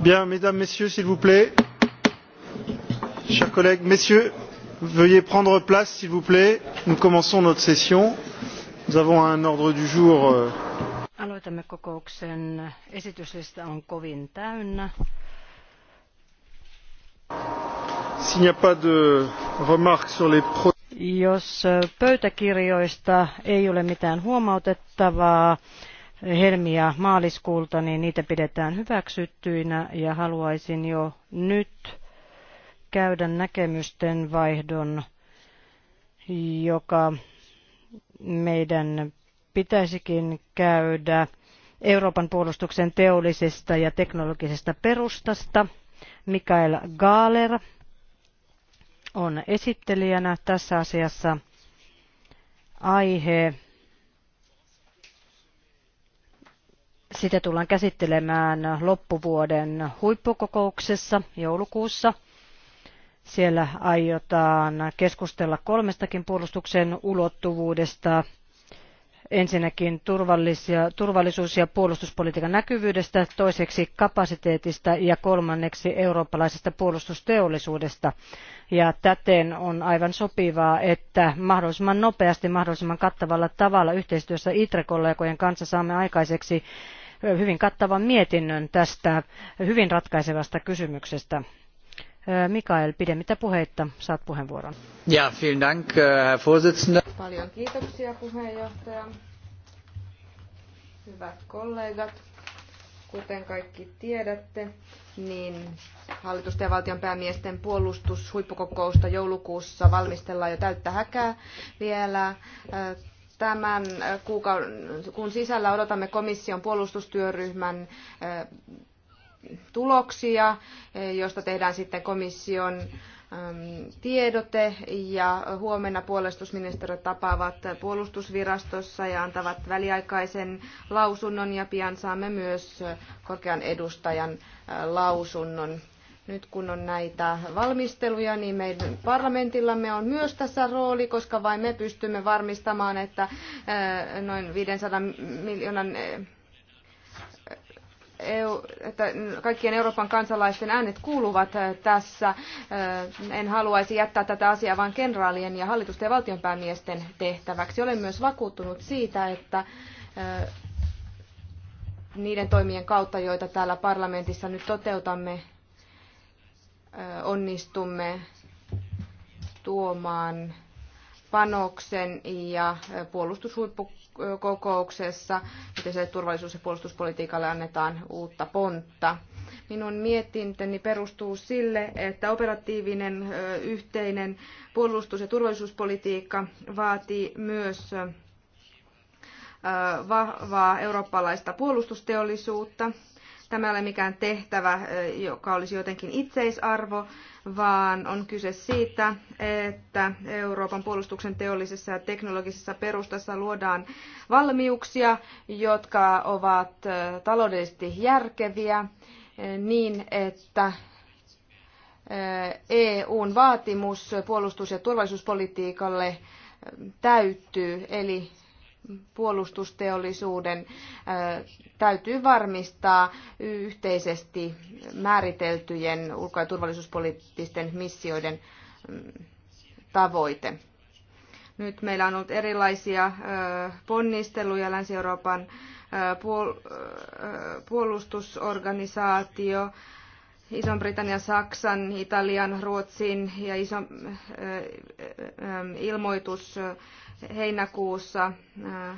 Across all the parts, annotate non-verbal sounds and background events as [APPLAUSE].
Bien, mesdames, messieurs, s'il vous plaît. Chers collègues, messieurs, veuillez prendre place, s'il vous plaît. Nous commençons notre session. Nous avons un ordre du jour. Euh, Aloitamme kokouksen. Esityslista on kovin täynnä. S'il n'y a pas de remarques sur les Jos pöytäkirjoista ei ole mitään huomautettavaa, helmi- ja maaliskuulta, niin niitä pidetään hyväksyttyinä ja haluaisin jo nyt käydä näkemysten vaihdon, joka meidän pitäisikin käydä Euroopan puolustuksen teollisesta ja teknologisesta perustasta. Mikael Gaaler on esittelijänä tässä asiassa. Aihe Sitä tullaan käsittelemään loppuvuoden huippukokouksessa joulukuussa. Siellä aiotaan keskustella kolmestakin puolustuksen ulottuvuudesta. Ensinnäkin turvallisuus- ja puolustuspolitiikan näkyvyydestä, toiseksi kapasiteetista ja kolmanneksi eurooppalaisesta puolustusteollisuudesta. Ja täten on aivan sopivaa, että mahdollisimman nopeasti, mahdollisimman kattavalla tavalla yhteistyössä ITRE-kollegojen kanssa saamme aikaiseksi hyvin kattavan mietinnön tästä hyvin ratkaisevasta kysymyksestä. Mikael, pidemmittä puheitta, saat puheenvuoron. Ja, vielen dank, äh, Herr Vorsitzender. Paljon kiitoksia puheenjohtaja. Hyvät kollegat, kuten kaikki tiedätte, niin hallitusten ja valtion päämiesten puolustushuippukokousta joulukuussa valmistellaan jo täyttä häkää vielä. Äh, Tämän äh, kuukauden kun sisällä odotamme komission puolustustyöryhmän äh, tuloksia, äh, josta tehdään sitten komission ähm, tiedote ja huomenna puolustusministeriöt tapaavat puolustusvirastossa ja antavat väliaikaisen lausunnon ja pian saamme myös korkean edustajan lausunnon. Nyt kun on näitä valmisteluja, niin meidän parlamentillamme on myös tässä rooli, koska vain me pystymme varmistamaan, että eh, noin 500 miljoonan eh, EU, että kaikkien Euroopan kansalaisten äänet kuuluvat eh, tässä. En haluaisi jättää tätä asiaa vain kenraalien ja hallitusten ja valtionpäämiesten tehtäväksi. Olen myös vakuuttunut siitä, että niiden toimien kautta, joita täällä parlamentissa nyt toteutamme, onnistumme tuomaan panoksen ja puolustushuippukokouksessa yhteiselle turvallisuus- ja puolustuspolitiikalle annetaan uutta pontta. Minun mietintöni perustuu sille, että operatiivinen yhteinen puolustus- ja turvallisuuspolitiikka vaatii myös vahvaa eurooppalaista puolustusteollisuutta – Tämä ei ole mikään tehtävä, joka olisi jotenkin itseisarvo, vaan on kyse siitä, että Euroopan puolustuksen teollisessa ja teknologisessa perustassa luodaan valmiuksia, jotka ovat taloudellisesti järkeviä niin, että EUn vaatimus puolustus- ja turvallisuuspolitiikalle täyttyy, eli puolustusteollisuuden täytyy varmistaa yhteisesti määriteltyjen ulko- ja turvallisuuspoliittisten missioiden mm, tavoite. Nyt meillä on ollut erilaisia ponnisteluja Länsi-Euroopan puolustusorganisaatio, iso britannian Saksan, Italian, Ruotsin ja iso, ilmoitus heinäkuussa äh,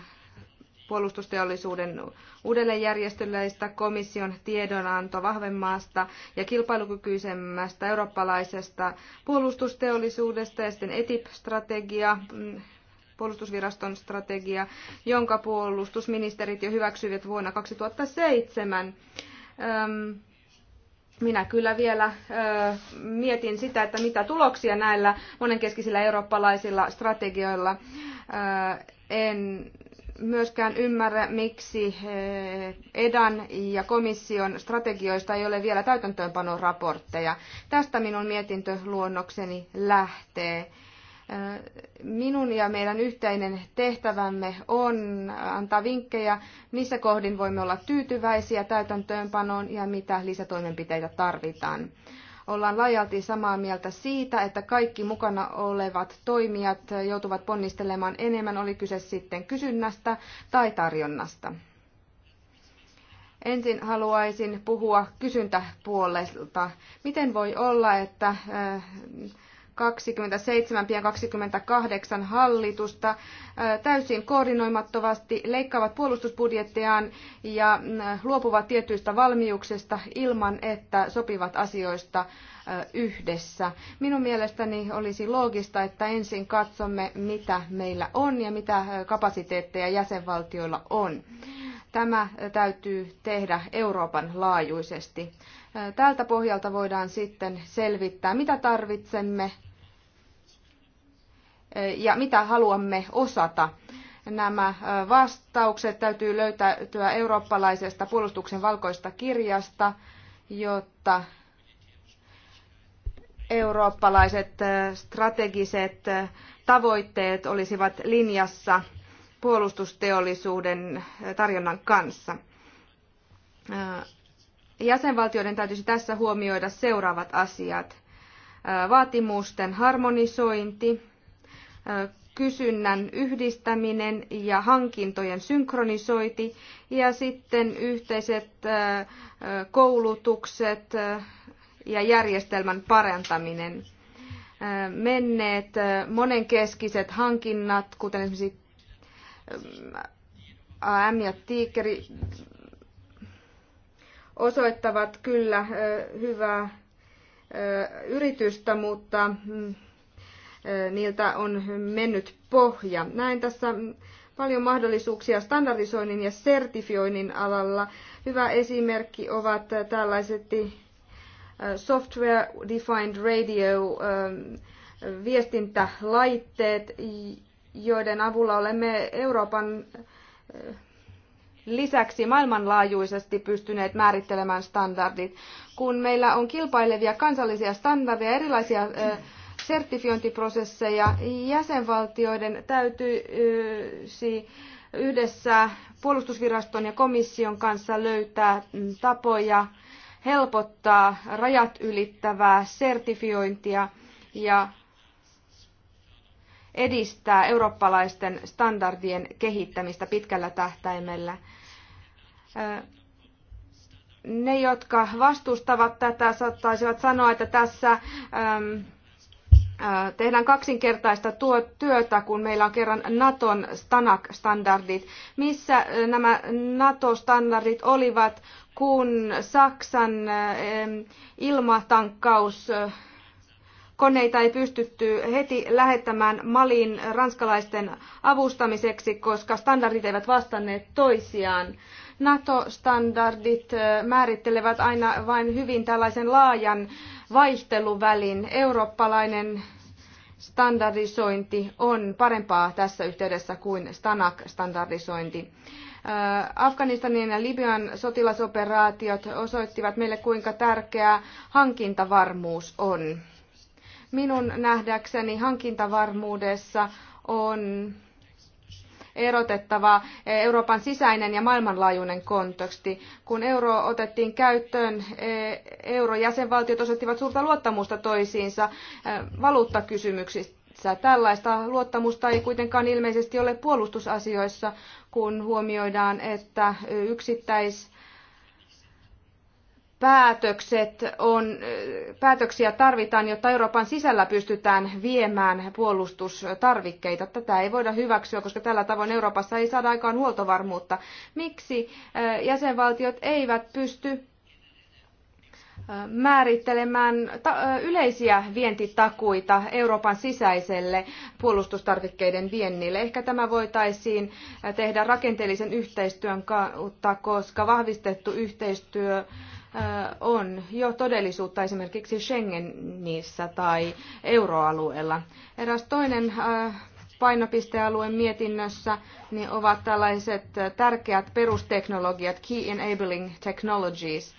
puolustusteollisuuden uudelleenjärjestelyistä, komission tiedonanto vahvemmasta ja kilpailukykyisemmästä eurooppalaisesta puolustusteollisuudesta ja sitten ETIP-strategia, mm, puolustusviraston strategia, jonka puolustusministerit jo hyväksyivät vuonna 2007. Minä kyllä vielä mietin sitä, että mitä tuloksia näillä monenkeskisillä eurooppalaisilla strategioilla en myöskään ymmärrä, miksi EDAN ja komission strategioista ei ole vielä täytäntöönpanoraportteja. Tästä minun mietintöluonnokseni lähtee. Minun ja meidän yhteinen tehtävämme on antaa vinkkejä, missä kohdin voimme olla tyytyväisiä täytäntöönpanoon ja mitä lisätoimenpiteitä tarvitaan ollaan laajalti samaa mieltä siitä, että kaikki mukana olevat toimijat joutuvat ponnistelemaan enemmän, oli kyse sitten kysynnästä tai tarjonnasta. Ensin haluaisin puhua kysyntäpuolesta. Miten voi olla, että äh, 27, 28 hallitusta täysin koordinoimattomasti leikkaavat puolustusbudjettejaan ja luopuvat tietyistä valmiuksista ilman, että sopivat asioista yhdessä. Minun mielestäni olisi loogista, että ensin katsomme, mitä meillä on ja mitä kapasiteetteja jäsenvaltioilla on. Tämä täytyy tehdä Euroopan laajuisesti. Tältä pohjalta voidaan sitten selvittää, mitä tarvitsemme ja mitä haluamme osata. Nämä vastaukset täytyy löytää eurooppalaisesta puolustuksen valkoista kirjasta, jotta eurooppalaiset strategiset tavoitteet olisivat linjassa puolustusteollisuuden tarjonnan kanssa. Jäsenvaltioiden täytyisi tässä huomioida seuraavat asiat. Vaatimusten harmonisointi, kysynnän yhdistäminen ja hankintojen synkronisointi ja sitten yhteiset koulutukset ja järjestelmän parantaminen. Menneet monenkeskiset hankinnat, kuten esimerkiksi AM ja Tiikeri osoittavat kyllä hyvää yritystä, mutta mm, niiltä on mennyt pohja. Näin tässä paljon mahdollisuuksia standardisoinnin ja sertifioinnin alalla. Hyvä esimerkki ovat tällaiset software-defined radio viestintälaitteet, joiden avulla olemme Euroopan eh, lisäksi maailmanlaajuisesti pystyneet määrittelemään standardit. Kun meillä on kilpailevia kansallisia standardeja, erilaisia eh, sertifiointiprosesseja, jäsenvaltioiden täytyisi eh, yhdessä puolustusviraston ja komission kanssa löytää mm, tapoja helpottaa rajat ylittävää sertifiointia ja edistää eurooppalaisten standardien kehittämistä pitkällä tähtäimellä. Ne, jotka vastustavat tätä, saattaisivat sanoa, että tässä tehdään kaksinkertaista tuo työtä, kun meillä on kerran Naton STANAG-standardit. Missä nämä NATO-standardit olivat, kun Saksan ilmatankkaus koneita ei pystytty heti lähettämään Malin ranskalaisten avustamiseksi, koska standardit eivät vastanneet toisiaan. NATO-standardit määrittelevät aina vain hyvin tällaisen laajan vaihteluvälin. Eurooppalainen standardisointi on parempaa tässä yhteydessä kuin STANAK-standardisointi. Afganistanin ja Libyan sotilasoperaatiot osoittivat meille, kuinka tärkeää hankintavarmuus on. Minun nähdäkseni hankintavarmuudessa on erotettava Euroopan sisäinen ja maailmanlaajuinen konteksti. Kun euro otettiin käyttöön, e, eurojäsenvaltiot osoittivat suurta luottamusta toisiinsa e, valuuttakysymyksistä. Tällaista luottamusta ei kuitenkaan ilmeisesti ole puolustusasioissa, kun huomioidaan, että yksittäis päätökset on, päätöksiä tarvitaan, jotta Euroopan sisällä pystytään viemään puolustustarvikkeita. Tätä ei voida hyväksyä, koska tällä tavoin Euroopassa ei saada aikaan huoltovarmuutta. Miksi eh, jäsenvaltiot eivät pysty eh, määrittelemään eh, yleisiä vientitakuita Euroopan sisäiselle puolustustarvikkeiden viennille. Ehkä tämä voitaisiin tehdä rakenteellisen yhteistyön kautta, koska vahvistettu yhteistyö on jo todellisuutta esimerkiksi Schengenissä tai euroalueella. Eräs toinen painopistealueen mietinnössä niin ovat tällaiset tärkeät perusteknologiat, Key Enabling Technologies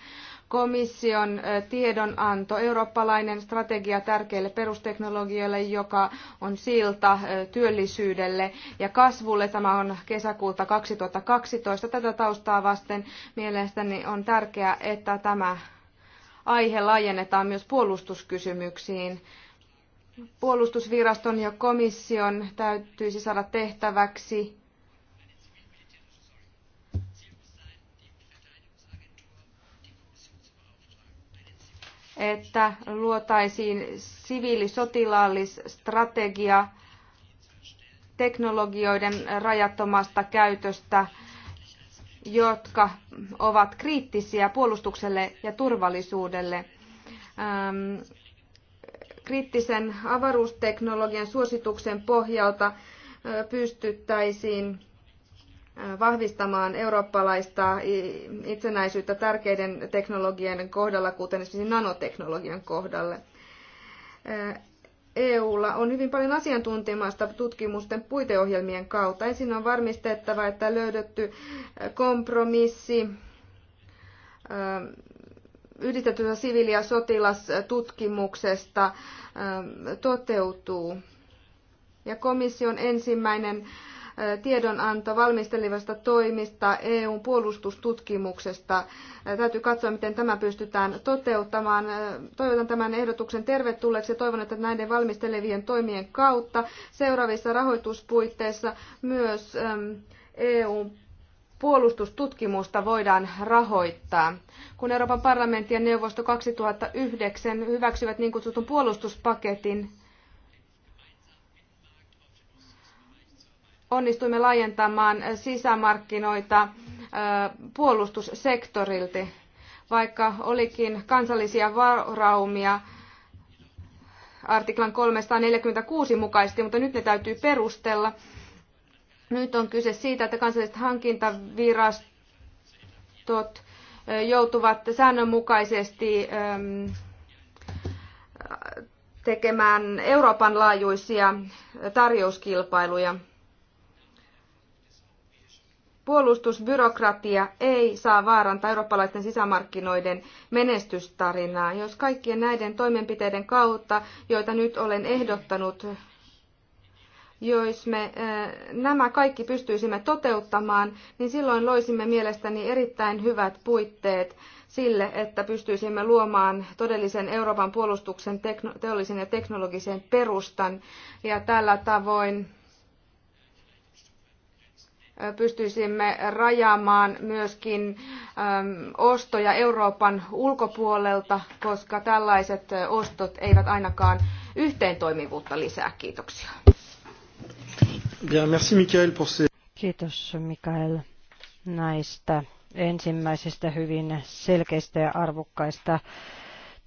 komission tiedonanto, eurooppalainen strategia tärkeille perusteknologioille, joka on silta työllisyydelle ja kasvulle. Tämä on kesäkuulta 2012. Tätä taustaa vasten mielestäni on tärkeää, että tämä aihe laajennetaan myös puolustuskysymyksiin. Puolustusviraston ja komission täytyisi saada tehtäväksi että luotaisiin siviilisotilaallisstrategia teknologioiden rajattomasta käytöstä, jotka ovat kriittisiä puolustukselle ja turvallisuudelle. Ähm, kriittisen avaruusteknologian suosituksen pohjalta äh, pystyttäisiin vahvistamaan eurooppalaista itsenäisyyttä tärkeiden teknologian kohdalla, kuten esimerkiksi nanoteknologian kohdalle. EUlla on hyvin paljon asiantuntemasta tutkimusten puiteohjelmien kautta. Ensin on varmistettava, että löydetty kompromissi yhdistetystä siviili- ja sotilastutkimuksesta toteutuu. Ja komission ensimmäinen tiedonanto valmistelevasta toimista EUn puolustustutkimuksesta. Täytyy katsoa, miten tämä pystytään toteuttamaan. Toivotan tämän ehdotuksen tervetulleeksi ja toivon, että näiden valmistelevien toimien kautta seuraavissa rahoituspuitteissa myös ähm, EUn puolustustutkimusta voidaan rahoittaa. Kun Euroopan parlamentti ja neuvosto 2009 hyväksyivät niin kutsutun puolustuspaketin, onnistuimme laajentamaan sisämarkkinoita puolustussektorilta, vaikka olikin kansallisia varaumia artiklan 346 mukaisesti, mutta nyt ne täytyy perustella. Nyt on kyse siitä, että kansalliset hankintavirastot joutuvat säännönmukaisesti tekemään Euroopan laajuisia tarjouskilpailuja. Puolustusbyrokratia ei saa vaarantaa eurooppalaisten sisämarkkinoiden menestystarinaa. Jos kaikkien näiden toimenpiteiden kautta, joita nyt olen ehdottanut, jos me eh, nämä kaikki pystyisimme toteuttamaan, niin silloin loisimme mielestäni erittäin hyvät puitteet sille, että pystyisimme luomaan todellisen Euroopan puolustuksen teollisen ja teknologisen perustan. Ja tällä tavoin pystyisimme rajaamaan myöskin ostoja Euroopan ulkopuolelta, koska tällaiset ostot eivät ainakaan yhteentoimivuutta lisää. Kiitoksia. Kiitos Mikael näistä ensimmäisistä hyvin selkeistä ja arvokkaista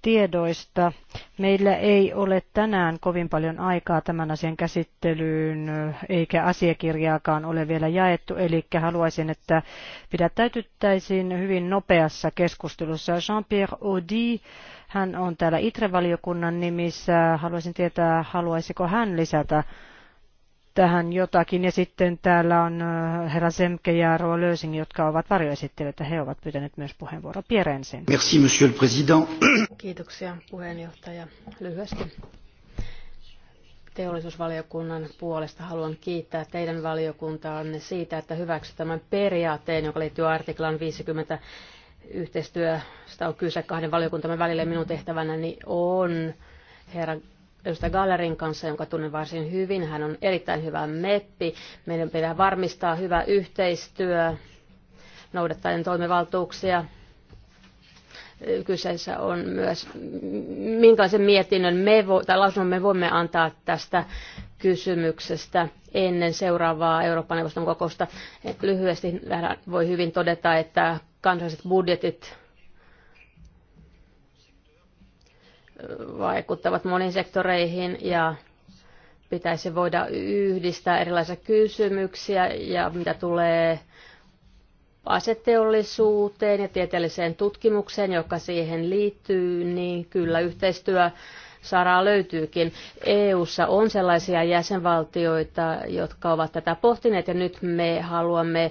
tiedoista. Meillä ei ole tänään kovin paljon aikaa tämän asian käsittelyyn, eikä asiakirjaakaan ole vielä jaettu, eli haluaisin, että pidättäytyttäisiin hyvin nopeassa keskustelussa. Jean-Pierre Audi, hän on täällä ITRE-valiokunnan nimissä. Haluaisin tietää, haluaisiko hän lisätä tähän jotakin. Ja sitten täällä on äh, herra Semke ja Roa Lösing, jotka ovat varjoesittelijöitä. He ovat pyytäneet myös puheenvuoron. Pierre ensin. Merci, monsieur le président. Kiitoksia puheenjohtaja. Lyhyesti teollisuusvaliokunnan puolesta haluan kiittää teidän valiokuntaanne siitä, että hyväksy tämän periaatteen, joka liittyy artiklan 50 yhteistyöstä on kyse kahden valiokuntamme välille Minun tehtävänäni on herra edustaja Gallerin kanssa, jonka tunnen varsin hyvin. Hän on erittäin hyvä meppi. Meidän pitää varmistaa hyvä yhteistyö, noudattaen toimivaltuuksia. Kyseessä on myös, minkälaisen mietinnön me vo, tai lausunnon me voimme antaa tästä kysymyksestä ennen seuraavaa Euroopan neuvoston kokousta. Lyhyesti voi hyvin todeta, että kansalliset budjetit vaikuttavat moniin sektoreihin ja pitäisi voida yhdistää erilaisia kysymyksiä ja mitä tulee aseteollisuuteen ja tieteelliseen tutkimukseen, joka siihen liittyy, niin kyllä yhteistyö saraa löytyykin. EU:ssa on sellaisia jäsenvaltioita, jotka ovat tätä pohtineet ja nyt me haluamme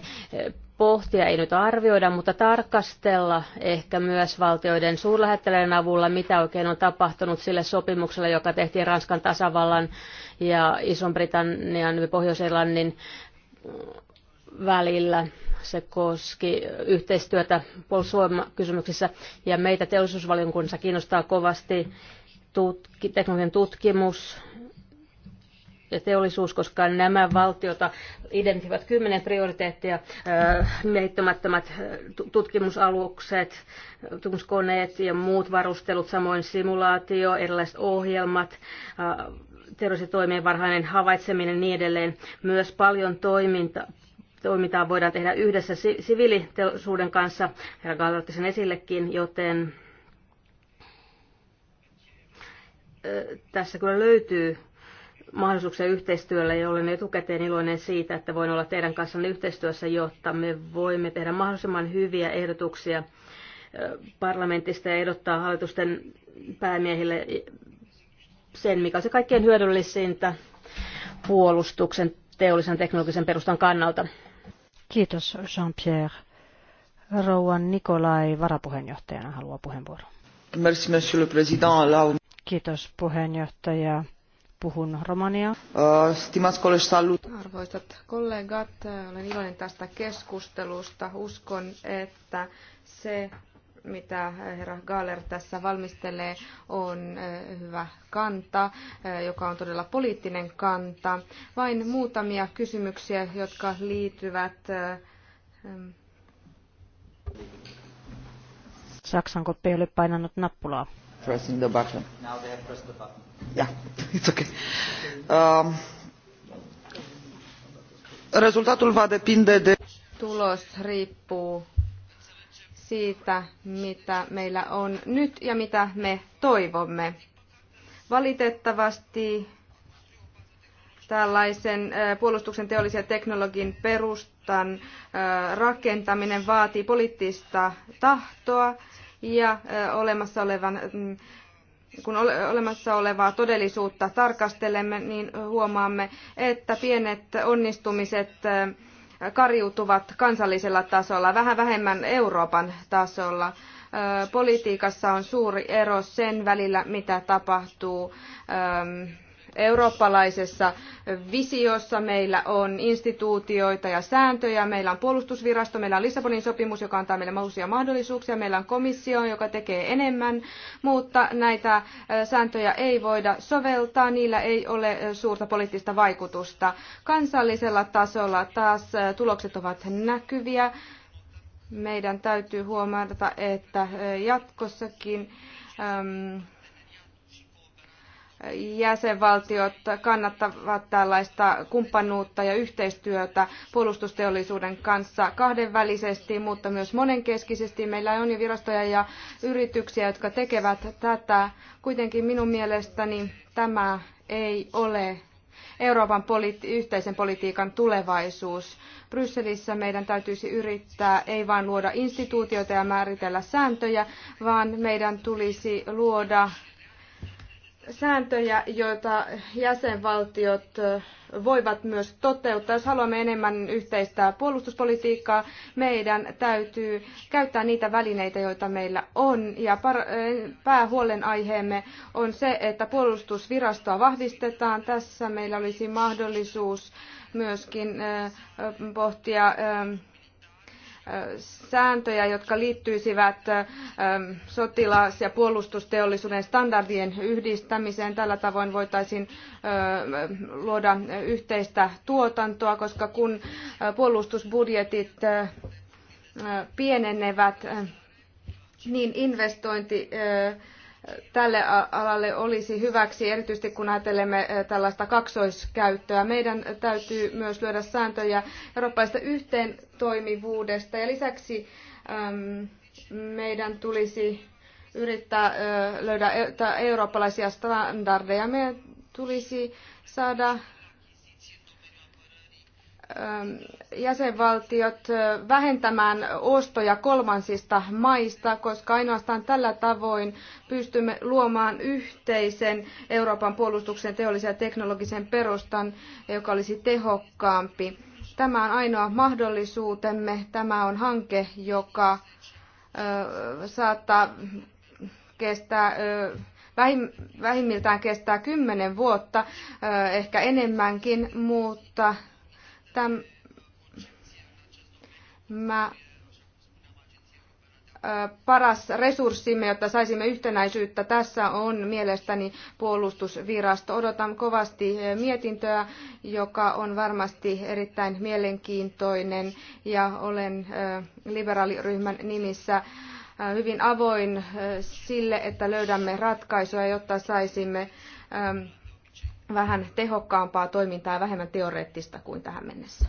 pohtia, ei nyt arvioida, mutta tarkastella ehkä myös valtioiden suurlähettelyn avulla, mitä oikein on tapahtunut sille sopimukselle, joka tehtiin Ranskan tasavallan ja Ison-Britannian ja Pohjois-Irlannin välillä. Se koski yhteistyötä puolustusvoimakysymyksissä ja meitä teollisuusvaliokunnassa kiinnostaa kovasti tutki, teknologian tutkimus ja teollisuus, koska nämä valtiota identifioivat kymmenen prioriteettia, miehittämättömät tutkimusalukset, tutkimuskoneet ja muut varustelut, samoin simulaatio, erilaiset ohjelmat, terroristitoimien varhainen havaitseminen ja niin edelleen. Myös paljon toiminta, toimintaa voidaan tehdä yhdessä siviiliteollisuuden kanssa, herra Gaal otti sen esillekin, joten tässä kyllä löytyy mahdollisuuksia yhteistyölle ja olen etukäteen iloinen siitä, että voin olla teidän kanssanne yhteistyössä, jotta me voimme tehdä mahdollisimman hyviä ehdotuksia parlamentista ja ehdottaa hallitusten päämiehille sen, mikä on se kaikkein hyödyllisintä puolustuksen teollisen teknologisen perustan kannalta. Kiitos Jean-Pierre. Rouan Nikolai varapuheenjohtajana haluaa puheenvuoron. Merci, monsieur le président. Kiitos puheenjohtaja puhun romania. Arvoisat kollegat, olen iloinen tästä keskustelusta. Uskon, että se mitä herra Galler tässä valmistelee, on eh, hyvä kanta, eh, joka on todella poliittinen kanta. Vain muutamia kysymyksiä, jotka liittyvät eh, Saksanko ei ole painanut nappulaa? Pressing the button. Now they have pressed the button. Yeah, it's okay. Um, rezultatul va depinde de... Tulos riippuu siitä, mitä meillä on nyt ja mitä me toivomme. Valitettavasti tällaisen puolustuksen teollisen ja teknologin perustan rakentaminen vaatii poliittista tahtoa ja olemassa olevan mm, kun olemassa olevaa todellisuutta tarkastelemme, niin huomaamme, että pienet onnistumiset kariutuvat kansallisella tasolla, vähän vähemmän Euroopan tasolla. Politiikassa on suuri ero sen välillä, mitä tapahtuu eurooppalaisessa visiossa. Meillä on instituutioita ja sääntöjä, meillä on puolustusvirasto, meillä on Lissabonin sopimus, joka antaa meille uusia mahdollisuuksia, meillä on komissio, joka tekee enemmän, mutta näitä sääntöjä ei voida soveltaa, niillä ei ole suurta poliittista vaikutusta. Kansallisella tasolla taas tulokset ovat näkyviä. Meidän täytyy huomata, että jatkossakin äm, jäsenvaltiot kannattavat tällaista kumppanuutta ja yhteistyötä puolustusteollisuuden kanssa kahdenvälisesti, mutta myös monenkeskisesti. Meillä on jo virastoja ja yrityksiä, jotka tekevät tätä. Kuitenkin minun mielestäni tämä ei ole Euroopan politi- yhteisen politiikan tulevaisuus. Brysselissä meidän täytyisi yrittää ei vain luoda instituutioita ja määritellä sääntöjä, vaan meidän tulisi luoda sääntöjä, joita jäsenvaltiot voivat myös toteuttaa. Jos haluamme enemmän yhteistä puolustuspolitiikkaa, meidän täytyy käyttää niitä välineitä, joita meillä on. Ja päähuolenaiheemme on se, että puolustusvirastoa vahvistetaan. Tässä meillä olisi mahdollisuus myöskin pohtia sääntöjä, jotka liittyisivät ähm, sotilas- ja puolustusteollisuuden standardien yhdistämiseen. Tällä tavoin voitaisiin luoda yhteistä tuotantoa, koska kun puolustusbudjetit pienenevät, niin investointi tälle alalle olisi hyväksi, erityisesti kun ajattelemme eh, tällaista kaksoiskäyttöä. Meidän täytyy myös lyödä sääntöjä eurooppalaisesta yhteentoimivuudesta ja lisäksi meidän tulisi yrittää eh, löydä e- eurooppalaisia standardeja. Meidän tulisi saada Ähm, jäsenvaltiot äh, vähentämään ostoja kolmansista maista, koska ainoastaan tällä tavoin pystymme luomaan yhteisen Euroopan puolustuksen teollisen ja teknologisen perustan, joka olisi tehokkaampi. Tämä on ainoa mahdollisuutemme. Tämä on hanke, joka äh, saattaa kestää äh, vähimmiltään kestää kymmenen vuotta, ehkä enemmänkin, mutta tämä paras resurssimme, jotta saisimme yhtenäisyyttä tässä on mielestäni puolustusvirasto. Odotan kovasti mietintöä, joka on varmasti erittäin mielenkiintoinen ja olen liberaaliryhmän nimissä hyvin avoin sille, että löydämme ratkaisuja, jotta saisimme vähän tehokkaampaa toimintaa ja vähemmän teoreettista kuin tähän mennessä.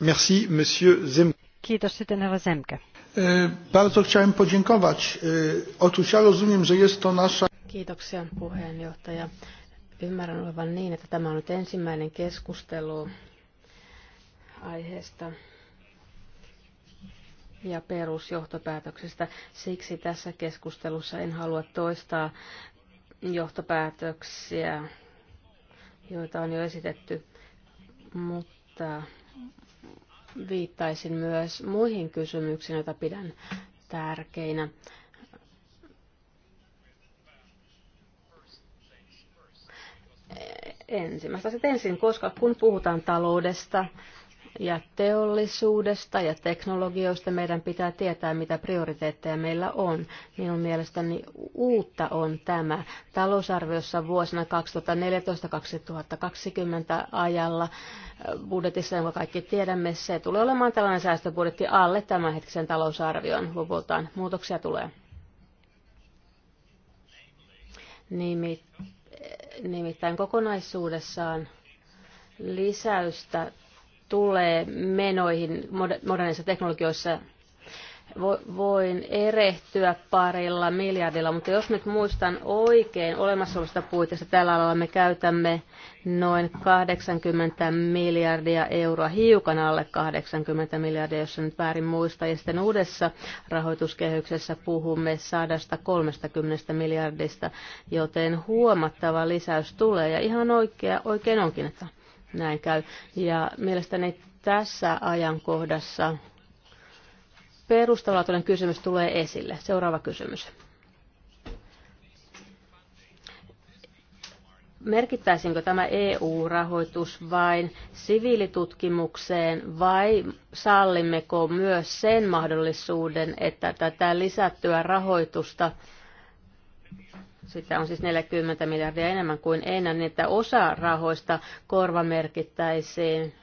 Merci, monsieur Zem. Kiitos sitten, herra Zemke. E, bardzo chciałem podziękować. E, otóż ja rozumiem, że jest to nasza... Kiitoksia puheenjohtaja. Ymmärrän olevan niin, että tämä on nyt ensimmäinen keskustelu aiheesta ja perusjohtopäätöksestä. Siksi tässä keskustelussa en halua toistaa johtopäätöksiä, joita on jo esitetty, mutta viittaisin myös muihin kysymyksiin, joita pidän tärkeinä. Ensimmäistä ensin, koska kun puhutaan taloudesta, ja teollisuudesta ja teknologioista meidän pitää tietää, mitä prioriteetteja meillä on. Minun mielestäni uutta on tämä. Talousarviossa vuosina 2014-2020 ajalla äh, budjetissa, jonka kaikki tiedämme, se tulee olemaan tällainen säästöbudjetti alle tämänhetkisen talousarvion luvultaan. Muutoksia tulee. Nimittäin kokonaisuudessaan lisäystä tulee menoihin modernissa teknologioissa, voin erehtyä parilla miljardilla, mutta jos nyt muistan oikein olemassa olevasta puitteista, tällä alalla me käytämme noin 80 miljardia euroa, hiukan alle 80 miljardia, jos nyt väärin muista, ja sitten uudessa rahoituskehyksessä puhumme 130 miljardista, joten huomattava lisäys tulee, ja ihan oikea, oikein onkin, että näin käy. Ja mielestäni tässä ajankohdassa perustavanlaatuinen kysymys tulee esille. Seuraava kysymys. merkittäisiinkö tämä EU-rahoitus vain siviilitutkimukseen vai sallimmeko myös sen mahdollisuuden, että tätä lisättyä rahoitusta sitä on siis 40 miljardia enemmän kuin ennen, niin että osa rahoista korvamerkittäisiin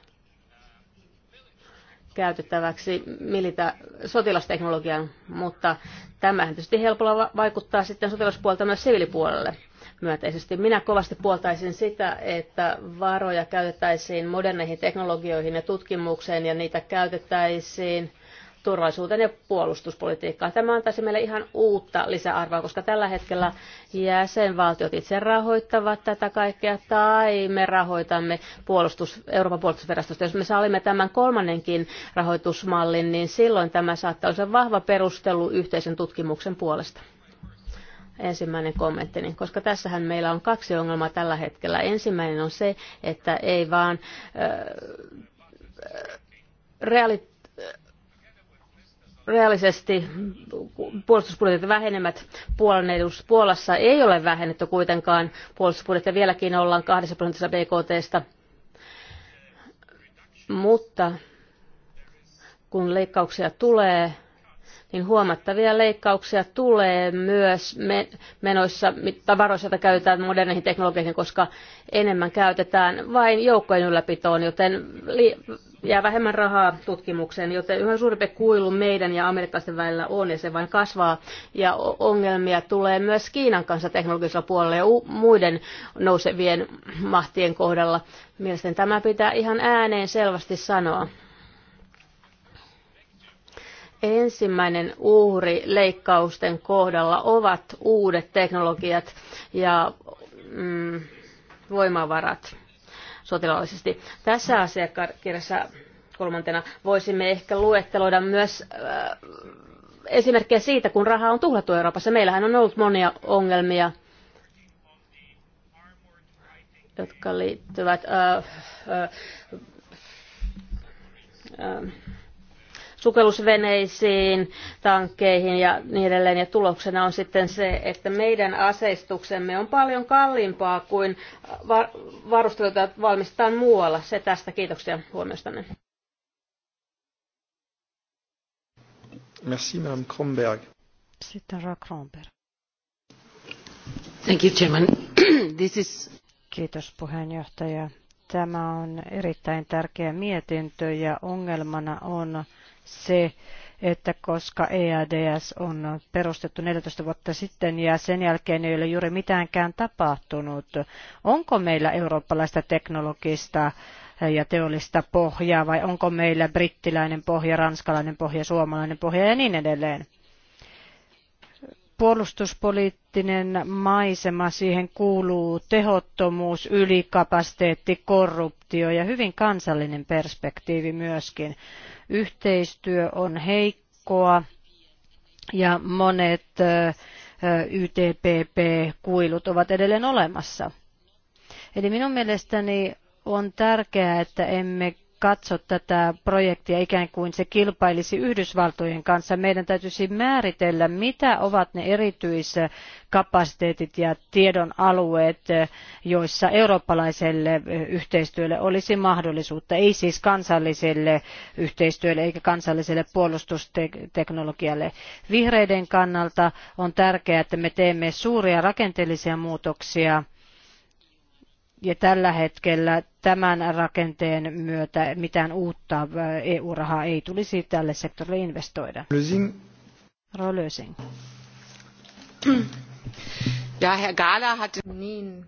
käytettäväksi milita- sotilasteknologian, mutta tämähän tietysti helpolla vaikuttaa sitten sotilaspuolta myös siviilipuolelle myönteisesti. Minä kovasti puoltaisin sitä, että varoja käytettäisiin moderneihin teknologioihin ja tutkimukseen ja niitä käytettäisiin turvallisuuteen ja puolustuspolitiikkaan. Tämä antaisi meille ihan uutta lisäarvoa, koska tällä hetkellä jäsenvaltiot itse rahoittavat tätä kaikkea tai me rahoitamme puolustus, Euroopan puolustusverastosta. Jos me saalimme tämän kolmannenkin rahoitusmallin, niin silloin tämä saattaa olla vahva perustelu yhteisen tutkimuksen puolesta ensimmäinen kommenttini, koska tässähän meillä on kaksi ongelmaa tällä hetkellä. Ensimmäinen on se, että ei vaan äh, reaali, reaalisesti puolustusbudjetit vähenemät Puolan edus. Puolassa ei ole vähennetty kuitenkaan puolustusbudjettia, vieläkin ollaan 2 prosentissa BKTstä. Mutta kun leikkauksia tulee, niin huomattavia leikkauksia tulee myös menoissa tavaroissa, joita käytetään moderneihin teknologioihin, koska enemmän käytetään vain joukkojen ylläpitoon, joten jää vähemmän rahaa tutkimukseen, joten yhä suurempi kuilu meidän ja amerikkalaisten välillä on ja se vain kasvaa. Ja ongelmia tulee myös Kiinan kanssa teknologisella puolella ja muiden nousevien mahtien kohdalla. Mielestäni tämä pitää ihan ääneen selvästi sanoa ensimmäinen uhri leikkausten kohdalla ovat uudet teknologiat ja mm, voimavarat sotilaallisesti. Tässä asiakirjassa kolmantena voisimme ehkä luetteloida myös äh, esimerkkejä siitä, kun rahaa on tuhlattu Euroopassa. Meillähän on ollut monia ongelmia, jotka liittyvät äh, äh, äh, sukellusveneisiin, tankkeihin ja niin edelleen. Ja tuloksena on sitten se, että meidän aseistuksemme on paljon kalliimpaa kuin varusteluita valmistetaan muualla. Se tästä. Kiitoksia huomiostanne. Merci, Madame Kronberg. Sitten Kronberg. Thank you, Chairman. [CLEARS THROAT] This is... Kiitos puheenjohtaja. Tämä on erittäin tärkeä mietintö ja ongelmana on se, että koska EADS on perustettu 14 vuotta sitten ja sen jälkeen ei ole juuri mitäänkään tapahtunut. Onko meillä eurooppalaista teknologista ja teollista pohjaa vai onko meillä brittiläinen pohja, ranskalainen pohja, suomalainen pohja ja niin edelleen? puolustuspoliittinen maisema, siihen kuuluu tehottomuus, ylikapasiteetti, korruptio adoptio ja hyvin kansallinen perspektiivi myöskin. Yhteistyö on heikkoa ja monet YTPP-kuilut ovat edelleen olemassa. Eli minun mielestäni on tärkeää, että emme katso tätä projektia ikään kuin se kilpailisi Yhdysvaltojen kanssa. Meidän täytyisi määritellä, mitä ovat ne erityiskapasiteetit ja tiedon alueet, joissa eurooppalaiselle yhteistyölle olisi mahdollisuutta, ei siis kansalliselle yhteistyölle eikä kansalliselle puolustusteknologialle. Vihreiden kannalta on tärkeää, että me teemme suuria rakenteellisia muutoksia ja tällä hetkellä tämän rakenteen myötä mitään uutta äh, EU-rahaa ei tulisi tälle sektorille investoida. Lösing. Ja Herr Gala hat... Niin,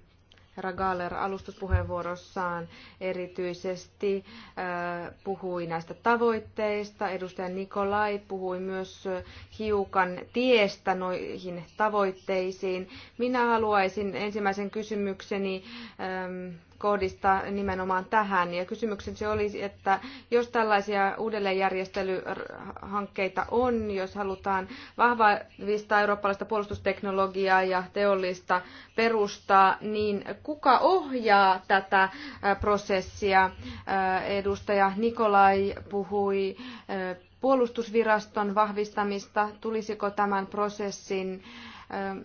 herra Galler alustuspuheenvuorossaan erityisesti äh, puhui näistä tavoitteista. Edustaja Nikolai puhui myös äh, hiukan tiestä noihin tavoitteisiin. Minä haluaisin ensimmäisen kysymykseni ähm, kohdistaa nimenomaan tähän. Ja kysymyksen se olisi, että jos tällaisia uudelleenjärjestelyhankkeita on, jos halutaan vahvistaa eurooppalaista puolustusteknologiaa ja teollista perustaa, niin kuka ohjaa tätä äh, prosessia? Äh, edustaja Nikolai puhui äh, puolustusviraston vahvistamista. Tulisiko tämän prosessin ähm,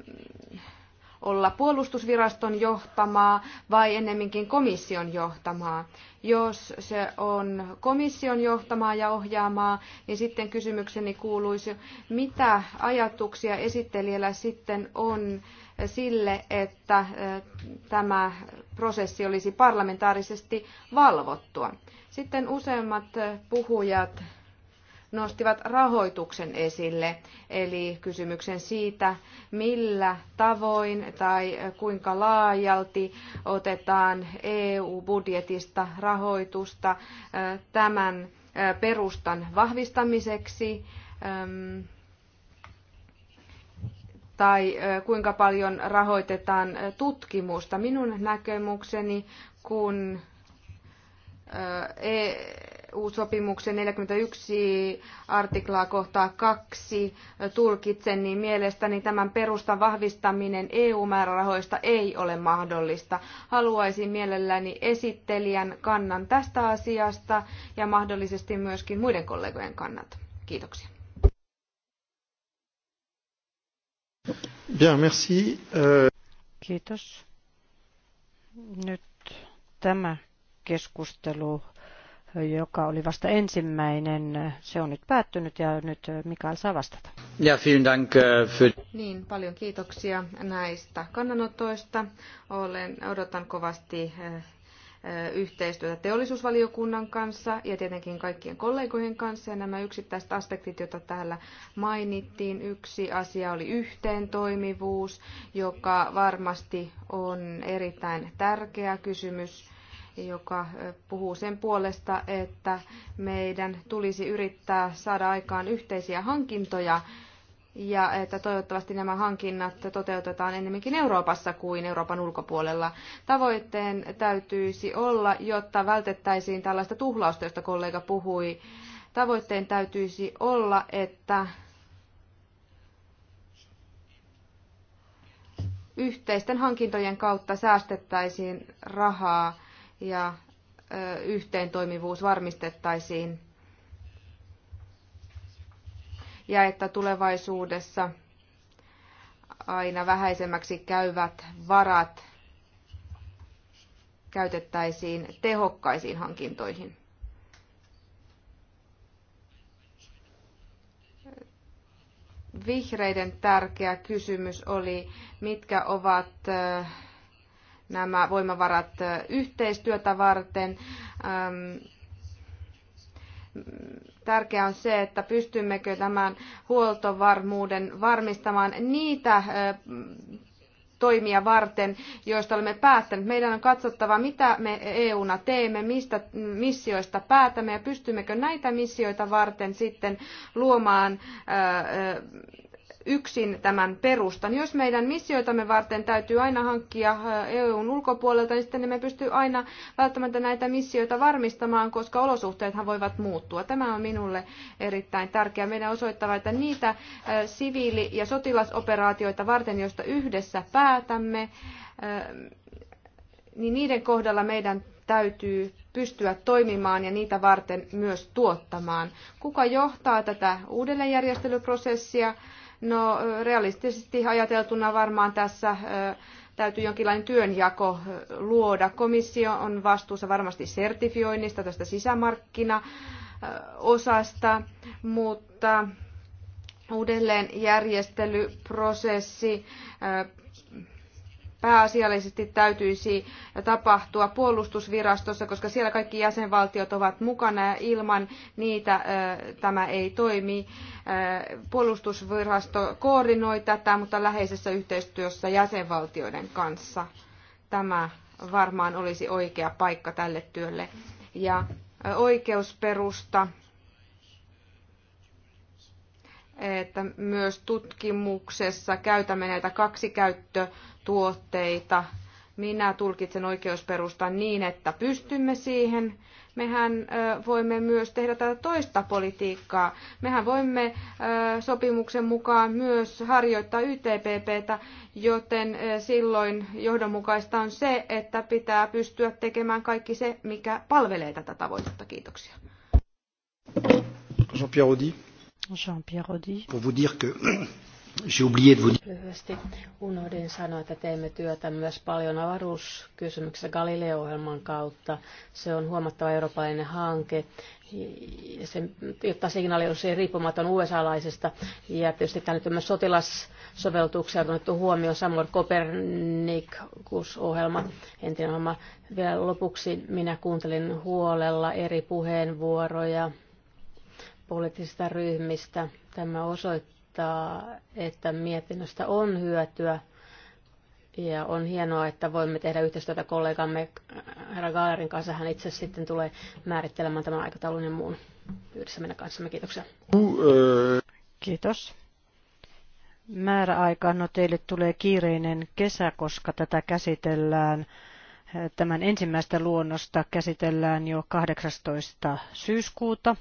olla puolustusviraston johtamaa vai ennemminkin komission johtamaa. Jos se on komission johtamaa ja ohjaamaa, niin sitten kysymykseni kuuluisi, mitä ajatuksia esittelijällä sitten on sille, että äh, tämä prosessi olisi parlamentaarisesti valvottua. Sitten useimmat puhujat nostivat rahoituksen esille, eli kysymyksen siitä, millä tavoin tai kuinka laajalti otetaan EU-budjetista rahoitusta tämän perustan vahvistamiseksi tai kuinka paljon rahoitetaan tutkimusta. Minun näkemykseni, kun e EU-sopimuksen 41 artiklaa kohtaa kaksi tulkitsen, niin mielestäni tämän perustan vahvistaminen EU-määrärahoista ei ole mahdollista. Haluaisin mielelläni esittelijän kannan tästä asiasta ja mahdollisesti myöskin muiden kollegojen kannat. Kiitoksia. Bien, merci. Euh, Kiitos. Nyt tämä keskustelu joka oli vasta ensimmäinen. Se on nyt päättynyt ja nyt Mikael saa vastata. Ja, äh, für... Niin, paljon kiitoksia näistä kannanotoista. Olen, odotan kovasti äh, yhteistyötä teollisuusvaliokunnan kanssa ja tietenkin kaikkien kollegojen kanssa. Ja nämä yksittäiset aspektit, joita täällä mainittiin, yksi asia oli yhteentoimivuus, joka varmasti on erittäin tärkeä kysymys joka puhuu sen puolesta, että meidän tulisi yrittää saada aikaan yhteisiä hankintoja ja että toivottavasti nämä hankinnat toteutetaan ennemminkin Euroopassa kuin Euroopan ulkopuolella. Tavoitteen täytyisi olla, jotta vältettäisiin tällaista tuhlausta, josta kollega puhui. Tavoitteen täytyisi olla, että yhteisten hankintojen kautta säästettäisiin rahaa ja yhteentoimivuus varmistettaisiin ja että tulevaisuudessa aina vähäisemmäksi käyvät varat käytettäisiin tehokkaisiin hankintoihin. Vihreiden tärkeä kysymys oli, mitkä ovat nämä voimavarat yhteistyötä varten. Tärkeää on se, että pystymmekö tämän huoltovarmuuden varmistamaan niitä toimia varten, joista olemme päättäneet. Meidän on katsottava, mitä me EUna teemme, mistä missioista päätämme ja pystymmekö näitä missioita varten sitten luomaan yksin tämän perustan. Jos meidän missioitamme varten täytyy aina hankkia äh, EUn ulkopuolelta, niin sitten emme pysty aina välttämättä näitä missioita varmistamaan, koska olosuhteethan voivat muuttua. Tämä on minulle erittäin tärkeää. Meidän osoittava, että niitä äh, siviili- ja sotilasoperaatioita varten, joista yhdessä päätämme, äh, niin niiden kohdalla meidän täytyy pystyä toimimaan ja niitä varten myös tuottamaan. Kuka johtaa tätä uudelleenjärjestelyprosessia? No realistisesti ajateltuna varmaan tässä täytyy jonkinlainen työnjako luoda. Komissio on vastuussa varmasti sertifioinnista, tästä sisämarkkinaosasta, mutta uudelleenjärjestelyprosessi pääasiallisesti täytyisi tapahtua puolustusvirastossa, koska siellä kaikki jäsenvaltiot ovat mukana ja ilman niitä tämä ei toimi. Puolustusvirasto koordinoi tätä, mutta läheisessä yhteistyössä jäsenvaltioiden kanssa. Tämä varmaan olisi oikea paikka tälle työlle. Ja oikeusperusta että myös tutkimuksessa käytämme näitä kaksikäyttötuotteita. Minä tulkitsen oikeusperustan niin, että pystymme siihen. Mehän voimme myös tehdä tätä toista politiikkaa. Mehän voimme sopimuksen mukaan myös harjoittaa YTPPtä, joten silloin johdonmukaista on se, että pitää pystyä tekemään kaikki se, mikä palvelee tätä tavoitetta. Kiitoksia. Jean-Pierre Jean-Pierre Audi. Pour vous dire que [CLEARS THROAT] j'ai oublié de vous dire. Lyhyesti unohdin sanoa, että teemme työtä myös paljon avaruuskysymyksessä Galileo-ohjelman kautta. Se on huomattava eurooppalainen hanke, se, jotta signaali on riippumaton USA-laisesta. Ja tietysti tämä nyt on myös sotilassovellutuksia on otettu huomioon, samoin Kopernikus-ohjelma, entinen ohjelma. Vielä lopuksi minä kuuntelin huolella eri puheenvuoroja poliittisista ryhmistä. Tämä osoittaa, että mietinnöstä on hyötyä ja on hienoa, että voimme tehdä yhteistyötä kollegamme äh, herra Gaalerin kanssa. Hän itse sitten tulee määrittelemään tämän aikataulun ja muun yhdessä meidän kanssamme. Kiitoksia. Kiitos. Määräaika, no teille tulee kiireinen kesä, koska tätä käsitellään äh, tämän ensimmäistä luonnosta käsitellään jo 18. syyskuuta.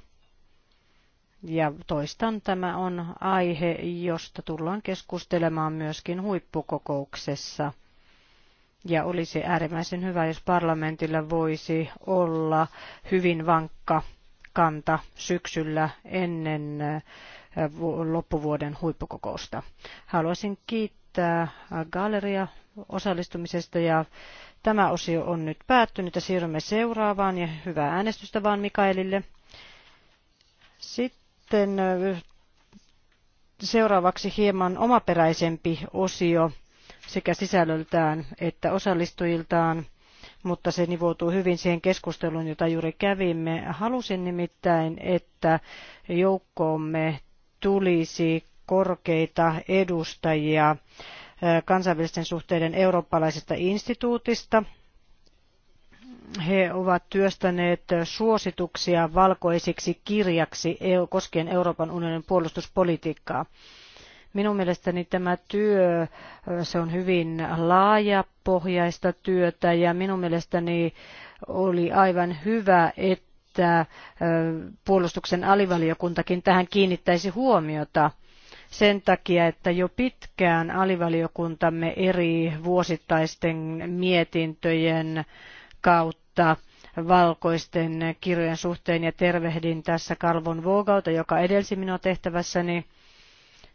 Ja toistan, tämä on aihe, josta tullaan keskustelemaan myöskin huippukokouksessa. Ja olisi äärimmäisen hyvä, jos parlamentilla voisi olla hyvin vankka kanta syksyllä ennen äh, loppuvuoden huippukokousta. Haluaisin kiittää galleria osallistumisesta ja tämä osio on nyt päättynyt ja siirrymme seuraavaan ja hyvää äänestystä vaan Mikaelille. Sitten sitten seuraavaksi hieman omaperäisempi osio sekä sisällöltään että osallistujiltaan, mutta se nivoutuu hyvin siihen keskusteluun, jota juuri kävimme. Halusin nimittäin, että joukkoomme tulisi korkeita edustajia kansainvälisten suhteiden eurooppalaisesta instituutista, he ovat työstäneet suosituksia valkoisiksi kirjaksi EU, koskien Euroopan unionin puolustuspolitiikkaa. Minun mielestäni tämä työ, se on hyvin laajapohjaista työtä ja minun mielestäni oli aivan hyvä, että puolustuksen alivaliokuntakin tähän kiinnittäisi huomiota sen takia, että jo pitkään alivaliokuntamme eri vuosittaisten mietintöjen Kautta valkoisten kirjojen suhteen ja tervehdin tässä Kalvon Vogauta, joka edelsi minua tehtävässäni.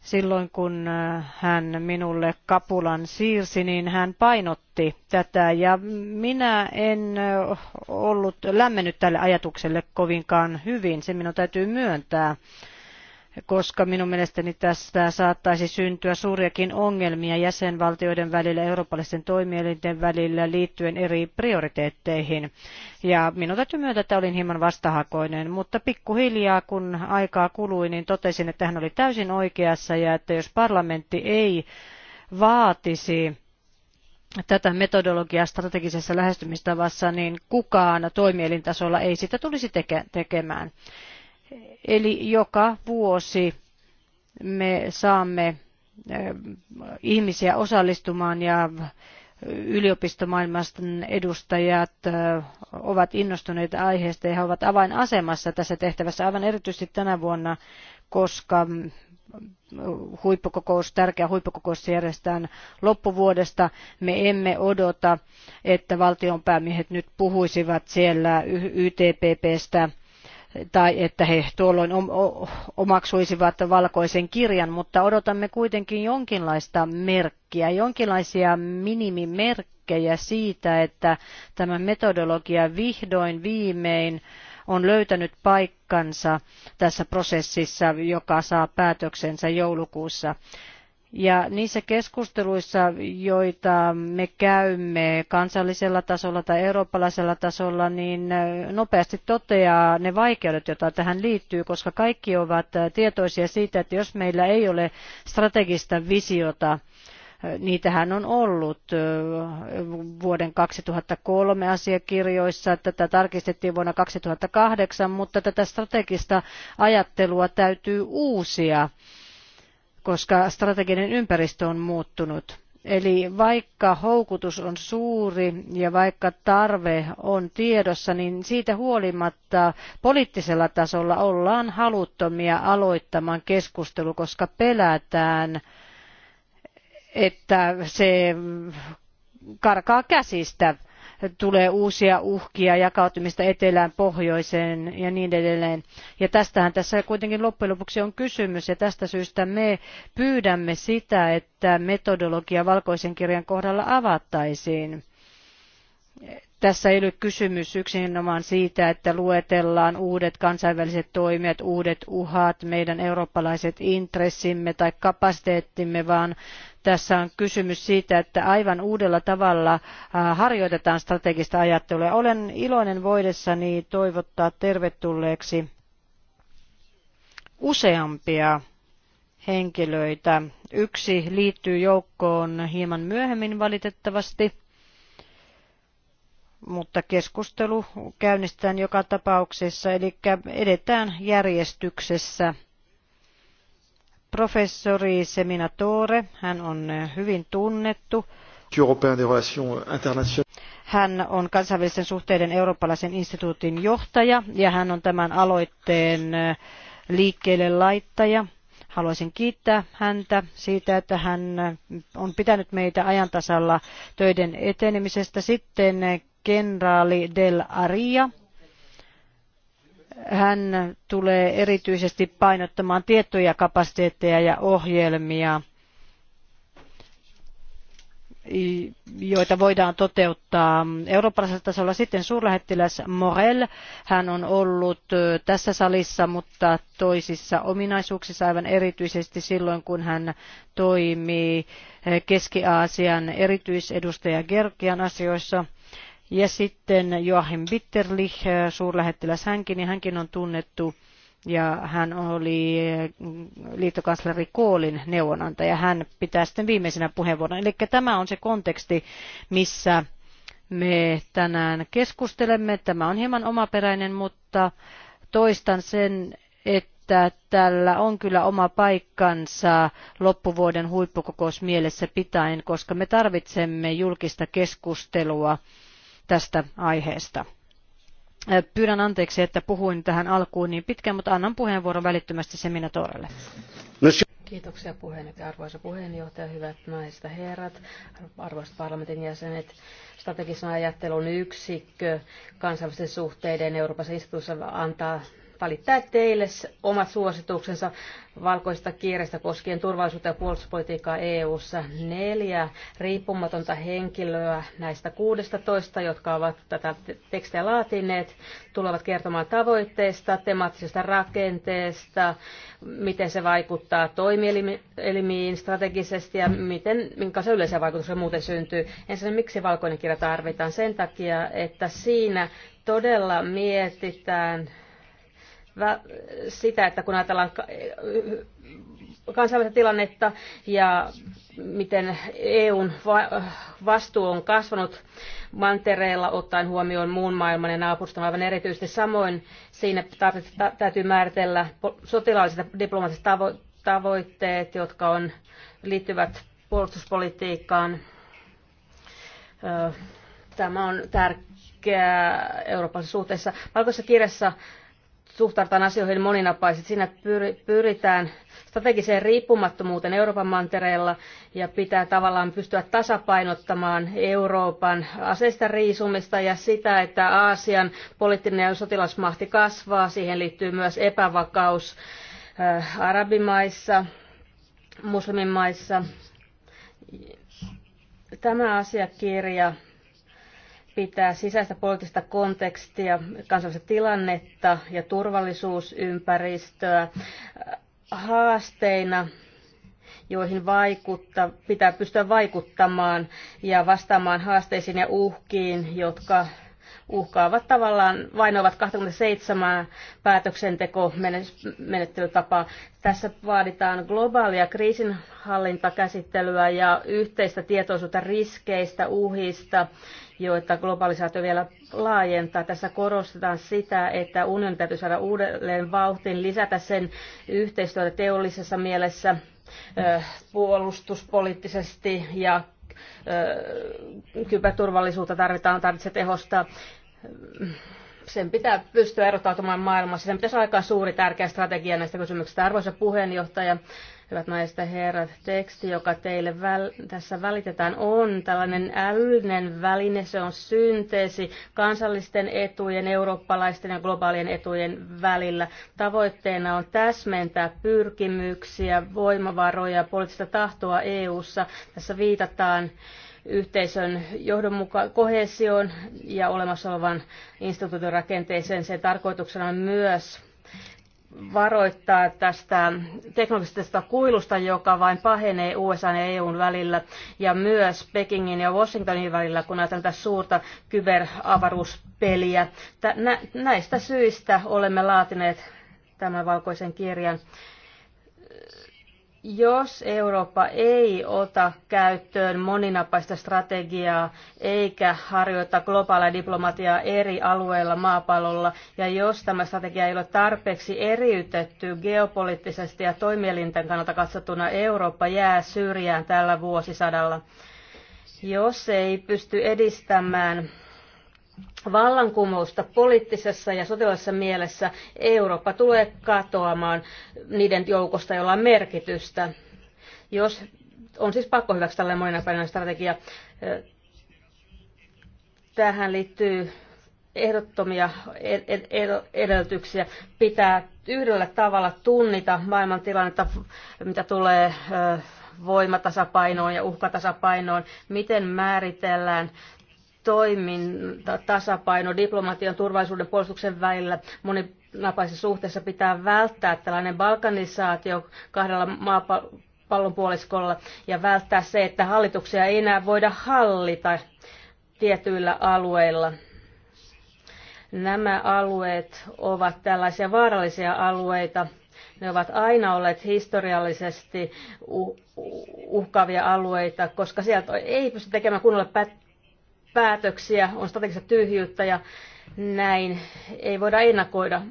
Silloin kun äh, hän minulle kapulan siirsi, niin hän painotti tätä ja minä en äh, ollut lämmennyt tälle ajatukselle kovinkaan hyvin, se minun täytyy myöntää koska minun mielestäni tästä saattaisi syntyä suuriakin ongelmia jäsenvaltioiden välillä, eurooppalaisten toimielinten välillä liittyen eri prioriteetteihin. Ja minun täytyy myöntää, että olin hieman vastahakoinen, mutta pikkuhiljaa kun aikaa kului, niin totesin, että hän oli täysin oikeassa ja että jos parlamentti ei vaatisi tätä metodologiaa strategisessa lähestymistavassa, niin kukaan toimielintasolla ei sitä tulisi teke- tekemään. Eli joka vuosi me saamme ihmisiä osallistumaan ja yliopistomaailmaston edustajat ovat innostuneita aiheesta ja he ovat avainasemassa tässä tehtävässä aivan erityisesti tänä vuonna, koska huippukokous, tärkeä huippukokous järjestetään loppuvuodesta. Me emme odota, että valtionpäämiehet nyt puhuisivat siellä YTPPstä tai että he tuolloin omaksuisivat valkoisen kirjan, mutta odotamme kuitenkin jonkinlaista merkkiä, jonkinlaisia minimimerkkejä siitä, että tämä metodologia vihdoin viimein on löytänyt paikkansa tässä prosessissa, joka saa päätöksensä joulukuussa. Ja niissä keskusteluissa, joita me käymme kansallisella tasolla tai eurooppalaisella tasolla, niin nopeasti toteaa ne vaikeudet, joita tähän liittyy, koska kaikki ovat tietoisia siitä, että jos meillä ei ole strategista visiota, niitähän on ollut vuoden 2003 asiakirjoissa, tätä tarkistettiin vuonna 2008, mutta tätä strategista ajattelua täytyy uusia koska strateginen ympäristö on muuttunut. Eli vaikka houkutus on suuri ja vaikka tarve on tiedossa, niin siitä huolimatta poliittisella tasolla ollaan haluttomia aloittamaan keskustelu, koska pelätään, että se karkaa käsistä tulee uusia uhkia, jakautumista etelään, pohjoiseen ja niin edelleen. Ja tästähän tässä kuitenkin loppujen lopuksi on kysymys ja tästä syystä me pyydämme sitä, että metodologia valkoisen kirjan kohdalla avattaisiin tässä ei ole kysymys yksinomaan siitä, että luetellaan uudet kansainväliset toimijat, uudet uhat, meidän eurooppalaiset intressimme tai kapasiteettimme, vaan tässä on kysymys siitä, että aivan uudella tavalla harjoitetaan strategista ajattelua. Olen iloinen voidessani toivottaa tervetulleeksi useampia henkilöitä. Yksi liittyy joukkoon hieman myöhemmin valitettavasti, mutta keskustelu käynnistetään joka tapauksessa, eli edetään järjestyksessä professori Seminatore. Hän on eh, hyvin tunnettu. Hän on kansainvälisten suhteiden eurooppalaisen instituutin johtaja ja hän on tämän aloitteen eh, liikkeelle laittaja. Haluaisin kiittää häntä siitä, että hän eh, on pitänyt meitä ajantasalla töiden etenemisestä. Sitten kenraali Del Aria hän tulee erityisesti painottamaan tiettyjä kapasiteetteja ja ohjelmia, joita voidaan toteuttaa eurooppalaisella tasolla. Sitten suurlähettiläs Morel, hän on ollut tässä salissa, mutta toisissa ominaisuuksissa aivan erityisesti silloin, kun hän toimii Keski-Aasian erityisedustaja Georgian asioissa – ja sitten Joachim Bitterlich, äh, suurlähettiläs hänkin, niin hänkin on tunnettu ja hän oli äh, liittokansleri Koolin neuvonantaja. Hän pitää sitten viimeisenä puheenvuoron. Eli tämä on se konteksti, missä me tänään keskustelemme. Tämä on hieman omaperäinen, mutta toistan sen, että tällä on kyllä oma paikkansa loppuvuoden huippukokous mielessä pitäen, koska me tarvitsemme julkista keskustelua tästä aiheesta. Pyydän anteeksi, että puhuin tähän alkuun niin pitkään, mutta annan puheenvuoron välittömästi seminatorille. No Kiitoksia puheenjohtaja, arvoisa puheenjohtaja, hyvät naiset ja herrat, arvoisat parlamentin jäsenet. Strategisen ajattelun yksikkö kansainvälisten suhteiden Euroopassa instituutissa antaa välittää teille omat suosituksensa valkoisesta kiireestä koskien turvallisuutta ja puolustuspolitiikkaa EU-ssa. Neljä riippumatonta henkilöä näistä 16, jotka ovat tätä tekstiä laatineet, tulevat kertomaan tavoitteista, temaattisesta rakenteesta, miten se vaikuttaa toimielimiin strategisesti ja miten, minkälaisia yleisiä vaikutuksia muuten syntyy. Ensinnäkin miksi valkoinen kirja tarvitaan? Sen takia, että siinä todella mietitään sitä, että kun ajatellaan kansainvälistä tilannetta ja miten EUn vastuu on kasvanut mantereella ottaen huomioon muun maailman ja naapuruston aivan erityisesti. Samoin siinä täytyy määritellä sotilaalliset ja diplomaattiset tavoitteet, jotka on, liittyvät puolustuspolitiikkaan. Tämä on tärkeää Euroopan suhteessa. Valkoisessa kirjassa suhtaudutaan asioihin moninapaisesti. Siinä pyritään strategiseen riippumattomuuteen Euroopan mantereella ja pitää tavallaan pystyä tasapainottamaan Euroopan aseista riisumista ja sitä, että Aasian poliittinen ja sotilasmahti kasvaa. Siihen liittyy myös epävakaus äh, arabimaissa, muslimimaissa. Tämä asiakirja pitää sisäistä poliittista kontekstia, kansallista tilannetta ja turvallisuusympäristöä äh, haasteina, joihin vaikutta, pitää pystyä vaikuttamaan ja vastaamaan haasteisiin ja uhkiin, jotka uhkaavat tavallaan vainoavat 27 päätöksentekomenettelytapaa. Tässä vaaditaan globaalia kriisinhallintakäsittelyä ja yhteistä tietoisuutta riskeistä, uhista, joita globalisaatio vielä laajentaa. Tässä korostetaan sitä, että unionin täytyy saada uudelleen vauhtiin, lisätä sen yhteistyötä teollisessa mielessä, puolustuspoliittisesti ja kyberturvallisuutta tarvitaan, tarvitsee tehostaa sen pitää pystyä erottautumaan maailmassa. Sen pitäisi olla aika suuri tärkeä strategia näistä kysymyksistä. Arvoisa puheenjohtaja, hyvät naiset ja herrat, teksti, joka teille väl, tässä välitetään, on tällainen älyllinen väline. Se on synteesi kansallisten etujen, eurooppalaisten ja globaalien etujen välillä. Tavoitteena on täsmentää pyrkimyksiä, voimavaroja, poliittista tahtoa EU-ssa. Tässä viitataan yhteisön johdonmuka- kohesioon ja olemassa olevan instituution rakenteeseen. Sen tarkoituksena on myös varoittaa tästä teknologisesta kuilusta, joka vain pahenee USA ja EUn välillä ja myös Pekingin ja Washingtonin välillä, kun ajatellaan tätä suurta kyberavaruuspeliä. Näistä syistä olemme laatineet tämän valkoisen kirjan jos Eurooppa ei ota käyttöön moninapaista strategiaa eikä harjoita globaalia diplomatiaa eri alueilla maapallolla, ja jos tämä strategia ei ole tarpeeksi eriytetty geopoliittisesti ja toimielinten kannalta katsottuna, Eurooppa jää syrjään tällä vuosisadalla. Jos ei pysty edistämään vallankumousta poliittisessa ja sotilaisessa mielessä Eurooppa tulee katoamaan niiden joukosta, jolla on merkitystä. Jos on siis pakko hyväksyä tällainen moninapäinen strategia. Tähän liittyy ehdottomia edellytyksiä. Pitää yhdellä tavalla tunnita maailman tilannetta, mitä tulee voimatasapainoon ja uhkatasapainoon, miten määritellään toiminta, tasapaino diplomatian, turvallisuuden, puolustuksen välillä moninapaisessa suhteessa pitää välttää tällainen balkanisaatio kahdella maapallonpuoliskolla ja välttää se, että hallituksia ei enää voida hallita tietyillä alueilla. Nämä alueet ovat tällaisia vaarallisia alueita, ne ovat aina olleet historiallisesti uhkaavia alueita, koska sieltä ei pysty tekemään kunnolla päätöksiä, on strategista tyhjyyttä ja näin ei voida ennakoida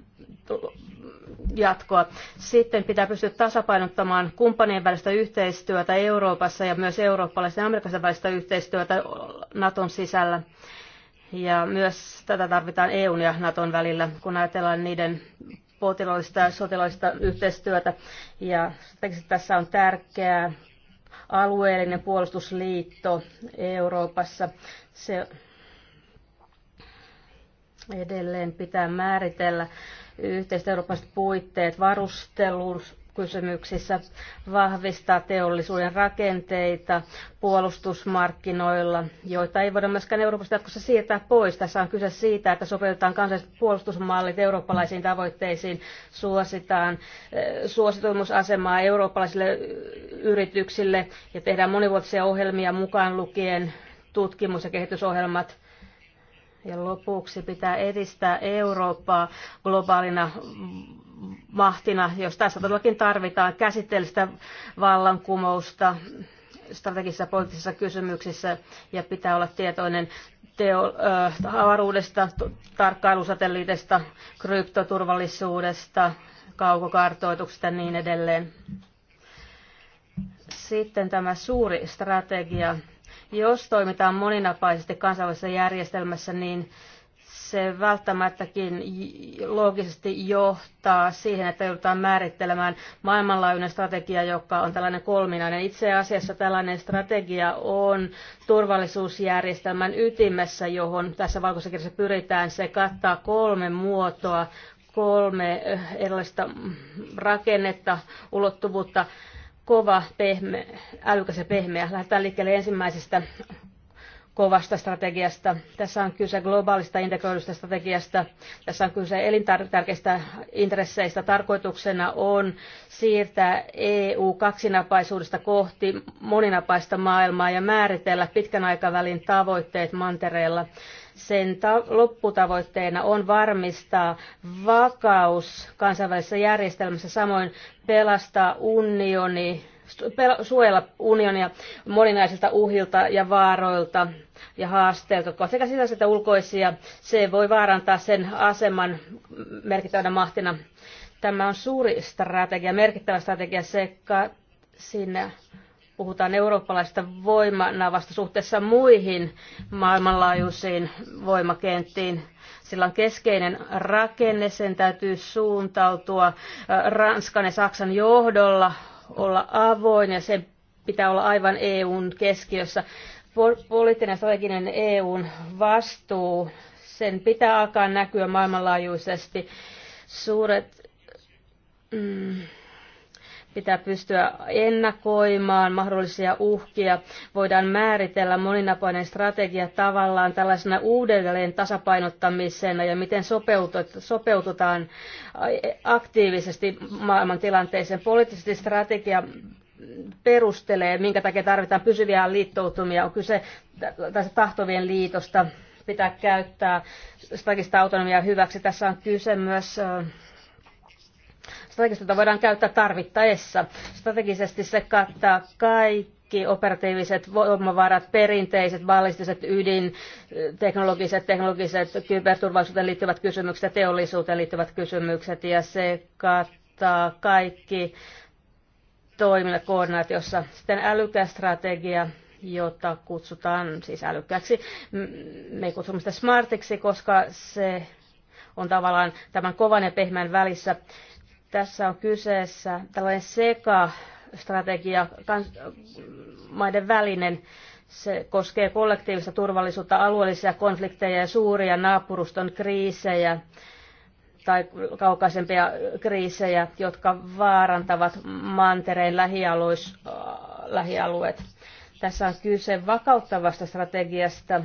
jatkoa. Sitten pitää pystyä tasapainottamaan kumppanien välistä yhteistyötä Euroopassa ja myös eurooppalaisten ja amerikkalaisten välistä yhteistyötä Naton sisällä. Ja myös tätä tarvitaan EUn ja Naton välillä, kun ajatellaan niiden potilaallista ja sotilaallista yhteistyötä. Ja tässä on tärkeää alueellinen puolustusliitto Euroopassa se edelleen pitää määritellä yhteiset eurooppalaiset puitteet varustelun kysymyksissä, vahvistaa teollisuuden rakenteita puolustusmarkkinoilla, joita ei voida myöskään Euroopasta jatkossa siirtää pois. Tässä on kyse siitä, että sopeutetaan kansalliset puolustusmallit eurooppalaisiin tavoitteisiin, suositaan eh, suosituimusasemaa eurooppalaisille yrityksille ja tehdään monivuotisia ohjelmia mukaan lukien tutkimus- ja kehitysohjelmat. Ja lopuksi pitää edistää Eurooppaa globaalina mahtina, jos tässä todellakin tarvitaan käsitteellistä vallankumousta strategisissa poliittisissa kysymyksissä ja pitää olla tietoinen teo, äh, avaruudesta, tarkkailusatelliitista, kryptoturvallisuudesta, kaukokartoituksesta ja niin edelleen. Sitten tämä suuri strategia jos toimitaan moninapaisesti kansainvälisessä järjestelmässä, niin se välttämättäkin loogisesti johtaa siihen, että joudutaan määrittelemään maailmanlaajuinen strategia, joka on tällainen kolminainen. Itse asiassa tällainen strategia on turvallisuusjärjestelmän ytimessä, johon tässä valkoisessa pyritään. Se kattaa kolme muotoa, kolme erilaista rakennetta, ulottuvuutta kova, pehme, älykäs ja pehmeä. Lähdetään liikkeelle ensimmäisestä kovasta strategiasta. Tässä on kyse globaalista integroidusta strategiasta. Tässä on kyse elintärkeistä intresseistä. Tarkoituksena on siirtää EU kaksinapaisuudesta kohti moninapaista maailmaa ja määritellä pitkän aikavälin tavoitteet mantereella sen lopputavoitteena on varmistaa vakaus kansainvälisessä järjestelmässä, samoin pelastaa unioni, suojella unionia moninaisilta uhilta ja vaaroilta ja haasteilta, jotka sekä sisäisiä että ulkoisia. Se voi vaarantaa sen aseman merkittävänä mahtina. Tämä on suuri strategia, merkittävä strategia. Se sinne puhutaan eurooppalaisesta voimanavasta suhteessa muihin maailmanlaajuisiin voimakenttiin. Sillä on keskeinen rakenne, sen täytyy suuntautua äh, Ranskan ja Saksan johdolla, olla avoin ja sen pitää olla aivan EUn keskiössä. Poliittinen strateginen EUn vastuu, sen pitää alkaa näkyä maailmanlaajuisesti. Suuret mm, Pitää pystyä ennakoimaan mahdollisia uhkia. Voidaan määritellä moninapainen strategia tavallaan tällaisena uudelleen tasapainottamisena ja miten sopeututaan aktiivisesti maailman tilanteeseen. Poliittisesti strategia perustelee, minkä takia tarvitaan pysyviä liittoutumia. On kyse tästä tahtovien liitosta pitää käyttää strategista autonomiaa hyväksi. Tässä on kyse myös strategista, voidaan käyttää tarvittaessa. Strategisesti se kattaa kaikki operatiiviset voimavarat, perinteiset, ballistiset, ydin, teknologiset, teknologiset, kyberturvallisuuteen liittyvät kysymykset ja teollisuuteen liittyvät kysymykset, ja se kattaa kaikki toiminnat koordinaatiossa. Sitten älykäs strategia, jota kutsutaan siis älykkäksi. Me kutsumme sitä smartiksi, koska se on tavallaan tämän kovan ja pehmeän välissä tässä on kyseessä tällainen sekastrategia maiden välinen. Se koskee kollektiivista turvallisuutta, alueellisia konflikteja ja suuria naapuruston kriisejä tai kaukaisempia kriisejä, jotka vaarantavat mantereen lähialueet. Tässä on kyse vakauttavasta strategiasta.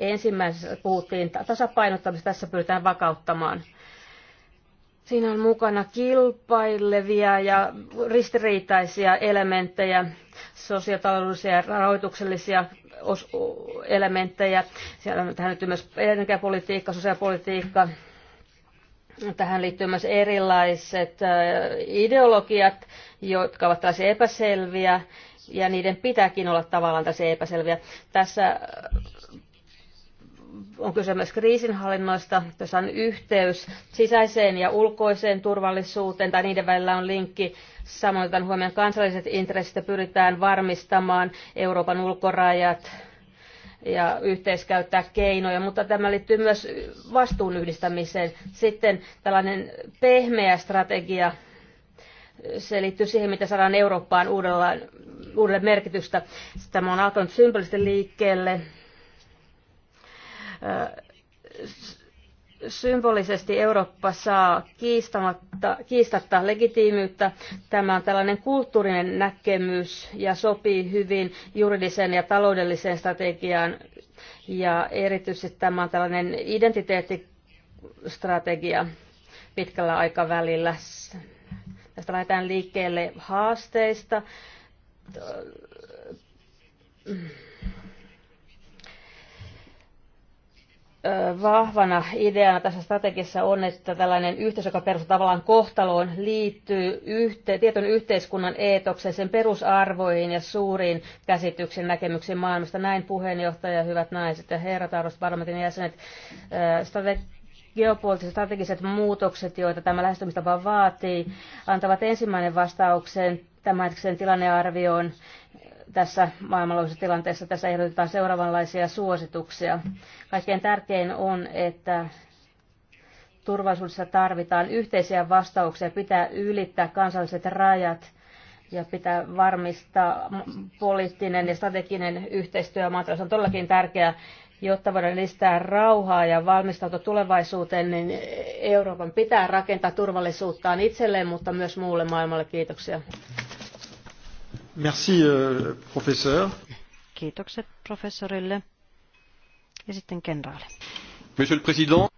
Ensimmäisessä puhuttiin tasapainottamista, tässä pyritään vakauttamaan – Siinä on mukana kilpailevia ja ristiriitaisia elementtejä, sosiotaloudellisia ja rahoituksellisia elementtejä. Siellä on tähän liittyy myös energiapolitiikka, sosiaalipolitiikka. Tähän liittyy myös erilaiset ideologiat, jotka ovat tällaisia epäselviä, ja niiden pitääkin olla tavallaan tässä epäselviä. Tässä on kyse myös kriisinhallinnoista, jossa on yhteys sisäiseen ja ulkoiseen turvallisuuteen tai niiden välillä on linkki. Samoin otetaan huomioon kansalliset intressit ja pyritään varmistamaan Euroopan ulkorajat ja yhteiskäyttää keinoja, mutta tämä liittyy myös vastuun yhdistämiseen. Sitten tällainen pehmeä strategia, se liittyy siihen, mitä saadaan Eurooppaan uudella, uudelle merkitystä. Tämä on alkanut symbolisesti liikkeelle symbolisesti Eurooppa saa kiistamatta, kiistatta legitiimiyttä. Tämä on tällainen kulttuurinen näkemys ja sopii hyvin juridiseen ja taloudelliseen strategiaan. Ja erityisesti tämä on tällainen identiteettistrategia pitkällä aikavälillä. Tästä lähdetään liikkeelle haasteista vahvana ideana tässä strategiassa on, että tällainen yhteys, joka perustuu tavallaan kohtaloon, liittyy yhte, tietyn yhteiskunnan eetokseen, sen perusarvoihin ja suuriin käsityksen näkemyksiin maailmasta. Näin puheenjohtaja, hyvät naiset ja herrat, arvoisat parlamentin jäsenet, strategia geopoliittiset strategiset muutokset, joita tämä lähestymistapa vaatii, antavat ensimmäinen vastauksen tämänhetkisen tilannearvioon tässä maailmanlaajuisessa tilanteessa. Tässä ehdotetaan seuraavanlaisia suosituksia. Kaikkein tärkein on, että turvallisuudessa tarvitaan yhteisiä vastauksia, pitää ylittää kansalliset rajat ja pitää varmistaa poliittinen ja strateginen yhteistyö maatalous on todellakin tärkeää, jotta voidaan lisätä rauhaa ja valmistautua tulevaisuuteen, niin Euroopan pitää rakentaa turvallisuuttaan itselleen, mutta myös muulle maailmalle. Kiitoksia. Merci, euh, professeur. Kiitokset professorille. Ja sitten kenraali. Monsieur le Président.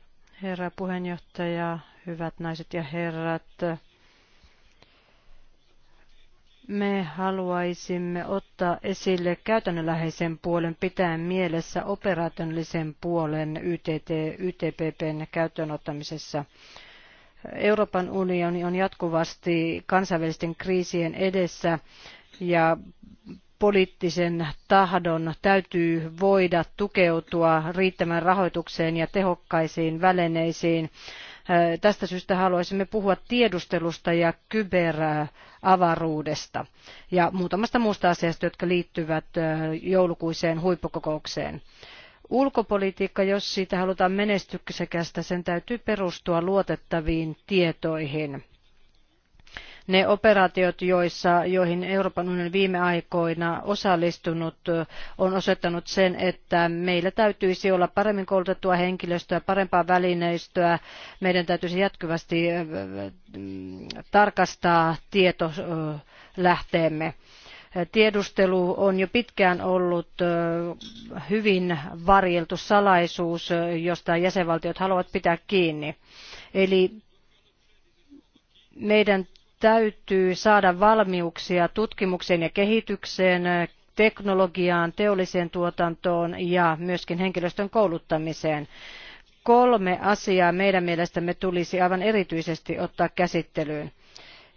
Herra puheenjohtaja, hyvät naiset ja herrat. Me haluaisimme ottaa esille käytännönläheisen puolen pitäen mielessä operationaalisen puolen YTT, YTPPn käyttöönottamisessa. Euroopan unioni on jatkuvasti kansainvälisten kriisien edessä ja poliittisen tahdon täytyy voida tukeutua riittävän rahoitukseen ja tehokkaisiin välineisiin. Tästä syystä haluaisimme puhua tiedustelusta ja kyberavaruudesta ja muutamasta muusta asiasta, jotka liittyvät joulukuiseen huippukokoukseen. Ulkopolitiikka, jos siitä halutaan menestyksekästä, sen täytyy perustua luotettaviin tietoihin ne operaatiot, joissa, joihin Euroopan unioni viime aikoina osallistunut, on osoittanut sen, että meillä täytyisi olla paremmin koulutettua henkilöstöä, parempaa välineistöä. Meidän täytyisi jatkuvasti tarkastaa tietolähteemme tiedustelu on jo pitkään ollut hyvin varjeltu salaisuus, josta jäsenvaltiot haluavat pitää kiinni. Eli meidän täytyy saada valmiuksia tutkimukseen ja kehitykseen, teknologiaan, teolliseen tuotantoon ja myöskin henkilöstön kouluttamiseen. Kolme asiaa meidän mielestämme tulisi aivan erityisesti ottaa käsittelyyn.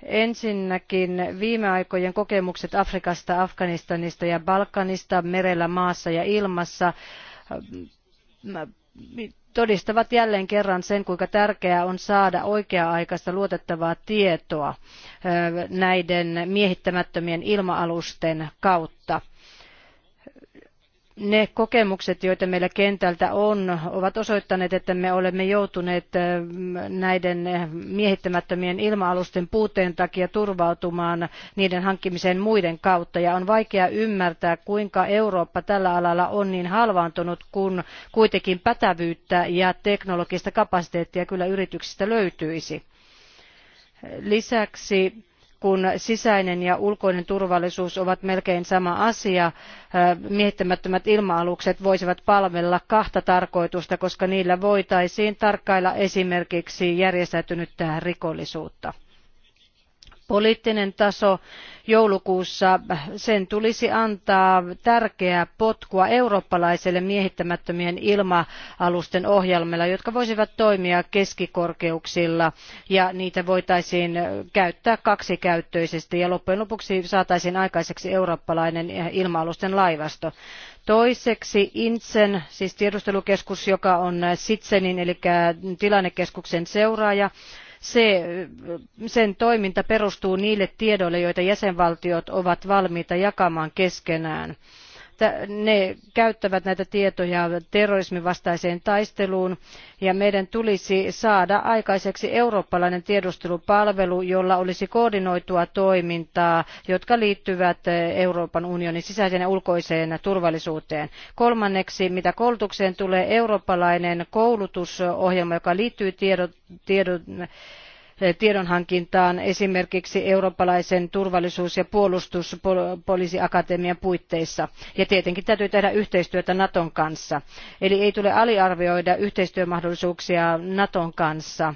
Ensinnäkin viime aikojen kokemukset Afrikasta, Afganistanista ja Balkanista merellä, maassa ja ilmassa todistavat jälleen kerran sen, kuinka tärkeää on saada oikea-aikaista luotettavaa tietoa näiden miehittämättömien ilma-alusten kautta ne kokemukset, joita meillä kentältä on, ovat osoittaneet, että me olemme joutuneet eh, näiden eh, miehittämättömien ilma-alusten puutteen takia turvautumaan niiden hankkimiseen muiden kautta. Ja on vaikea ymmärtää, kuinka Eurooppa tällä alalla on niin halvaantunut, kun kuitenkin pätävyyttä ja teknologista kapasiteettia kyllä yrityksistä löytyisi. Lisäksi kun sisäinen ja ulkoinen turvallisuus ovat melkein sama asia, miehittämättömät ilma-alukset voisivat palvella kahta tarkoitusta, koska niillä voitaisiin tarkkailla esimerkiksi järjestäytynyttä rikollisuutta poliittinen taso joulukuussa sen tulisi antaa tärkeää potkua eurooppalaiselle miehittämättömien ilma alusten ohjelmille jotka voisivat toimia keskikorkeuksilla ja niitä voitaisiin käyttää kaksikäyttöisesti ja loppujen lopuksi saataisiin aikaiseksi eurooppalainen ilma alusten laivasto. Toiseksi insen siis tiedustelukeskus, joka on SITSENin eli tilannekeskuksen seuraaja, sen toiminta perustuu niille tiedoille, joita jäsenvaltiot ovat valmiita jakamaan keskenään että ne käyttävät näitä tietoja terrorismin vastaiseen taisteluun ja meidän tulisi saada aikaiseksi eurooppalainen tiedustelupalvelu, jolla olisi koordinoitua toimintaa, jotka liittyvät Euroopan unionin sisäiseen ja ulkoiseen turvallisuuteen. Kolmanneksi, mitä koulutukseen tulee, eurooppalainen koulutusohjelma, joka liittyy tiedon, Eh, tiedonhankintaan esimerkiksi eurooppalaisen turvallisuus ja puolustuspoliisiakatemian puitteissa ja tietenkin täytyy tehdä yhteistyötä naton kanssa eli ei tule aliarvioida yhteistyömahdollisuuksia naton kanssa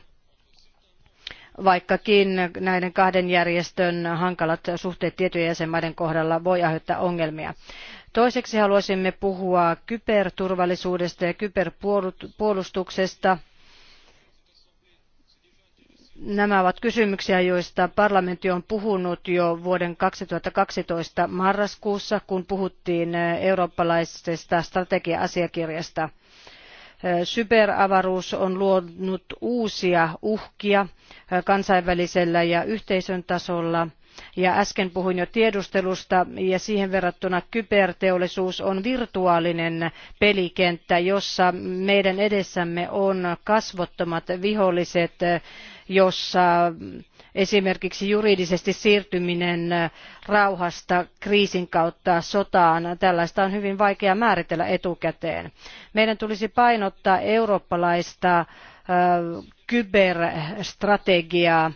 vaikkakin näiden kahden järjestön hankalat suhteet tiettyjen jäsenmaiden kohdalla voi aiheuttaa ongelmia. Toiseksi haluaisimme puhua kyberturvallisuudesta ja kyberpuolustuksesta. Nämä ovat kysymyksiä, joista parlamentti on puhunut jo vuoden 2012 marraskuussa, kun puhuttiin eurooppalaisesta strategia-asiakirjasta. Kyberavaruus on luonut uusia uhkia kansainvälisellä ja yhteisön tasolla. Ja äsken puhuin jo tiedustelusta ja siihen verrattuna kyberteollisuus on virtuaalinen pelikenttä, jossa meidän edessämme on kasvottomat viholliset jossa esimerkiksi juridisesti siirtyminen rauhasta kriisin kautta sotaan, tällaista on hyvin vaikea määritellä etukäteen. Meidän tulisi painottaa eurooppalaista kyberstrategiaa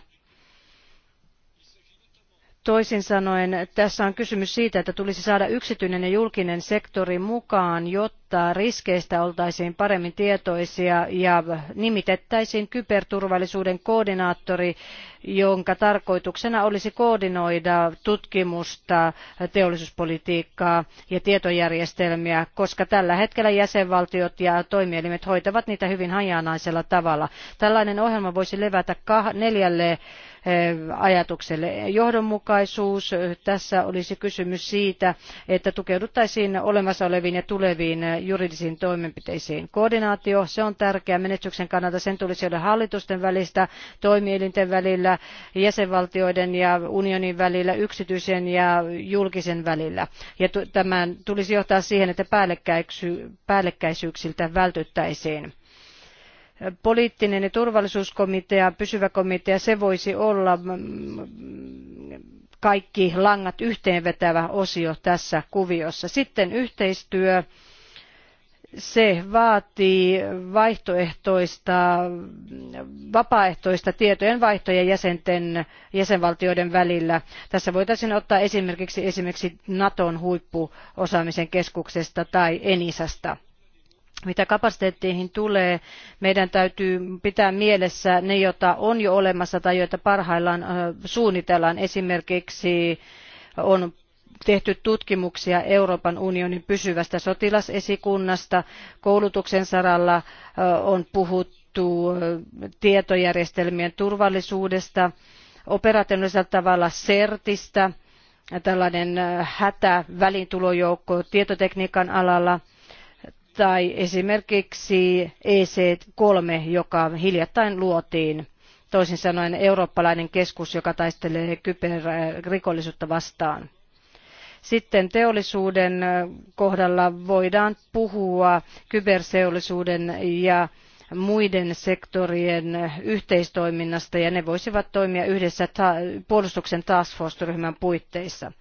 Toisin sanoen tässä on kysymys siitä, että tulisi saada yksityinen ja julkinen sektori mukaan, jotta riskeistä oltaisiin paremmin tietoisia ja nimitettäisiin kyberturvallisuuden koordinaattori, jonka tarkoituksena olisi koordinoida tutkimusta, teollisuuspolitiikkaa ja tietojärjestelmiä, koska tällä hetkellä jäsenvaltiot ja toimielimet hoitavat niitä hyvin hajanaisella tavalla. Tällainen ohjelma voisi levätä neljälle Eh, ajatukselle. Johdonmukaisuus, eh, tässä olisi kysymys siitä, että tukeuduttaisiin olemassa oleviin ja tuleviin eh, juridisiin toimenpiteisiin. Koordinaatio, se on tärkeä menestyksen kannalta, sen tulisi olla hallitusten välistä, toimielinten välillä, jäsenvaltioiden ja unionin välillä, yksityisen ja julkisen välillä. Ja tämän tulisi johtaa siihen, että päällekkäisyyksiltä vältyttäisiin poliittinen ja turvallisuuskomitea, pysyvä komitea, se voisi olla mm, kaikki langat yhteenvetävä osio tässä kuviossa. Sitten yhteistyö. Se vaatii vaihtoehtoista, vapaaehtoista tietojen vaihtoja jäsenten, jäsenvaltioiden välillä. Tässä voitaisiin ottaa esimerkiksi, esimerkiksi Naton huippuosaamisen keskuksesta tai Enisasta mitä kapasiteetteihin tulee, meidän täytyy pitää mielessä ne, joita on jo olemassa tai joita parhaillaan suunnitellaan. Esimerkiksi on tehty tutkimuksia Euroopan unionin pysyvästä sotilasesikunnasta. Koulutuksen saralla on puhuttu tietojärjestelmien turvallisuudesta, operationaalisella tavalla CERTistä, tällainen hätävälintulojoukko tietotekniikan alalla – tai esimerkiksi EC3, joka hiljattain luotiin, toisin sanoen eurooppalainen keskus, joka taistelee kyberrikollisuutta vastaan. Sitten teollisuuden kohdalla voidaan puhua kyberseollisuuden ja muiden sektorien yhteistoiminnasta ja ne voisivat toimia yhdessä ta- puolustuksen task force-ryhmän puitteissa.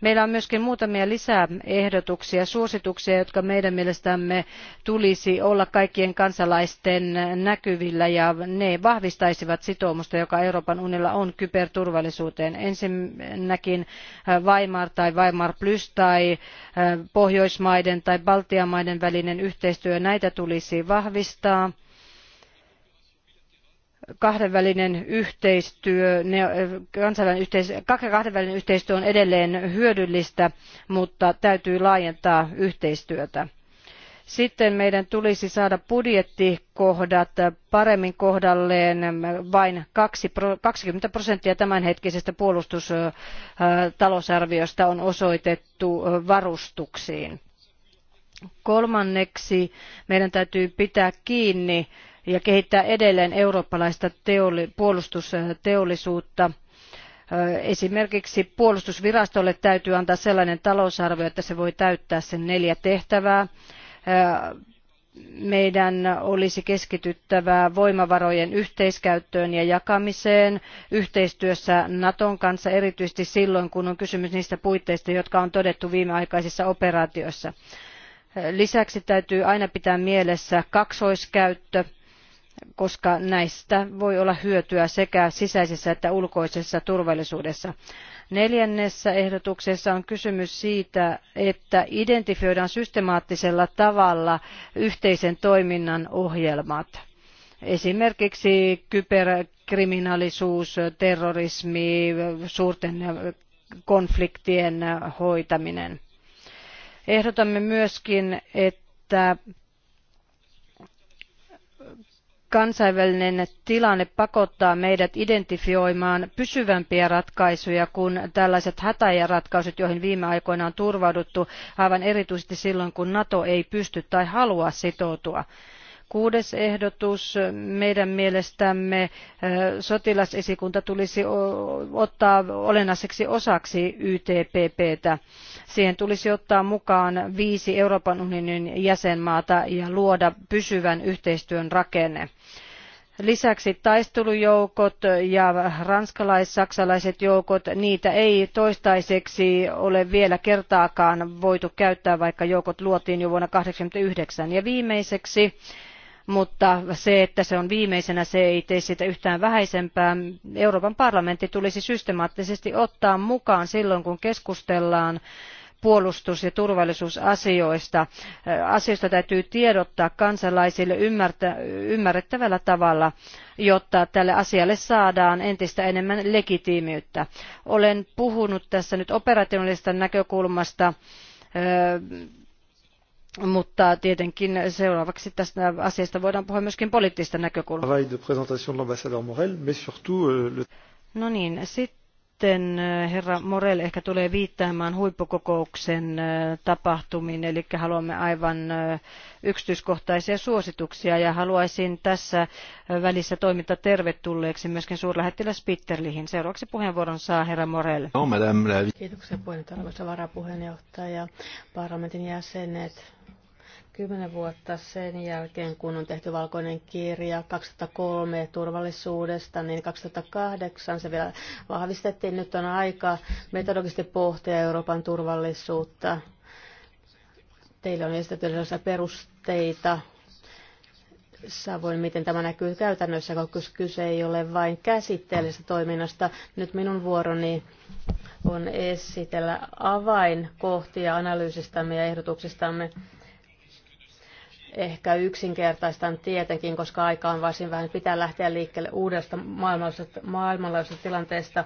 Meillä on myöskin muutamia lisäehdotuksia, suosituksia, jotka meidän mielestämme tulisi olla kaikkien kansalaisten näkyvillä ja ne vahvistaisivat sitoumusta, joka Euroopan unionilla on kyberturvallisuuteen. Ensinnäkin äh, Weimar tai Weimar Plus tai äh, Pohjoismaiden tai Baltian maiden välinen yhteistyö, näitä tulisi vahvistaa kahdenvälinen yhteistyö, kansainvälinen yhteistyö, kahdenvälinen yhteistyö on edelleen hyödyllistä, mutta täytyy laajentaa yhteistyötä. Sitten meidän tulisi saada budjettikohdat paremmin kohdalleen vain 20 prosenttia tämänhetkisestä puolustustalousarviosta on osoitettu varustuksiin. Kolmanneksi meidän täytyy pitää kiinni ja kehittää edelleen eurooppalaista teoli- puolustusteollisuutta. Esimerkiksi puolustusvirastolle täytyy antaa sellainen talousarvio, että se voi täyttää sen neljä tehtävää meidän olisi keskityttävä voimavarojen yhteiskäyttöön ja jakamiseen yhteistyössä Naton kanssa, erityisesti silloin, kun on kysymys niistä puitteista, jotka on todettu viimeaikaisissa operaatioissa. Lisäksi täytyy aina pitää mielessä kaksoiskäyttö koska näistä voi olla hyötyä sekä sisäisessä että ulkoisessa turvallisuudessa. Neljännessä ehdotuksessa on kysymys siitä, että identifioidaan systemaattisella tavalla yhteisen toiminnan ohjelmat. Esimerkiksi kyberkriminaalisuus, terrorismi, suurten konfliktien hoitaminen. Ehdotamme myöskin, että kansainvälinen tilanne pakottaa meidät identifioimaan pysyvämpiä ratkaisuja kun tällaiset hätäratkaisut joihin viime aikoina on turvauduttu aivan erityisesti silloin kun nato ei pysty tai halua sitoutua. Kuudes ehdotus. Meidän mielestämme sotilasesikunta tulisi ottaa olennaiseksi osaksi YTPPtä. Siihen tulisi ottaa mukaan viisi Euroopan unionin jäsenmaata ja luoda pysyvän yhteistyön rakenne. Lisäksi taistelujoukot ja ranskalais-saksalaiset joukot, niitä ei toistaiseksi ole vielä kertaakaan voitu käyttää, vaikka joukot luotiin jo vuonna 1989. Ja viimeiseksi mutta se, että se on viimeisenä, se ei tee sitä yhtään vähäisempää. Euroopan parlamentti tulisi systemaattisesti ottaa mukaan silloin, kun keskustellaan puolustus- ja turvallisuusasioista. Äh, asioista täytyy tiedottaa kansalaisille ymmärtä, ymmärrettävällä tavalla, jotta tälle asialle saadaan entistä enemmän legitiimiyttä. Olen puhunut tässä nyt operatiivisesta näkökulmasta äh, mutta tietenkin seuraavaksi tästä asiasta voidaan puhua myöskin poliittisesta näkökulmasta. Euh, no niin, sitten sitten eh, herra Morel ehkä tulee viittaamaan huippukokouksen eh, tapahtumiin, eli haluamme aivan eh, yksityiskohtaisia suosituksia ja haluaisin tässä välissä toimita tervetulleeksi myöskin suurlähettiläs Spitterlihin. Seuraavaksi puheenvuoron saa herra Morel. No, Kiitoksia puheenjohtaja, arvoisa varapuheenjohtaja, parlamentin jäsenet, Kymmenen vuotta sen jälkeen, kun on tehty valkoinen kirja 2003 turvallisuudesta, niin 2008 se vielä vahvistettiin. Nyt on aika metodologisesti pohtia Euroopan turvallisuutta. Teille on esitetty perusteita Savoin, miten tämä näkyy käytännössä, koska kyse ei ole vain käsitteellisestä toiminnasta. Nyt minun vuoroni on esitellä avainkohtia analyysistamme ja ehdotuksistamme ehkä yksinkertaistan tietenkin, koska aika on varsin vähän. Pitää lähteä liikkeelle uudesta maailmanlaajuisesta, maailmanlaajuisesta tilanteesta.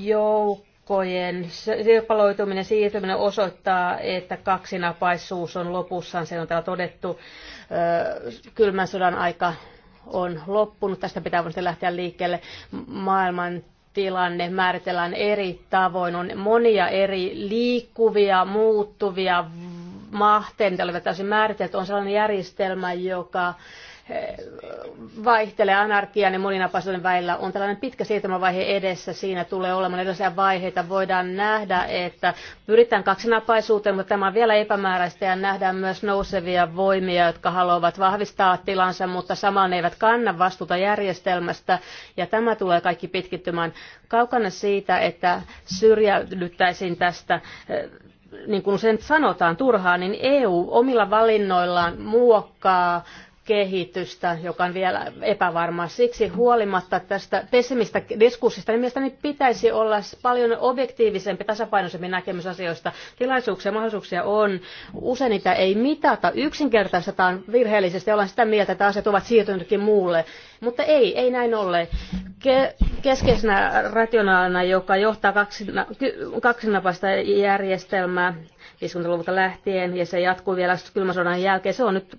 Joukkojen sirpaloituminen, siirtyminen osoittaa, että kaksinapaisuus on lopussaan. Se on täällä todettu. Kylmän sodan aika on loppunut. Tästä pitää varmasti lähteä liikkeelle. Maailman tilanne määritellään eri tavoin. On monia eri liikkuvia, muuttuvia, mahteen, mitä olemme täysin määritelty, on sellainen järjestelmä, joka eh, vaihtelee anarkian ja moninapaisuuden välillä. On tällainen pitkä siirtymävaihe edessä, siinä tulee olemaan erilaisia vaiheita. Voidaan nähdä, että pyritään kaksinapaisuuteen, mutta tämä on vielä epämääräistä ja nähdään myös nousevia voimia, jotka haluavat vahvistaa tilansa, mutta samaan ne eivät kanna vastuuta järjestelmästä ja tämä tulee kaikki pitkittymään kaukana siitä, että syrjäydyttäisiin tästä eh, niin kuin sen sanotaan turhaan, niin EU omilla valinnoillaan muokkaa kehitystä, joka on vielä epävarmaa. Siksi huolimatta tästä pessimistä diskurssista, niin mielestäni pitäisi olla paljon objektiivisempi, tasapainoisempi näkemys asioista. Tilaisuuksia ja mahdollisuuksia on. Usein niitä ei mitata. Yksinkertaistetaan virheellisesti. Ollaan sitä mieltä, että asiat ovat siirtyneetkin muulle. Mutta ei, ei näin ole. Ke- keskeisenä rationaalina, joka johtaa kaksina- kaksinapaista järjestelmää, 50-luvulta lähtien ja se jatkuu vielä kylmän sodan jälkeen. Se on nyt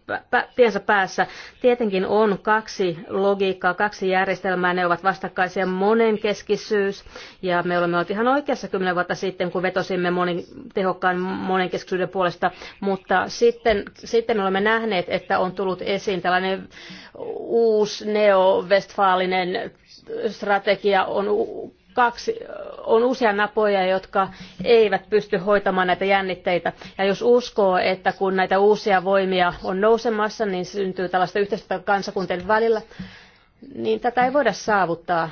tiensä päässä. Tietenkin on kaksi logiikkaa, kaksi järjestelmää. Ne ovat vastakkaisia monenkeskisyys ja me olemme olleet ihan oikeassa kymmenen vuotta sitten, kun vetosimme monin, tehokkaan monenkeskisyyden puolesta, mutta sitten, sitten olemme nähneet, että on tullut esiin tällainen uusi neo vestfaalinen strategia on kaksi, on usea napoja, jotka eivät pysty hoitamaan näitä jännitteitä. Ja jos uskoo, että kun näitä uusia voimia on nousemassa, niin syntyy tällaista yhteistyötä kansakuntien välillä, niin tätä ei voida saavuttaa.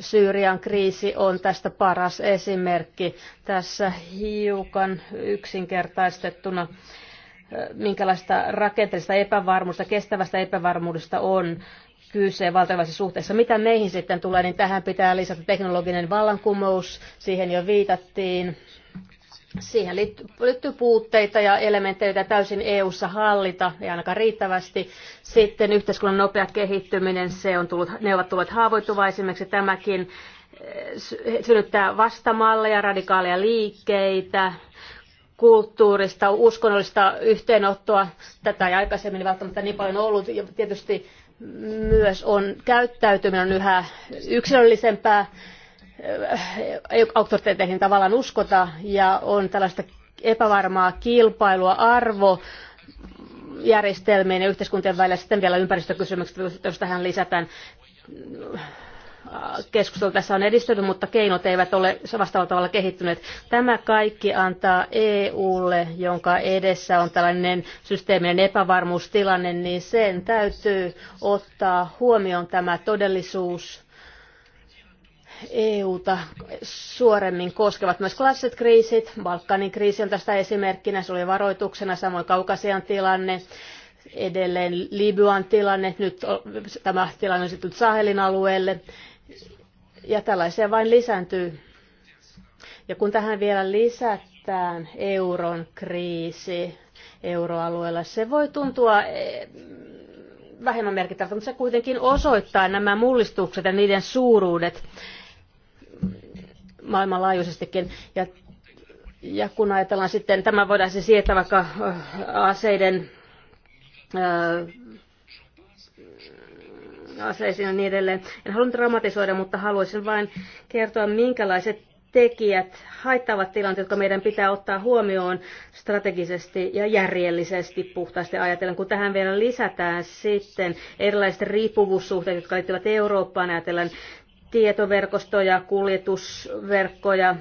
Syyrian kriisi on tästä paras esimerkki. Tässä hiukan yksinkertaistettuna minkälaista rakenteellista epävarmuutta, kestävästä epävarmuudesta on kyse valtavassa suhteessa. Mitä meihin sitten tulee, niin tähän pitää lisätä teknologinen vallankumous, siihen jo viitattiin. Siihen liittyy puutteita ja elementtejä, joita täysin EU-ssa hallita, ei ainakaan riittävästi. Sitten yhteiskunnan nopea kehittyminen, se on tullut, ne ovat tulleet haavoittuvaisimmiksi Tämäkin eh, synnyttää vastamalleja, radikaaleja liikkeitä, kulttuurista, uskonnollista yhteenottoa. Tätä ei aikaisemmin välttämättä niin paljon ollut. Ja tietysti myös on käyttäytyminen on yhä yksilöllisempää, auktoriteetteihin tavallaan uskota ja on tällaista epävarmaa kilpailua arvo järjestelmien ja yhteiskuntien välillä. Sitten vielä ympäristökysymykset, jos tähän lisätään keskustelu tässä on edistynyt, mutta keinot eivät ole vastaavalla tavalla kehittyneet. Tämä kaikki antaa EUlle, jonka edessä on tällainen systeeminen epävarmuustilanne, niin sen täytyy ottaa huomioon tämä todellisuus EUta suoremmin koskevat myös klassiset kriisit. Balkanin kriisi on tästä esimerkkinä, se oli varoituksena, samoin Kaukasian tilanne edelleen Libyan tilanne, nyt tämä tilanne on sitten Sahelin alueelle ja tällaisia vain lisääntyy. Ja kun tähän vielä lisätään euron kriisi euroalueella, se voi tuntua eh, vähemmän merkittävältä, mutta se kuitenkin osoittaa nämä mullistukset ja niiden suuruudet maailmanlaajuisestikin. Ja, ja kun ajatellaan sitten, tämä voidaan siis siirtää vaikka eh, aseiden eh, aseisiin ja niin edelleen. En halua dramatisoida, mutta haluaisin vain kertoa, minkälaiset tekijät haittavat tilanteet, jotka meidän pitää ottaa huomioon strategisesti ja järjellisesti puhtaasti ajatellen. Kun tähän vielä lisätään sitten erilaiset riippuvuussuhteet, jotka liittyvät Eurooppaan, ajatellen tietoverkostoja, kuljetusverkkoja,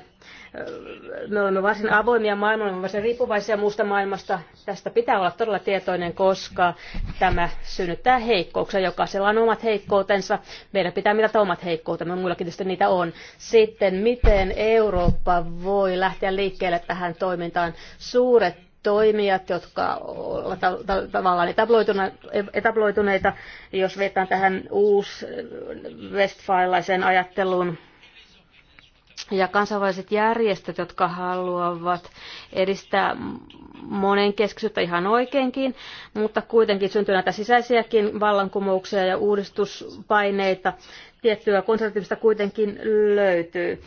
me olemme varsin avoimia maailmalle, olemme varsin riippuvaisia muusta maailmasta. Tästä pitää olla todella tietoinen, koska tämä synnyttää heikkouksia. Jokaisella on omat heikkoutensa. Meidän pitää mitata omat heikkoutemme, muillakin tietysti niitä on. Sitten, miten Eurooppa voi lähteä liikkeelle tähän toimintaan? Suuret toimijat, jotka ovat tavallaan etabloituneita, jos vetään tähän uusi westfalaisen ajatteluun, ja kansainväliset järjestöt, jotka haluavat edistää monenkeskisyyttä ihan oikeinkin, mutta kuitenkin syntyy näitä sisäisiäkin vallankumouksia ja uudistuspaineita. Tiettyä konservatiivista kuitenkin löytyy,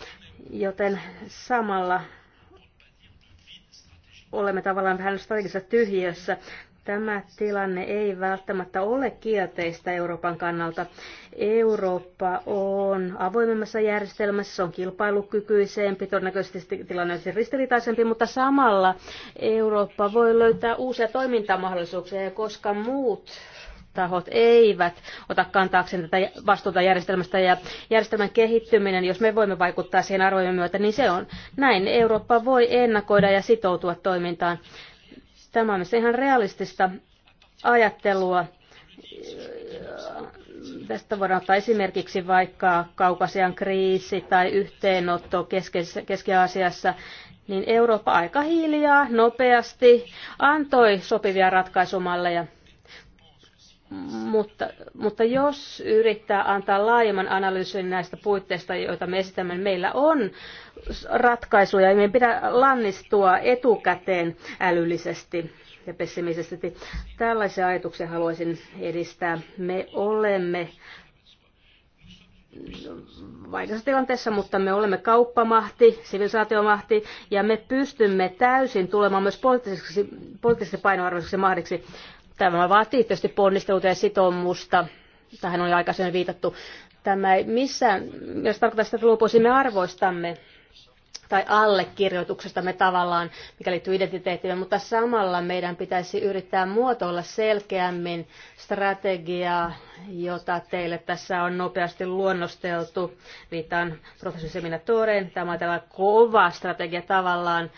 joten samalla olemme tavallaan vähän strategisessa tyhjiössä. Tämä tilanne ei välttämättä ole kielteistä Euroopan kannalta. Eurooppa on avoimemmassa järjestelmässä, se on kilpailukykyisempi, todennäköisesti tilanne on ristiriitaisempi, mutta samalla Eurooppa voi löytää uusia toimintamahdollisuuksia, ja koska muut tahot eivät ota kantaakseen tätä vastuuta järjestelmästä ja järjestelmän kehittyminen, jos me voimme vaikuttaa siihen arvojen myötä, niin se on näin. Eurooppa voi ennakoida ja sitoutua toimintaan. Tämä on ihan realistista ajattelua. Tästä voidaan ottaa esimerkiksi vaikka kaukasian kriisi tai yhteenotto Keski-Aasiassa, niin Eurooppa aika hiljaa, nopeasti antoi sopivia ratkaisumalleja mutta, mutta jos yrittää antaa laajemman analyysin näistä puitteista, joita me esitämme, niin meillä on ratkaisuja. Meidän pitää lannistua etukäteen älyllisesti ja pessimisesti. Tällaisia ajatuksia haluaisin edistää. Me olemme vaikeassa tilanteessa, mutta me olemme kauppamahti, sivilisaatiomahti, ja me pystymme täysin tulemaan myös poliittisesti painoarvoiseksi mahdiksi Tämä vaatii tietysti ponnisteluita ja sitoumusta. Tähän on jo aikaisemmin viitattu. Tämä ei missään, jos tarkoittaa sitä, että luopuisimme arvoistamme tai allekirjoituksestamme tavallaan, mikä liittyy identiteettiin, mutta samalla meidän pitäisi yrittää muotoilla selkeämmin strategiaa, jota teille tässä on nopeasti luonnosteltu. Viittaan professori Seminatoreen. Tämä on tämä kova strategia tavallaan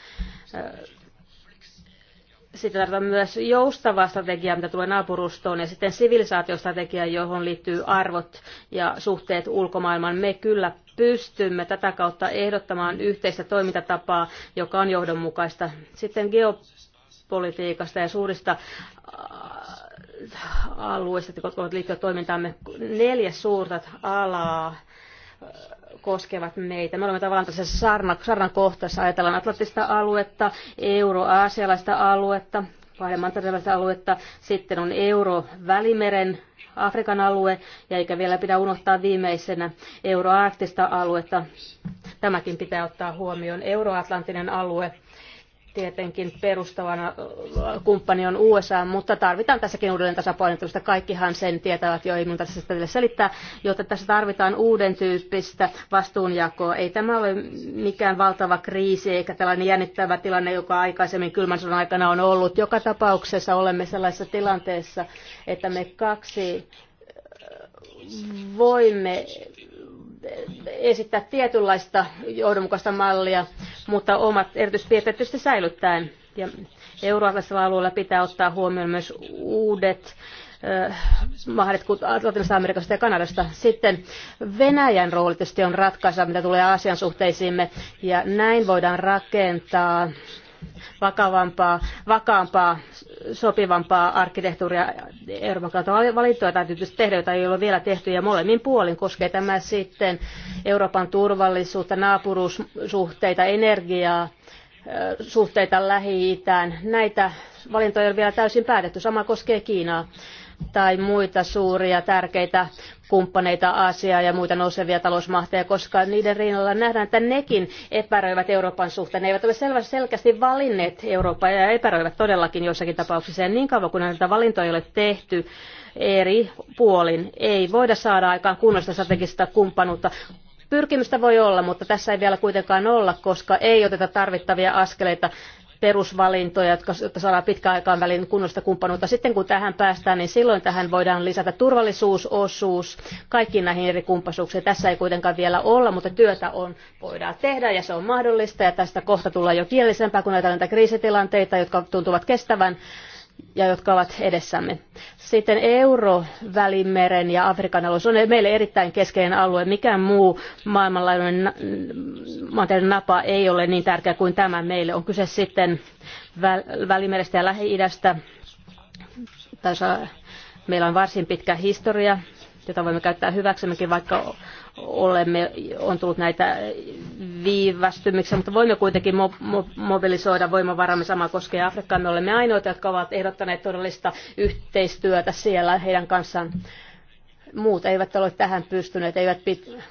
sitten tarvitaan myös joustavaa strategiaa, mitä tulee naapurustoon, ja sitten sivilisaatiostrategia, johon liittyy arvot ja suhteet ulkomaailmaan. Me kyllä pystymme tätä kautta ehdottamaan yhteistä toimintatapaa, joka on johdonmukaista. Sitten geopolitiikasta ja suurista äh, alueista, jotka liittyvät toimintaamme, neljä suurta alaa koskevat meitä. Me olemme tavallaan tässä sarna, sarnan kohtassa, ajatellaan atlantista aluetta, euroaasialaista aluetta, kahden mantereellista aluetta, sitten on euro-välimeren Afrikan alue, ja eikä vielä pidä unohtaa viimeisenä euroarktista aluetta. Tämäkin pitää ottaa huomioon. Euroatlantinen alue Tietenkin perustavana äh, kumppani on USA, mutta tarvitaan tässäkin uudelleen tasapainottelusta. Kaikkihan sen tietävät jo, ei minun tässä sitä selittää, jotta tässä tarvitaan uuden tyyppistä vastuunjakoa. Ei tämä ole mikään valtava kriisi eikä tällainen jännittävä tilanne, joka aikaisemmin kylmän sodan aikana on ollut. Joka tapauksessa olemme sellaisessa tilanteessa, että me kaksi äh, voimme esittää tietynlaista johdonmukaista mallia, mutta omat erityispiirteet tietysti säilyttäen. Ja euroatlantisella alueella pitää ottaa huomioon myös uudet mahdet Latinalaisesta Amerikasta ja Kanadasta. Sitten Venäjän rooli tietysti on ratkaisa, mitä tulee asian suhteisiimme, ja näin voidaan rakentaa vakavampaa, vakaampaa, sopivampaa arkkitehtuuria Euroopan kautta valittua täytyy tehdä, jota ei ole vielä tehty, ja molemmin puolin koskee tämä sitten Euroopan turvallisuutta, naapuruussuhteita, energiaa, suhteita Lähi-Itään. Näitä valintoja ei ole vielä täysin päätetty. Sama koskee Kiinaa tai muita suuria tärkeitä kumppaneita Aasiaa ja muita nousevia talousmahteja, koska niiden rinnalla nähdään, että nekin epäröivät Euroopan suhteen. Ne eivät ole selvästi selkeästi valinneet Eurooppaa ja epäröivät todellakin joissakin tapauksissa. Ja niin kauan kuin näitä valintoja ei ole tehty eri puolin, ei voida saada aikaan kunnollista strategista kumppanuutta. Pyrkimystä voi olla, mutta tässä ei vielä kuitenkaan olla, koska ei oteta tarvittavia askeleita perusvalintoja, jotka, jotta saadaan pitkäaikaan välin kunnollista kumppanuutta. Sitten kun tähän päästään, niin silloin tähän voidaan lisätä turvallisuusosuus kaikkiin näihin eri kumppanuuksiin. Tässä ei kuitenkaan vielä olla, mutta työtä on, voidaan tehdä ja se on mahdollista ja tästä kohta tullaan jo kielisempää, kun näitä näitä kriisitilanteita, jotka tuntuvat kestävän ja jotka ovat edessämme. Sitten euro, Välimeren ja Afrikan alue, se on meille erittäin keskeinen alue. Mikään muu maailmanlaajuinen mantereiden napa ei ole niin tärkeä kuin tämä meille. On kyse sitten Välimerestä ja Lähi-idästä. Meillä on varsin pitkä historia, jota voimme käyttää hyväksemmekin, vaikka olemme, on tullut näitä viivästymyksiä, mutta voimme kuitenkin mo- mo- mobilisoida voimavaramme. Sama koskee Afrikkaa. Me olemme ainoita, jotka ovat ehdottaneet todellista yhteistyötä siellä heidän kanssaan. Muut eivät ole tähän pystyneet, eivät pit-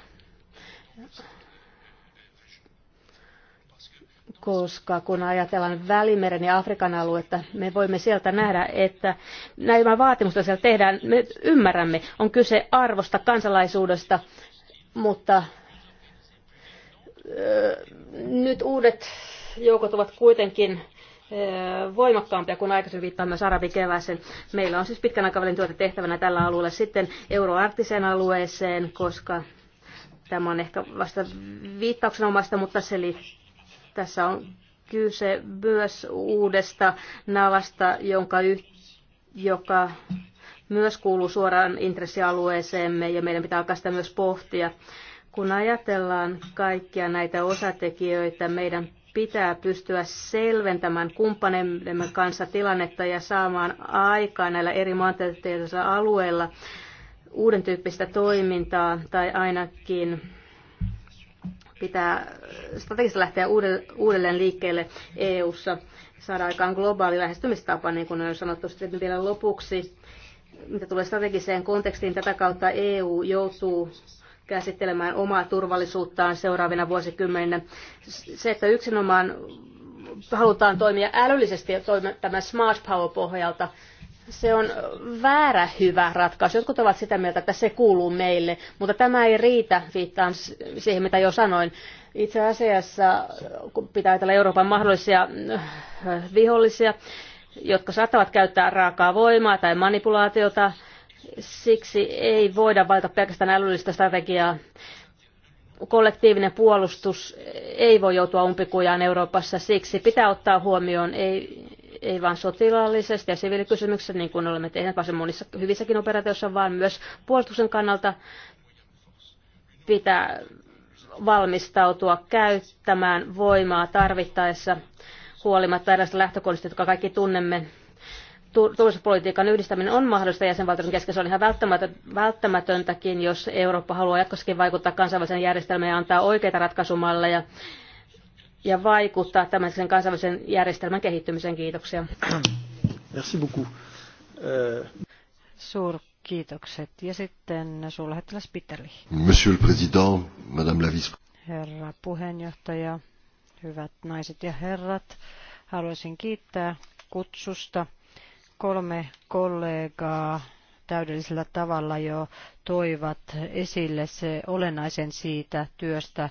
koska kun ajatellaan Välimeren ja Afrikan aluetta, me voimme sieltä nähdä, että näitä vaatimusta siellä tehdään, me ymmärrämme, on kyse arvosta, kansalaisuudesta, mutta nyt uudet joukot ovat kuitenkin voimakkaampia kuin aikaisemmin viittaan myös arabikevääseen. Meillä on siis pitkän aikavälin työtä tehtävänä tällä alueella sitten euroarktiseen alueeseen, koska tämä on ehkä vasta omasta, mutta se li- tässä on kyse myös uudesta navasta, jonka y- joka myös kuuluu suoraan intressialueeseemme ja meidän pitää alkaa sitä myös pohtia. Kun ajatellaan kaikkia näitä osatekijöitä, meidän pitää pystyä selventämään kumppanemme kanssa tilannetta ja saamaan aikaa näillä eri maantieteellisillä alueilla uuden tyyppistä toimintaa tai ainakin pitää strategisesti lähteä uudelleen liikkeelle EU-ssa, saada aikaan globaali lähestymistapa, niin kuin on sanottu sitten vielä lopuksi mitä tulee strategiseen kontekstiin, tätä kautta EU joutuu käsittelemään omaa turvallisuuttaan seuraavina vuosikymmeninä. Se, että yksinomaan halutaan toimia älyllisesti tämän Smart Power pohjalta, se on väärä hyvä ratkaisu. Jotkut ovat sitä mieltä, että se kuuluu meille, mutta tämä ei riitä, viittaan siihen mitä jo sanoin. Itse asiassa, kun pitää ajatella Euroopan mahdollisia vihollisia, jotka saattavat käyttää raakaa voimaa tai manipulaatiota. Siksi ei voida valita pelkästään älyllistä strategiaa. Kollektiivinen puolustus ei voi joutua umpikujaan Euroopassa, siksi pitää ottaa huomioon ei, ei vain sotilaallisesti ja siviilikysymyksissä, niin kuin olemme tehneet varsin monissa hyvissäkin operaatioissa, vaan myös puolustuksen kannalta pitää valmistautua käyttämään voimaa tarvittaessa huolimatta erilaisista lähtökohdista, jotka kaikki tunnemme. Turvallisuuspolitiikan yhdistäminen on mahdollista jäsenvaltioiden kesken. Se on ihan välttämätöntäkin, jos Eurooppa haluaa jatkossakin vaikuttaa kansainväliseen järjestelmään ja antaa oikeita ratkaisumalleja ja vaikuttaa tämän kansainvälisen järjestelmän kehittymiseen. Kiitoksia. Merci beaucoup. Euh. kiitokset. Ja sitten suurlähettiläs Peterli. Monsieur le Président, Madame la Vice. Herra puheenjohtaja, hyvät naiset ja herrat. Haluaisin kiittää kutsusta. Kolme kollegaa täydellisellä tavalla jo toivat esille se olennaisen siitä työstä,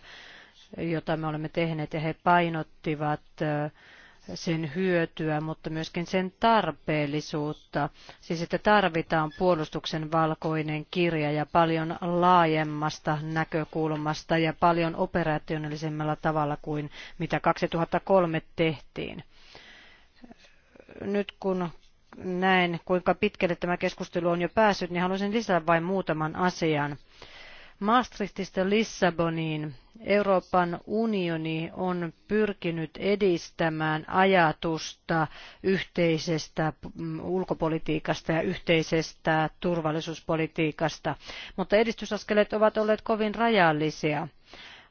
jota me olemme tehneet, ja he painottivat sen hyötyä, mutta myöskin sen tarpeellisuutta. Siis että tarvitaan puolustuksen valkoinen kirja ja paljon laajemmasta näkökulmasta ja paljon operationellisemmalla tavalla kuin mitä 2003 tehtiin. Nyt kun näen, kuinka pitkälle tämä keskustelu on jo päässyt, niin haluaisin lisätä vain muutaman asian. Maastrichtista Lissaboniin Euroopan unioni on pyrkinyt edistämään ajatusta yhteisestä mm, ulkopolitiikasta ja yhteisestä turvallisuuspolitiikasta, mutta edistysaskeleet ovat olleet kovin rajallisia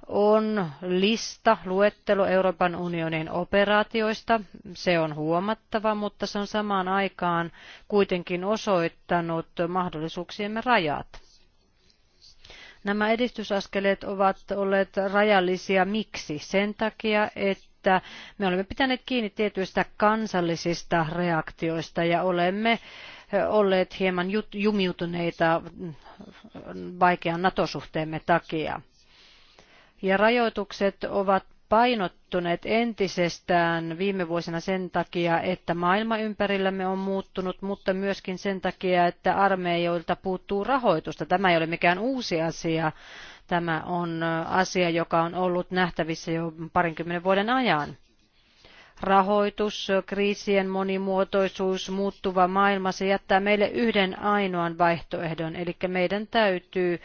on lista, luettelo Euroopan unionin operaatioista. Se on huomattava, mutta se on samaan aikaan kuitenkin osoittanut mahdollisuuksiemme rajat. Nämä edistysaskeleet ovat olleet rajallisia. Miksi? Sen takia, että me olemme pitäneet kiinni tietyistä kansallisista reaktioista ja olemme olleet hieman jumiutuneita mm, vaikean NATO-suhteemme takia ja rajoitukset ovat painottuneet entisestään viime vuosina sen takia, että maailma ympärillämme on muuttunut, mutta myöskin sen takia, että armeijoilta puuttuu rahoitusta. Tämä ei ole mikään uusi asia. Tämä on asia, joka on ollut nähtävissä jo parinkymmenen vuoden ajan rahoitus, kriisien monimuotoisuus, muuttuva maailma, se jättää meille yhden ainoan vaihtoehdon. Eli meidän täytyy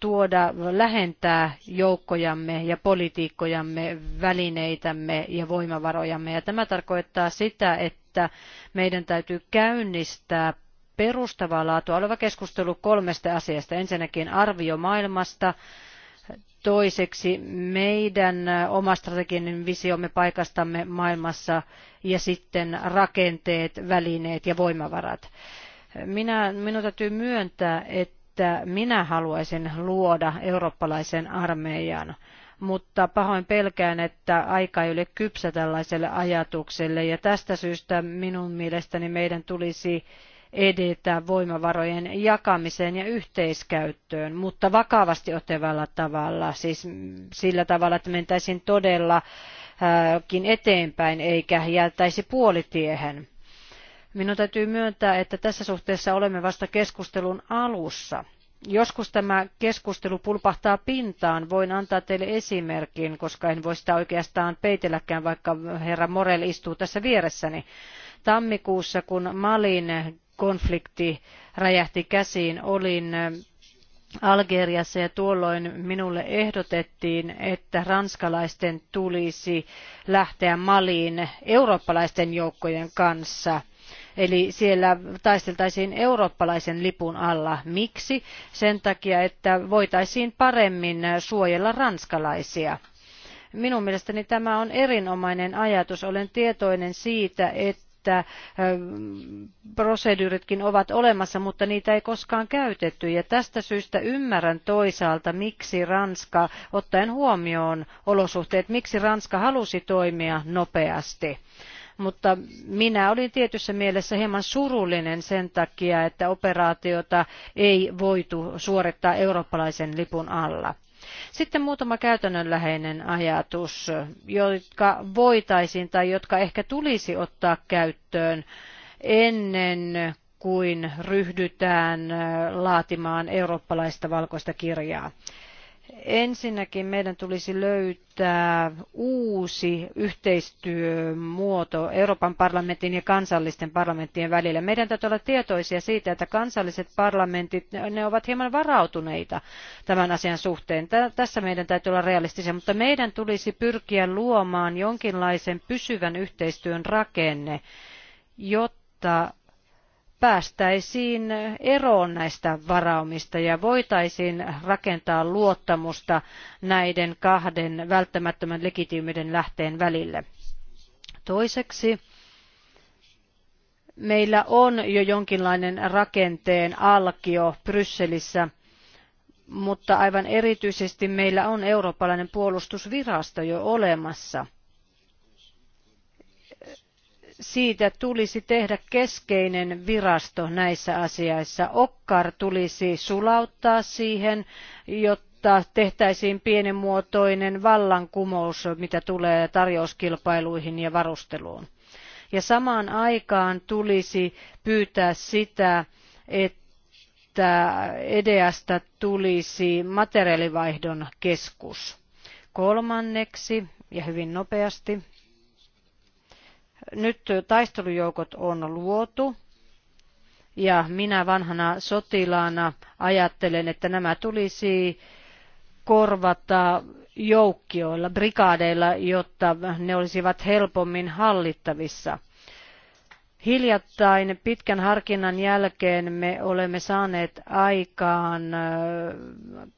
tuoda, lähentää joukkojamme ja politiikkojamme, välineitämme ja voimavarojamme. Ja tämä tarkoittaa sitä, että meidän täytyy käynnistää perustavaa laatua oleva keskustelu kolmesta asiasta. Ensinnäkin arvio maailmasta, Toiseksi meidän oma strateginen visiomme paikastamme maailmassa ja sitten rakenteet, välineet ja voimavarat. Minä, minun täytyy myöntää, että minä haluaisin luoda eurooppalaisen armeijan mutta pahoin pelkään, että aika ei ole kypsä tällaiselle ajatukselle. Ja tästä syystä minun mielestäni meidän tulisi edetä voimavarojen jakamiseen ja yhteiskäyttöön, mutta vakavasti otevalla tavalla, siis sillä tavalla, että mentäisiin todellakin eteenpäin eikä jältäisi puolitiehen. Minun täytyy myöntää, että tässä suhteessa olemme vasta keskustelun alussa. Joskus tämä keskustelu pulpahtaa pintaan. Voin antaa teille esimerkin, koska en voi sitä oikeastaan peitelläkään, vaikka herra Morel istuu tässä vieressäni. Tammikuussa, kun Malin konflikti räjähti käsiin, olin Algeriassa ja tuolloin minulle ehdotettiin, että ranskalaisten tulisi lähteä Maliin eurooppalaisten joukkojen kanssa. Eli siellä taisteltaisiin eurooppalaisen lipun alla. Miksi? Sen takia, että voitaisiin paremmin suojella ranskalaisia. Minun mielestäni tämä on erinomainen ajatus. Olen tietoinen siitä, että että proseduuritkin ovat olemassa, mutta niitä ei koskaan käytetty. Ja tästä syystä ymmärrän toisaalta, miksi Ranska, ottaen huomioon olosuhteet, miksi Ranska halusi toimia nopeasti mutta minä olin tietyssä mielessä hieman surullinen sen takia, että operaatiota ei voitu suorittaa eurooppalaisen lipun alla. Sitten muutama käytännönläheinen ajatus, jotka voitaisiin tai jotka ehkä tulisi ottaa käyttöön ennen kuin ryhdytään laatimaan eurooppalaista valkoista kirjaa. Ensinnäkin meidän tulisi löytää uusi yhteistyömuoto Euroopan parlamentin ja kansallisten parlamenttien välillä. Meidän täytyy olla tietoisia siitä, että kansalliset parlamentit, ne ovat hieman varautuneita tämän asian suhteen. Tässä meidän täytyy olla realistisia, mutta meidän tulisi pyrkiä luomaan jonkinlaisen pysyvän yhteistyön rakenne, jotta päästäisiin eroon näistä varaumista ja voitaisiin rakentaa luottamusta näiden kahden välttämättömän legitiimiden lähteen välille. Toiseksi meillä on jo jonkinlainen rakenteen alkio Brysselissä, mutta aivan erityisesti meillä on eurooppalainen puolustusvirasto jo olemassa siitä tulisi tehdä keskeinen virasto näissä asioissa. Okkar tulisi sulauttaa siihen, jotta tehtäisiin pienemuotoinen vallankumous, mitä tulee tarjouskilpailuihin ja varusteluun. Ja samaan aikaan tulisi pyytää sitä, että EDEasta tulisi materiaalivaihdon keskus. Kolmanneksi, ja hyvin nopeasti, nyt taistelujoukot on luotu ja minä vanhana sotilaana ajattelen, että nämä tulisi korvata joukkioilla, brigaadeilla, jotta ne olisivat helpommin hallittavissa – Hiljattain pitkän harkinnan jälkeen me olemme saaneet aikaan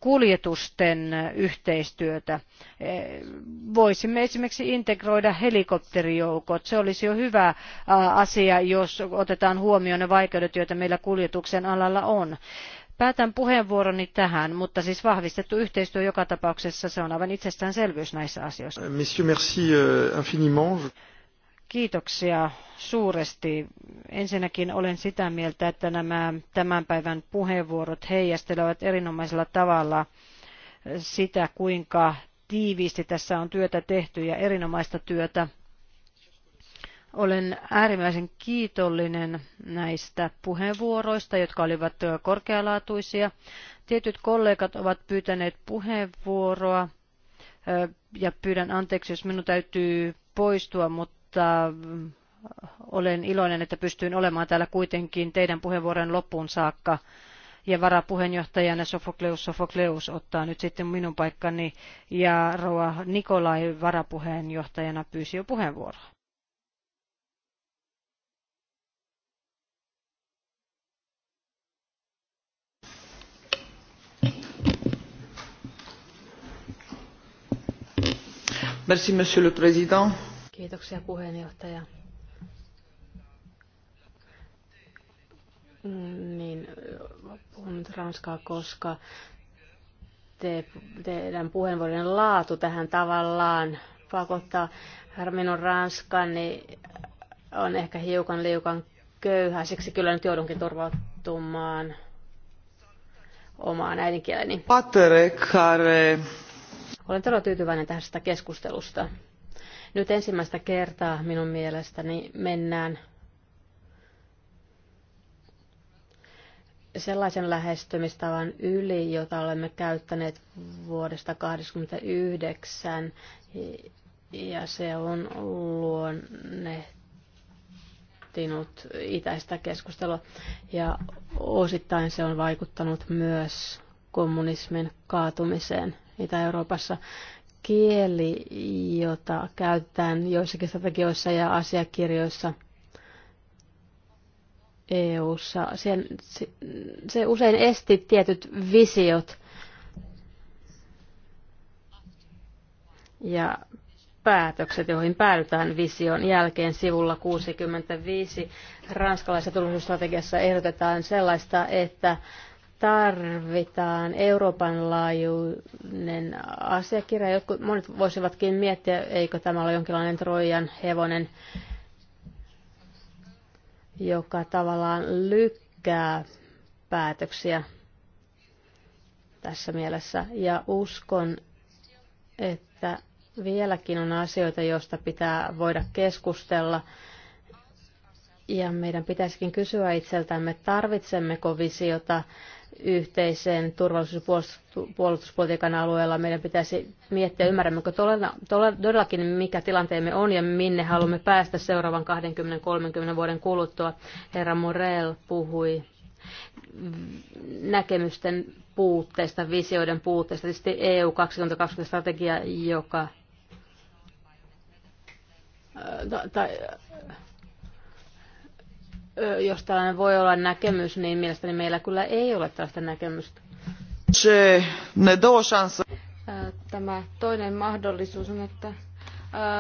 kuljetusten yhteistyötä. E, voisimme esimerkiksi integroida helikopterijoukot. Se olisi jo hyvä asia, jos otetaan huomioon ne vaikeudet, joita meillä kuljetuksen alalla on. Päätän puheenvuoroni tähän, mutta siis vahvistettu yhteistyö joka tapauksessa, se on aivan itsestäänselvyys näissä asioissa. Monsieur, merci euh, infiniment. Kiitoksia suuresti. Ensinnäkin olen sitä mieltä, että nämä tämän päivän puheenvuorot heijastelevat erinomaisella tavalla sitä, kuinka tiiviisti tässä on työtä tehty ja erinomaista työtä. Olen äärimmäisen kiitollinen näistä puheenvuoroista, jotka olivat korkealaatuisia. Tietyt kollegat ovat pyytäneet puheenvuoroa ja pyydän anteeksi, jos minun täytyy poistua, mutta mutta äh, olen iloinen, että pystyin olemaan täällä kuitenkin teidän puheenvuoron loppuun saakka. Ja varapuheenjohtajana Sofokleus Sofokleus ottaa nyt sitten minun paikkani ja Roa Nikolai varapuheenjohtajana pyysi jo puheenvuoroa. Merci, Monsieur le Président. Kiitoksia puheenjohtaja. Niin, puhun nyt ranskaa, koska te, teidän puheenvuoron laatu tähän tavallaan pakottaa. Minun ranskan niin on ehkä hiukan liukan köyhä siksi kyllä nyt joudunkin turvautumaan omaan äidinkieleni. Patere, care... Olen todella tyytyväinen tästä keskustelusta. Nyt ensimmäistä kertaa minun mielestäni mennään sellaisen lähestymistavan yli, jota olemme käyttäneet vuodesta 1989, ja se on luonnehtinut itäistä keskustelua, ja osittain se on vaikuttanut myös kommunismin kaatumiseen Itä-Euroopassa kieli, jota käytetään joissakin strategioissa ja asiakirjoissa EU-ssa. Se, se usein esti tietyt visiot ja päätökset, joihin päädytään vision jälkeen sivulla 65. Ranskalaisessa turvallisuusstrategiassa ehdotetaan sellaista, että tarvitaan Euroopan laajuinen asiakirja. Jotkut, monet voisivatkin miettiä, eikö tämä ole jonkinlainen Trojan hevonen, joka tavallaan lykkää päätöksiä tässä mielessä. Ja uskon, että vieläkin on asioita, joista pitää voida keskustella. Ja meidän pitäisikin kysyä itseltämme, tarvitsemmeko visiota yhteisen turvallisuus- ja puolustuspolitiikan alueella. Meidän pitäisi miettiä, ymmärrämmekö todellakin, mikä tilanteemme on ja minne haluamme päästä seuraavan 20-30 vuoden kuluttua. Herra Morel puhui näkemysten puutteesta, visioiden puutteesta. Tietysti EU 2020-strategia, joka äh, tai, jos tällainen voi olla näkemys, niin mielestäni meillä kyllä ei ole tällaista näkemystä. Tämä toinen mahdollisuus on, että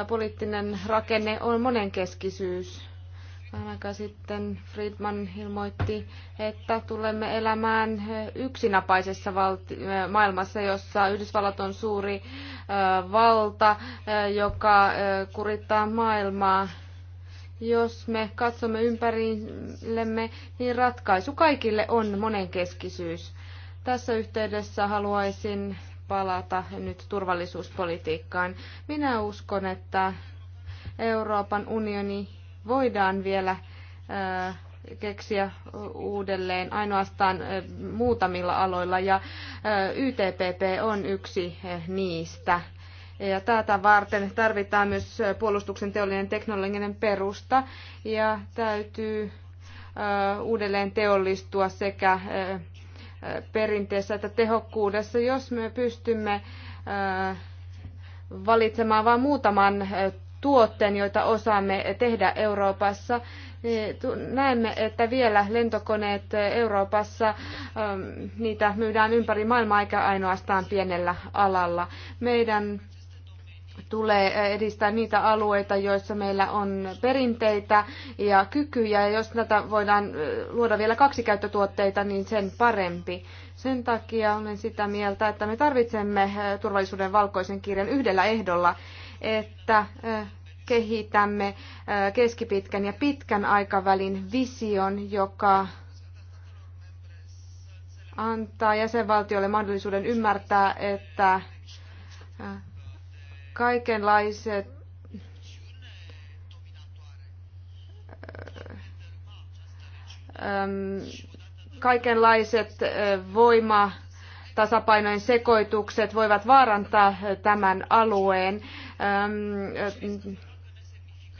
poliittinen rakenne on monenkeskisyys. Vähän aikaa sitten Friedman ilmoitti, että tulemme elämään yksinapaisessa valti- maailmassa, jossa Yhdysvallat on suuri valta, joka kurittaa maailmaa jos me katsomme ympärillemme, niin ratkaisu kaikille on monenkeskisyys. Tässä yhteydessä haluaisin palata nyt turvallisuuspolitiikkaan. Minä uskon, että Euroopan unioni voidaan vielä äh, keksiä uudelleen ainoastaan äh, muutamilla aloilla ja äh, YTPP on yksi niistä. Ja tätä varten tarvitaan myös puolustuksen teollinen teknologinen perusta ja täytyy uudelleen teollistua sekä perinteessä että tehokkuudessa, jos me pystymme valitsemaan vain muutaman tuotteen, joita osaamme tehdä Euroopassa. Niin näemme, että vielä lentokoneet Euroopassa, niitä myydään ympäri maailmaa eikä ainoastaan pienellä alalla. Meidän tulee eh, edistää niitä alueita, joissa meillä on perinteitä ja kykyjä. Ja jos näitä voidaan eh, luoda vielä käyttötuotteita, niin sen parempi. Sen takia olen sitä mieltä, että me tarvitsemme eh, turvallisuuden valkoisen kirjan yhdellä ehdolla, että kehitämme keskipitkän ja pitkän aikavälin vision, joka antaa jäsenvaltiolle mahdollisuuden ymmärtää, että kaikenlaiset ähm, kaikenlaiset äh, voima tasapainojen sekoitukset voivat vaarantaa äh, tämän alueen. Ähm, äh,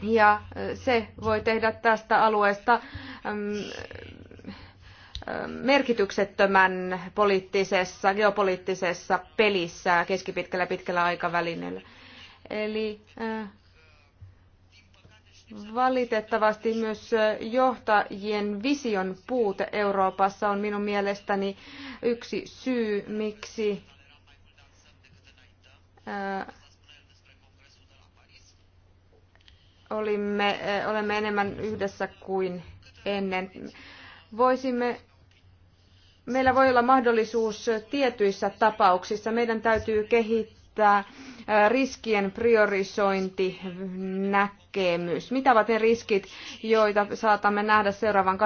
ja se voi tehdä tästä alueesta ähm, merkityksettömän poliittisessa, geopoliittisessa pelissä keskipitkällä ja pitkällä aikavälillä. Eli äh, valitettavasti myös äh, johtajien vision puute Euroopassa on minun mielestäni yksi syy, miksi äh, olimme, olemme enemmän yhdessä kuin ennen. Voisimme, meillä voi olla mahdollisuus tietyissä tapauksissa. Meidän täytyy kehittää tämä riskien priorisointi näkemys. Mitä ovat ne riskit, joita saatamme nähdä seuraavan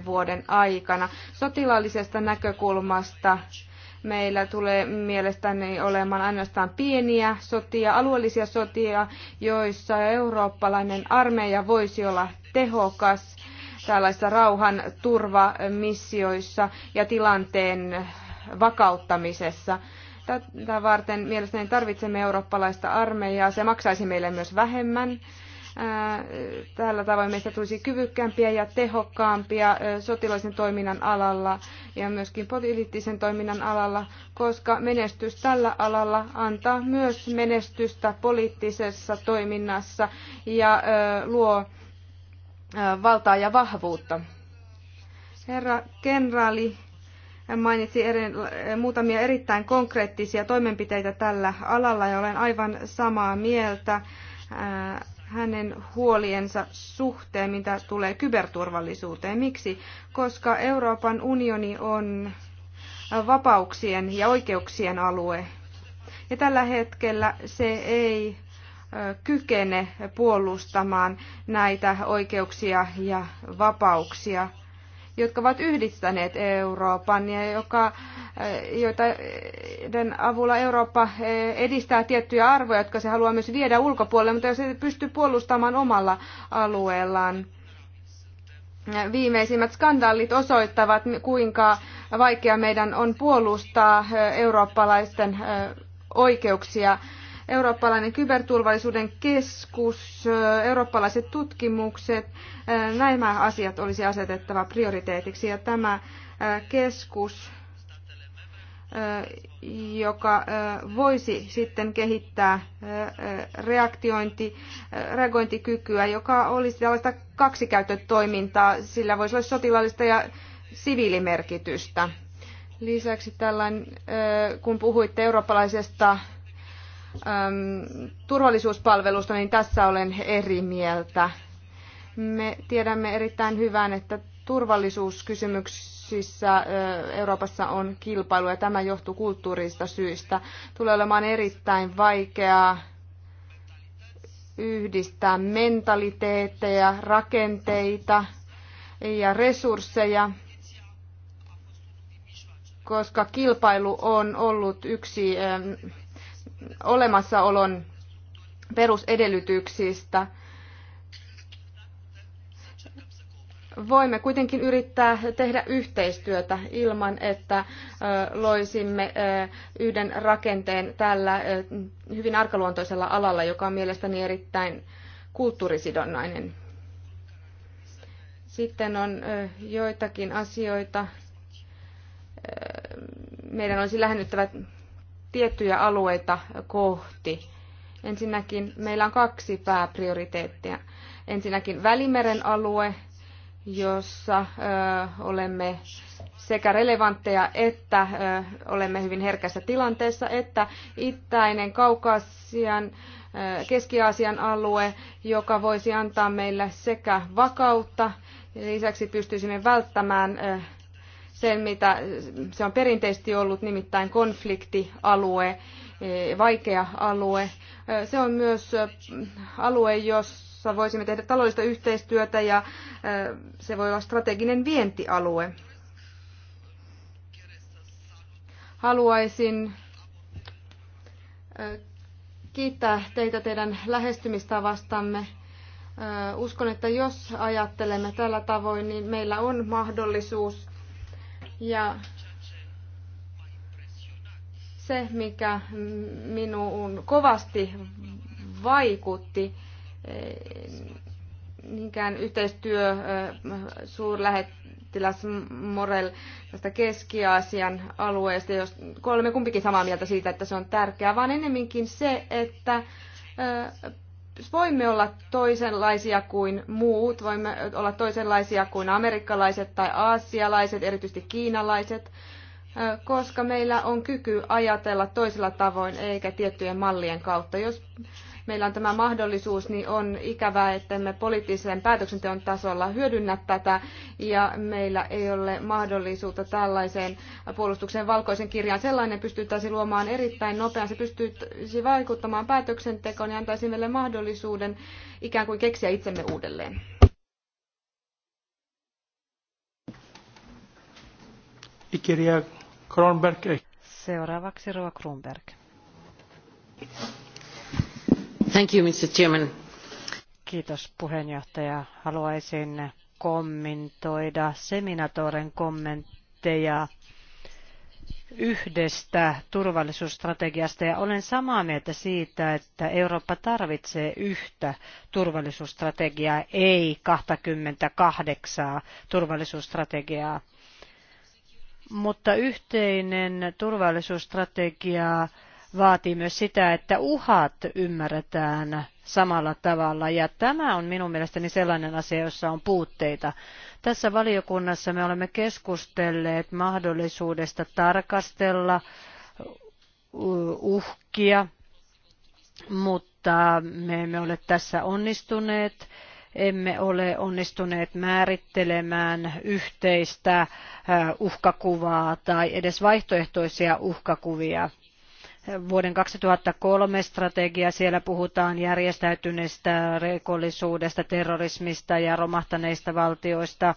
25-30 vuoden aikana? Sotilaallisesta näkökulmasta meillä tulee mielestäni olemaan ainoastaan pieniä sotia, alueellisia sotia, joissa eurooppalainen armeija voisi olla tehokas tällaisissa rauhan turvamissioissa ja tilanteen vakauttamisessa. Tätä varten mielestäni tarvitsemme eurooppalaista armeijaa. Se maksaisi meille myös vähemmän. Tällä tavoin meistä tulisi kyvykkäämpiä ja tehokkaampia sotilaisen toiminnan alalla ja myöskin poliittisen toiminnan alalla, koska menestys tällä alalla antaa myös menestystä poliittisessa toiminnassa ja luo valtaa ja vahvuutta. Herra kenraali mainitsi eri, muutamia erittäin konkreettisia toimenpiteitä tällä alalla ja olen aivan samaa mieltä äh, hänen huoliensa suhteen, mitä tulee kyberturvallisuuteen. Miksi? Koska Euroopan unioni on vapauksien ja oikeuksien alue. Ja tällä hetkellä se ei äh, kykene puolustamaan näitä oikeuksia ja vapauksia jotka ovat yhdistäneet Euroopan ja joka, eh, joiden avulla Eurooppa eh, edistää tiettyjä arvoja, jotka se haluaa myös viedä ulkopuolelle, mutta se pystyy puolustamaan omalla alueellaan. Viimeisimmät skandaalit osoittavat, kuinka vaikea meidän on puolustaa eh, eurooppalaisten oikeuksia eurooppalainen kyberturvallisuuden keskus, eurooppalaiset tutkimukset, äh, nämä asiat olisi asetettava prioriteetiksi ja tämä äh, keskus äh, joka voisi sitten kehittää reaktiointi, reagointikykyä, joka olisi tällaista kaksikäyttötoimintaa, sillä voisi olla sotilaallista ja siviilimerkitystä. Lisäksi tällainen, kun puhuitte eurooppalaisesta Ähm, turvallisuuspalvelusta, niin tässä olen eri mieltä. Me tiedämme erittäin hyvän, että turvallisuuskysymyksissä Euroopassa on kilpailu ja tämä johtuu kulttuurista syistä. Tulee olemaan erittäin vaikeaa yhdistää mentaliteetteja, rakenteita ja resursseja, koska kilpailu on ollut yksi olemassaolon perusedellytyksistä. Voimme kuitenkin yrittää tehdä yhteistyötä ilman, että loisimme yhden rakenteen tällä hyvin arkaluontoisella alalla, joka on mielestäni erittäin kulttuurisidonnainen. Sitten on joitakin asioita. Meidän olisi lähennyttävä tiettyjä alueita kohti. Ensinnäkin meillä on kaksi pääprioriteettia. Ensinnäkin Välimeren alue, jossa olemme sekä relevantteja että olemme hyvin herkässä tilanteessa, että itäinen Kaukasian, Keski-Aasian alue, joka voisi antaa meille sekä vakautta, lisäksi pystyisimme välttämään sen, mitä se on perinteisesti ollut, nimittäin konfliktialue, eh, vaikea alue. Eh, se on myös eh, alue, jossa voisimme tehdä taloudellista yhteistyötä ja se voi olla strateginen vientialue. Haluaisin kiittää teitä teidän lähestymistavastamme. Uskon, että jos ajattelemme tällä tavoin, niin meillä on mahdollisuus ja se, mikä minuun kovasti vaikutti, eh, niinkään yhteistyö eh, suurlähettiläs Morel tästä Keski-Aasian alueesta, jos olemme kumpikin samaa mieltä siitä, että se on tärkeää, vaan enemminkin se, että eh, voimme olla toisenlaisia kuin muut, voimme olla toisenlaisia kuin amerikkalaiset tai aasialaiset, erityisesti kiinalaiset, koska meillä on kyky ajatella toisella tavoin eikä tiettyjen mallien kautta. Jos meillä on tämä mahdollisuus, niin on ikävää, että me poliittisen päätöksenteon tasolla hyödynnä tätä ja meillä ei ole mahdollisuutta tällaiseen puolustuksen valkoisen kirjaan. Sellainen pystyttäisiin luomaan erittäin nopean, se pystyisi vaikuttamaan päätöksentekoon ja antaisi meille mahdollisuuden ikään kuin keksiä itsemme uudelleen. Seuraavaksi Rova Kronberg. Thank Kiitos Haluaisin kommentoida seminatoren kommentteja yhdestä turvallisuusstrategiasta ja olen samaa mieltä siitä, että Eurooppa tarvitsee yhtä turvallisuusstrategiaa, ei 28 turvallisuusstrategiaa. Mutta yhteinen turvallisuusstrategia vaatii myös sitä, että uhat ymmärretään samalla tavalla. Ja tämä on minun mielestäni sellainen asia, jossa on puutteita. Tässä valiokunnassa me olemme keskustelleet mahdollisuudesta tarkastella uhkia, mutta me emme ole tässä onnistuneet emme ole onnistuneet määrittelemään yhteistä äh, uhkakuvaa tai edes vaihtoehtoisia uhkakuvia vuoden 2003 strategia. Siellä puhutaan järjestäytyneestä rikollisuudesta, terrorismista ja romahtaneista valtioista.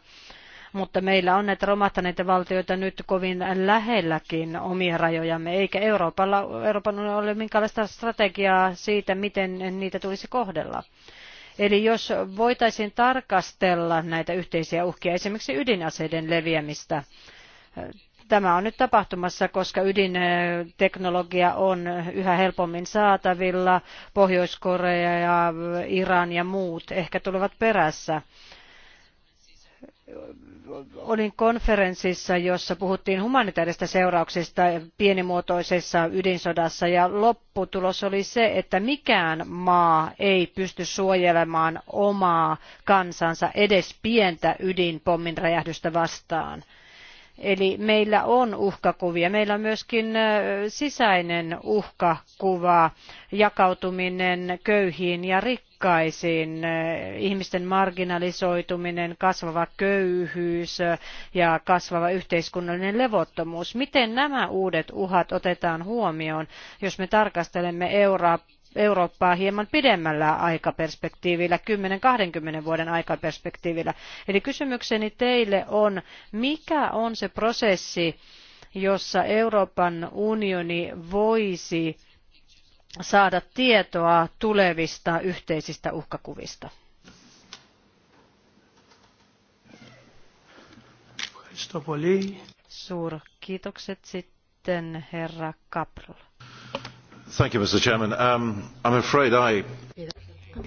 Mutta meillä on näitä romahtaneita valtioita nyt kovin lähelläkin omia rajojamme, eikä Euroopalla, Euroopan ole minkäänlaista strategiaa siitä, miten niitä tulisi kohdella. Eli jos voitaisiin tarkastella näitä yhteisiä uhkia, esimerkiksi ydinaseiden leviämistä, Tämä on nyt tapahtumassa, koska ydinteknologia on yhä helpommin saatavilla. Pohjois-Korea ja Iran ja muut ehkä tulevat perässä olin konferenssissa, jossa puhuttiin humanitaarista seurauksista pienimuotoisessa ydinsodassa ja lopputulos oli se, että mikään maa ei pysty suojelemaan omaa kansansa edes pientä ydinpommin räjähdystä vastaan. Eli meillä on uhkakuvia. Meillä on myöskin sisäinen uhkakuva, jakautuminen köyhiin ja rikkaisiin, ihmisten marginalisoituminen, kasvava köyhyys ja kasvava yhteiskunnallinen levottomuus. Miten nämä uudet uhat otetaan huomioon, jos me tarkastelemme Eurooppaa? Eurooppaa hieman pidemmällä aikaperspektiivillä, 10-20 vuoden aikaperspektiivillä. Eli kysymykseni teille on, mikä on se prosessi, jossa Euroopan unioni voisi saada tietoa tulevista yhteisistä uhkakuvista? Suur kiitokset sitten herra Kapralla. Thank you, Mr. Chairman. Um, I'm afraid I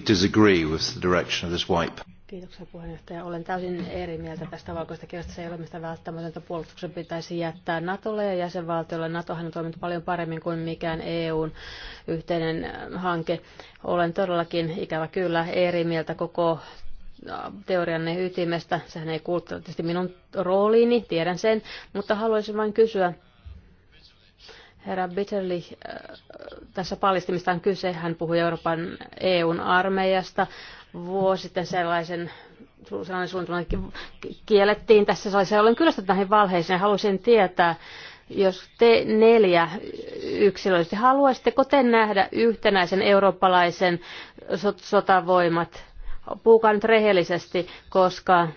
disagree with the direction of this wipe. Kiitoksia puheenjohtaja. Olen täysin eri mieltä tästä valkoista kirjasta. Se ei ole mistä välttämätöntä puolustuksen pitäisi jättää NATOlle ja jäsenvaltiolle. NATOhan on toiminut paljon paremmin kuin mikään EUn yhteinen hanke. Olen todellakin ikävä kyllä eri mieltä koko äh, teorianne ytimestä. Sehän ei kuulu tietysti minun rooliini, tiedän sen, mutta haluaisin vain kysyä, Herra Bitterli, äh, tässä paljastimista on kyse. Hän puhui Euroopan EUn armeijasta. Vuosi sitten sellaisen sellainen suunnitelma kiellettiin tässä salissa. Olen kyllästynyt näihin valheisiin. Haluaisin tietää, jos te neljä yksilöllisesti, haluaisitteko te nähdä yhtenäisen eurooppalaisen sotavoimat? Puhukaa nyt rehellisesti, koska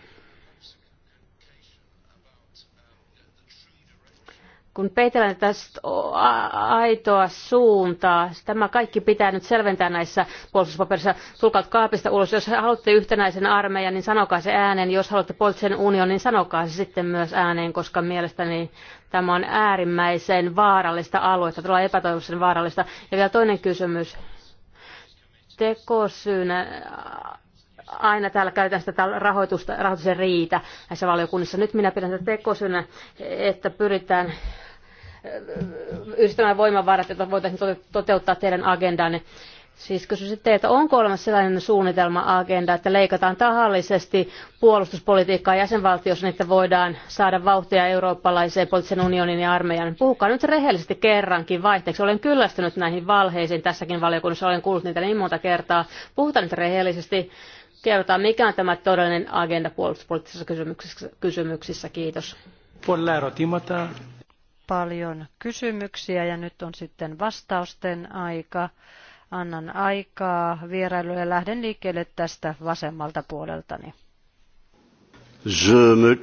kun peitellään tästä aitoa suuntaa, tämä kaikki pitää nyt selventää näissä puolustuspaperissa. Tulkaa kaapista ulos. Jos haluatte yhtenäisen armeijan, niin sanokaa se ääneen. Jos haluatte poliittisen unionin, niin sanokaa se sitten myös ääneen, koska mielestäni tämä on äärimmäisen vaarallista aluetta, tulee epätoivoisen vaarallista. Ja vielä toinen kysymys. Tekosyynä aina täällä käytetään sitä rahoitusta, rahoituksen riitä näissä valiokunnissa. Nyt minä pidän tätä tekosyynä, että pyritään äh, yhdistämään voimavarat, jotta voitaisiin toteuttaa teidän agendanne. Siis kysyisin teiltä, onko olemassa sellainen suunnitelma-agenda, että leikataan tahallisesti puolustuspolitiikkaa jäsenvaltiossa, niin että voidaan saada vauhtia eurooppalaiseen poliittisen unionin ja armeijan. Puhukaa nyt rehellisesti kerrankin vaihteeksi. Olen kyllästynyt näihin valheisiin tässäkin valiokunnassa, olen kuullut niitä niin monta kertaa. Puhutaan nyt rehellisesti kerrotaan, mikä on tämä todellinen agenda puolustuspoliittisissa kysymyksissä. kysymyksissä. Kiitos. Paljon kysymyksiä ja nyt on sitten vastausten aika. Annan aikaa vierailulle ja lähden liikkeelle tästä vasemmalta puoleltani. Je me,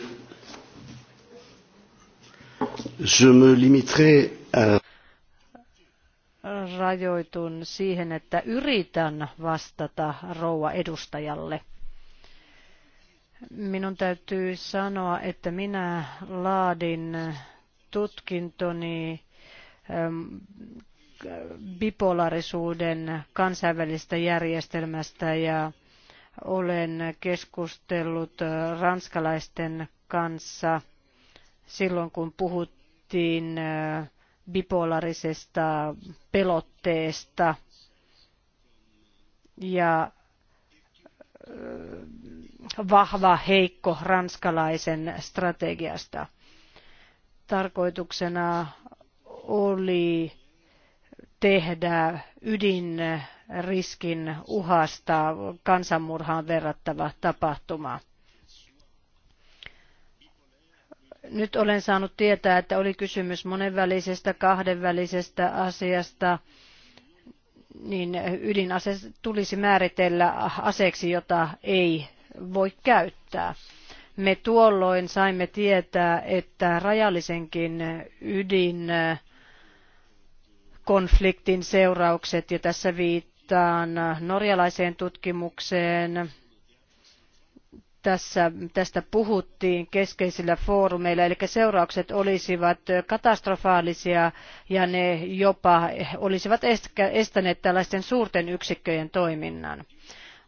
je me limiterai à rajoitun siihen, että yritän vastata rouva edustajalle. Minun täytyy sanoa, että minä laadin tutkintoni ähm, bipolarisuuden kansainvälistä järjestelmästä ja olen keskustellut äh, ranskalaisten kanssa silloin, kun puhuttiin puhuttiin äh, bipolarisesta pelotteesta ja vahva heikko ranskalaisen strategiasta. Tarkoituksena oli tehdä ydinriskin uhasta kansanmurhaan verrattava tapahtuma. Nyt olen saanut tietää, että oli kysymys monenvälisestä, kahdenvälisestä asiasta, niin ydinase tulisi määritellä aseeksi, jota ei voi käyttää. Me tuolloin saimme tietää, että rajallisenkin ydin konfliktin seuraukset, ja tässä viittaan norjalaiseen tutkimukseen, tässä, tästä puhuttiin keskeisillä foorumeilla, eli seuraukset olisivat katastrofaalisia ja ne jopa olisivat estäneet tällaisten suurten yksikköjen toiminnan.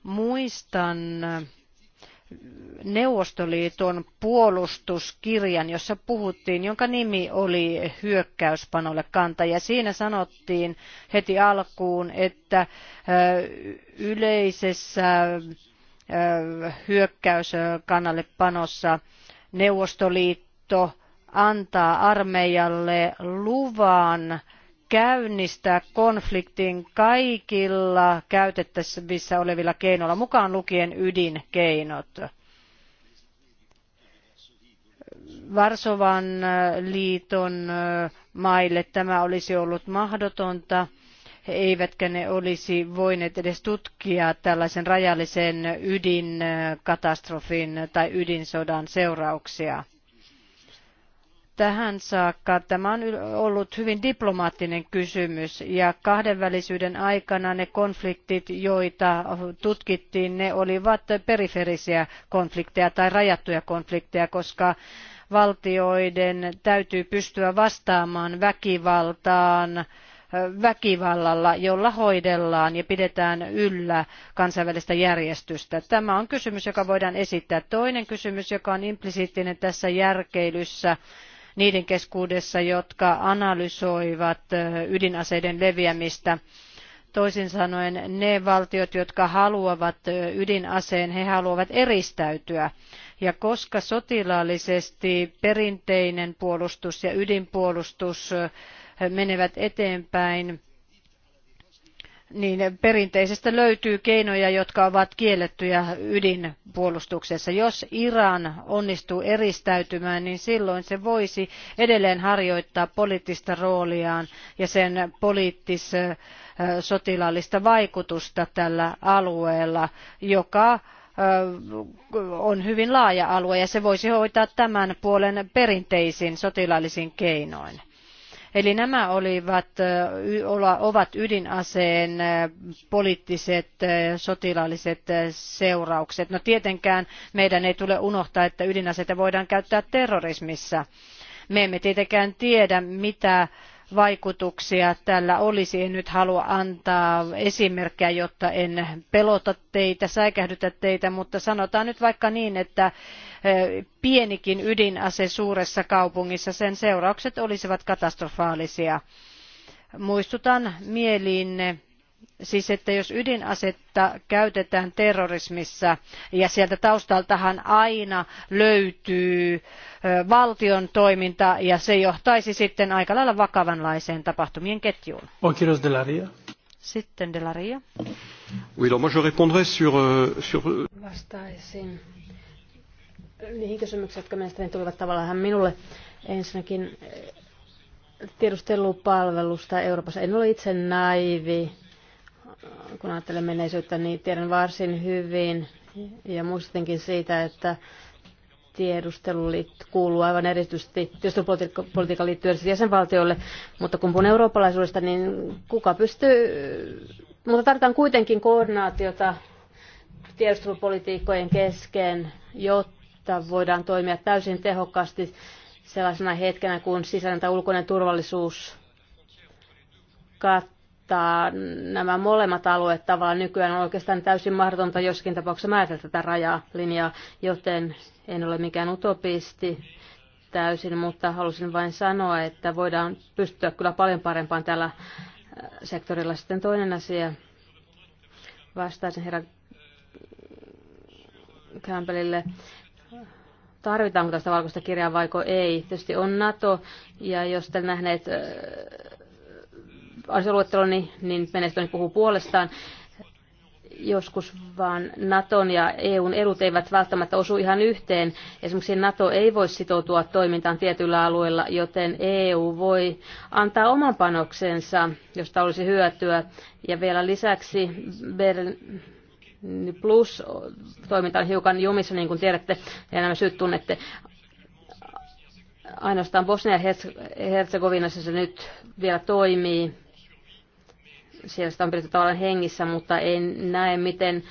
Muistan Neuvostoliiton puolustuskirjan, jossa puhuttiin, jonka nimi oli hyökkäyspanolle kanta. Ja siinä sanottiin heti alkuun, että yleisessä hyökkäyskannalle panossa Neuvostoliitto antaa armeijalle luvan käynnistää konfliktin kaikilla käytettävissä olevilla keinoilla, mukaan lukien ydinkeinot. Varsovan liiton maille tämä olisi ollut mahdotonta eivätkä ne olisi voineet edes tutkia tällaisen rajallisen ydinkatastrofin tai ydinsodan seurauksia tähän saakka tämä on ollut hyvin diplomaattinen kysymys ja kahdenvälisyyden aikana ne konfliktit, joita tutkittiin, ne olivat periferisiä konflikteja tai rajattuja konflikteja, koska valtioiden täytyy pystyä vastaamaan väkivaltaan, väkivallalla, jolla hoidellaan ja pidetään yllä kansainvälistä järjestystä. Tämä on kysymys, joka voidaan esittää. Toinen kysymys, joka on implisiittinen tässä järkeilyssä, niiden keskuudessa, jotka analysoivat ydinaseiden leviämistä. Toisin sanoen ne valtiot, jotka haluavat ydinaseen, he haluavat eristäytyä. Ja koska sotilaallisesti perinteinen puolustus ja ydinpuolustus menevät eteenpäin, niin perinteisestä löytyy keinoja, jotka ovat kiellettyjä ydinpuolustuksessa. Jos Iran onnistuu eristäytymään, niin silloin se voisi edelleen harjoittaa poliittista rooliaan ja sen poliittis-sotilaallista vaikutusta tällä alueella, joka on hyvin laaja alue ja se voisi hoitaa tämän puolen perinteisin sotilaallisin keinoin. Eli nämä olivat, ovat ydinaseen poliittiset sotilaalliset seuraukset. No tietenkään meidän ei tule unohtaa, että ydinaseita voidaan käyttää terrorismissa. Me emme tietenkään tiedä, mitä vaikutuksia tällä olisi. En nyt halua antaa esimerkkejä, jotta en pelota teitä, säikähdytä teitä, mutta sanotaan nyt vaikka niin, että eh, pienikin ydinase suuressa kaupungissa, sen seuraukset olisivat katastrofaalisia. Muistutan mieliinne Siis että jos ydinasetta käytetään terrorismissa ja sieltä taustaltahan aina löytyy valtion toiminta ja se johtaisi sitten aika lailla vakavanlaiseen tapahtumien ketjuun. On Delaria. Sitten Delaria. Oui, alors moi je répondrai sur, euh, sur... Vastaisin niihin kysymyksiin, jotka mielestäni tulivat tavallaan minulle. Ensinnäkin eh, tiedustelupalvelusta Euroopassa. En ole itse naivi kun ajattelen menneisyyttä, niin tiedän varsin hyvin ja muistutinkin siitä, että tiedustelu kuuluu aivan erityisesti tiedustelupolitiikan liittyen jäsenvaltioille, mutta kun puhun eurooppalaisuudesta, niin kuka pystyy, mutta tarvitaan kuitenkin koordinaatiota tiedustelupolitiikkojen kesken, jotta voidaan toimia täysin tehokkaasti sellaisena hetkenä, kun sisäinen tai ulkoinen turvallisuus kat- mutta nämä molemmat alueet tavallaan nykyään on oikeastaan täysin mahdotonta joskin tapauksessa määritellä tätä rajalinjaa, joten en ole mikään utopisti täysin, mutta halusin vain sanoa, että voidaan pystyä kyllä paljon parempaan tällä äh, sektorilla. Sitten toinen asia, vastaisin herra Campbellille, tarvitaanko tästä valkoista kirjaa vaiko ei. Tietysti on NATO, ja jos te nähneet äh, ansioluetteloni, niin menestoni puhuu puolestaan. Joskus vaan Naton ja EUn edut eivät välttämättä osu ihan yhteen. Esimerkiksi Nato ei voi sitoutua toimintaan tietyillä alueilla, joten EU voi antaa oman panoksensa, josta olisi hyötyä. Ja vielä lisäksi Bern, Plus toiminta on hiukan jumissa, niin kuin tiedätte, ja nämä syyt tunnette. Ainoastaan Bosnia-Herzegovinassa se nyt vielä toimii siellä sitä on pidetty tavallaan hengissä, mutta en näe, miten,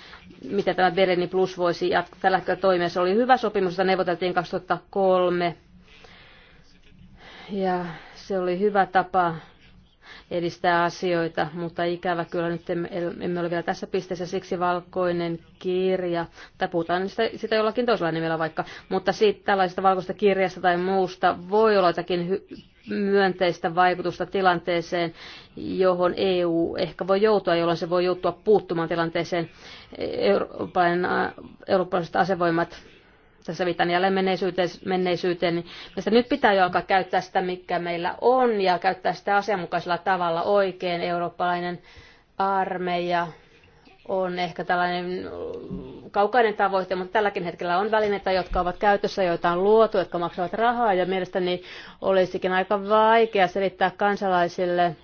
miten tämä Bereni Plus voisi jatkaa tällä hetkellä toimia. Se oli hyvä sopimus, jota neuvoteltiin 2003. Ja se oli hyvä tapa edistää asioita, mutta ikävä kyllä nyt emme ole vielä tässä pisteessä, siksi valkoinen kirja, tai puhutaan sitä, sitä jollakin toisella nimellä vaikka, mutta siitä tällaisesta valkoista kirjasta tai muusta voi olla jotakin hy- myönteistä vaikutusta tilanteeseen, johon EU ehkä voi joutua, jolloin se voi joutua puuttumaan tilanteeseen. Eurooppalaiset asevoimat tässä viitan jälleen menneisyyteen, menneisyyteen niin mistä nyt pitää jo alkaa käyttää sitä, mikä meillä on, ja käyttää sitä asianmukaisella tavalla oikein, eurooppalainen armeija, on ehkä tällainen mm, kaukainen tavoite, mutta tälläkin hetkellä on välineitä, jotka ovat käytössä, joita on luotu, jotka maksavat rahaa, ja mielestäni olisikin aika vaikea selittää kansalaisille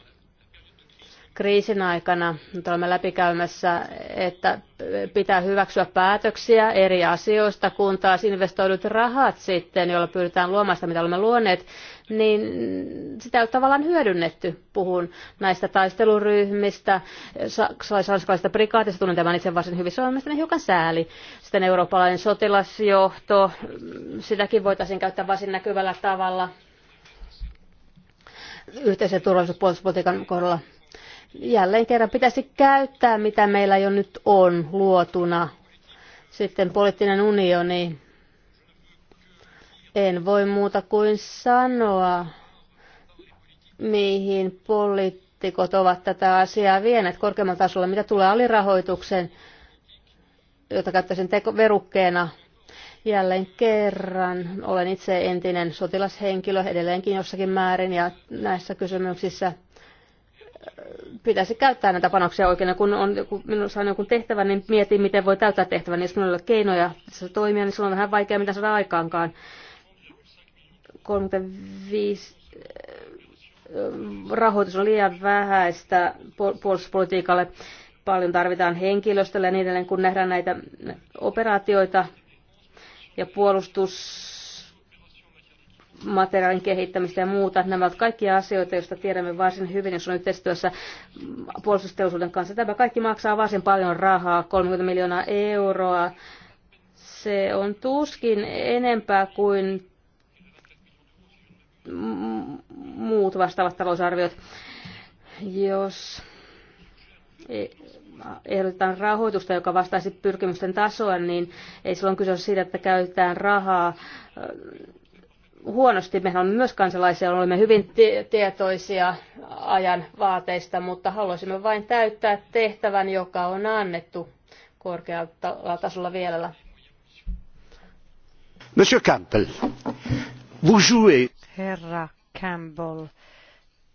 kriisin aikana, nyt olemme läpikäymässä, että pitää hyväksyä päätöksiä eri asioista, kun taas investoidut rahat sitten, joilla pyritään luomaan sitä, mitä olemme luoneet, niin sitä ei ole tavallaan hyödynnetty. Puhun näistä taisteluryhmistä, saksalaisista prikaatista, tunnen tämän itse varsin hyvin, Suomesta, niin hiukan sääli. Sitten eurooppalainen sotilasjohto, sitäkin voitaisiin käyttää varsin näkyvällä tavalla yhteisen turvallisuus- kohdalla jälleen kerran pitäisi käyttää, mitä meillä jo nyt on luotuna. Sitten poliittinen unioni, en voi muuta kuin sanoa, mihin poliitikot ovat tätä asiaa vieneet korkeammalla tasolla, mitä tulee alirahoituksen, jota käyttäisin teko- verukkeena jälleen kerran. Olen itse entinen sotilashenkilö edelleenkin jossakin määrin ja näissä kysymyksissä äh, pitäisi käyttää näitä panoksia oikein. Ja kun on, kun minussa on joku tehtävä, niin mietin, miten voi täyttää tehtävän. Niin jos minulla ei ole keinoja toimia, niin se on vähän vaikea, mitä saada aikaankaan. 35 eh, rahoitus on liian vähäistä puolustuspolitiikalle. Paljon tarvitaan henkilöstöllä ja niin edelleen, kun nähdään näitä operaatioita ja materiaalin kehittämistä ja muuta. Nämä ovat kaikki asioita, joista tiedämme varsin hyvin, jos on yhteistyössä puolustusteollisuuden kanssa. Tämä kaikki maksaa varsin paljon rahaa, 30 miljoonaa euroa. Se on tuskin enempää kuin muut vastaavat talousarviot. Jos e- ehdotetaan rahoitusta, joka vastaisi pyrkimysten tasoa, niin ei silloin kyse ole siitä, että käytetään rahaa huonosti. Mehän on myös kansalaisia, olemme hyvin tietoisia ajan vaateista, mutta haluaisimme vain täyttää tehtävän, joka on annettu korkealla tasolla vielä. Monsieur Campbell, Vous jouez. Herra Campbell,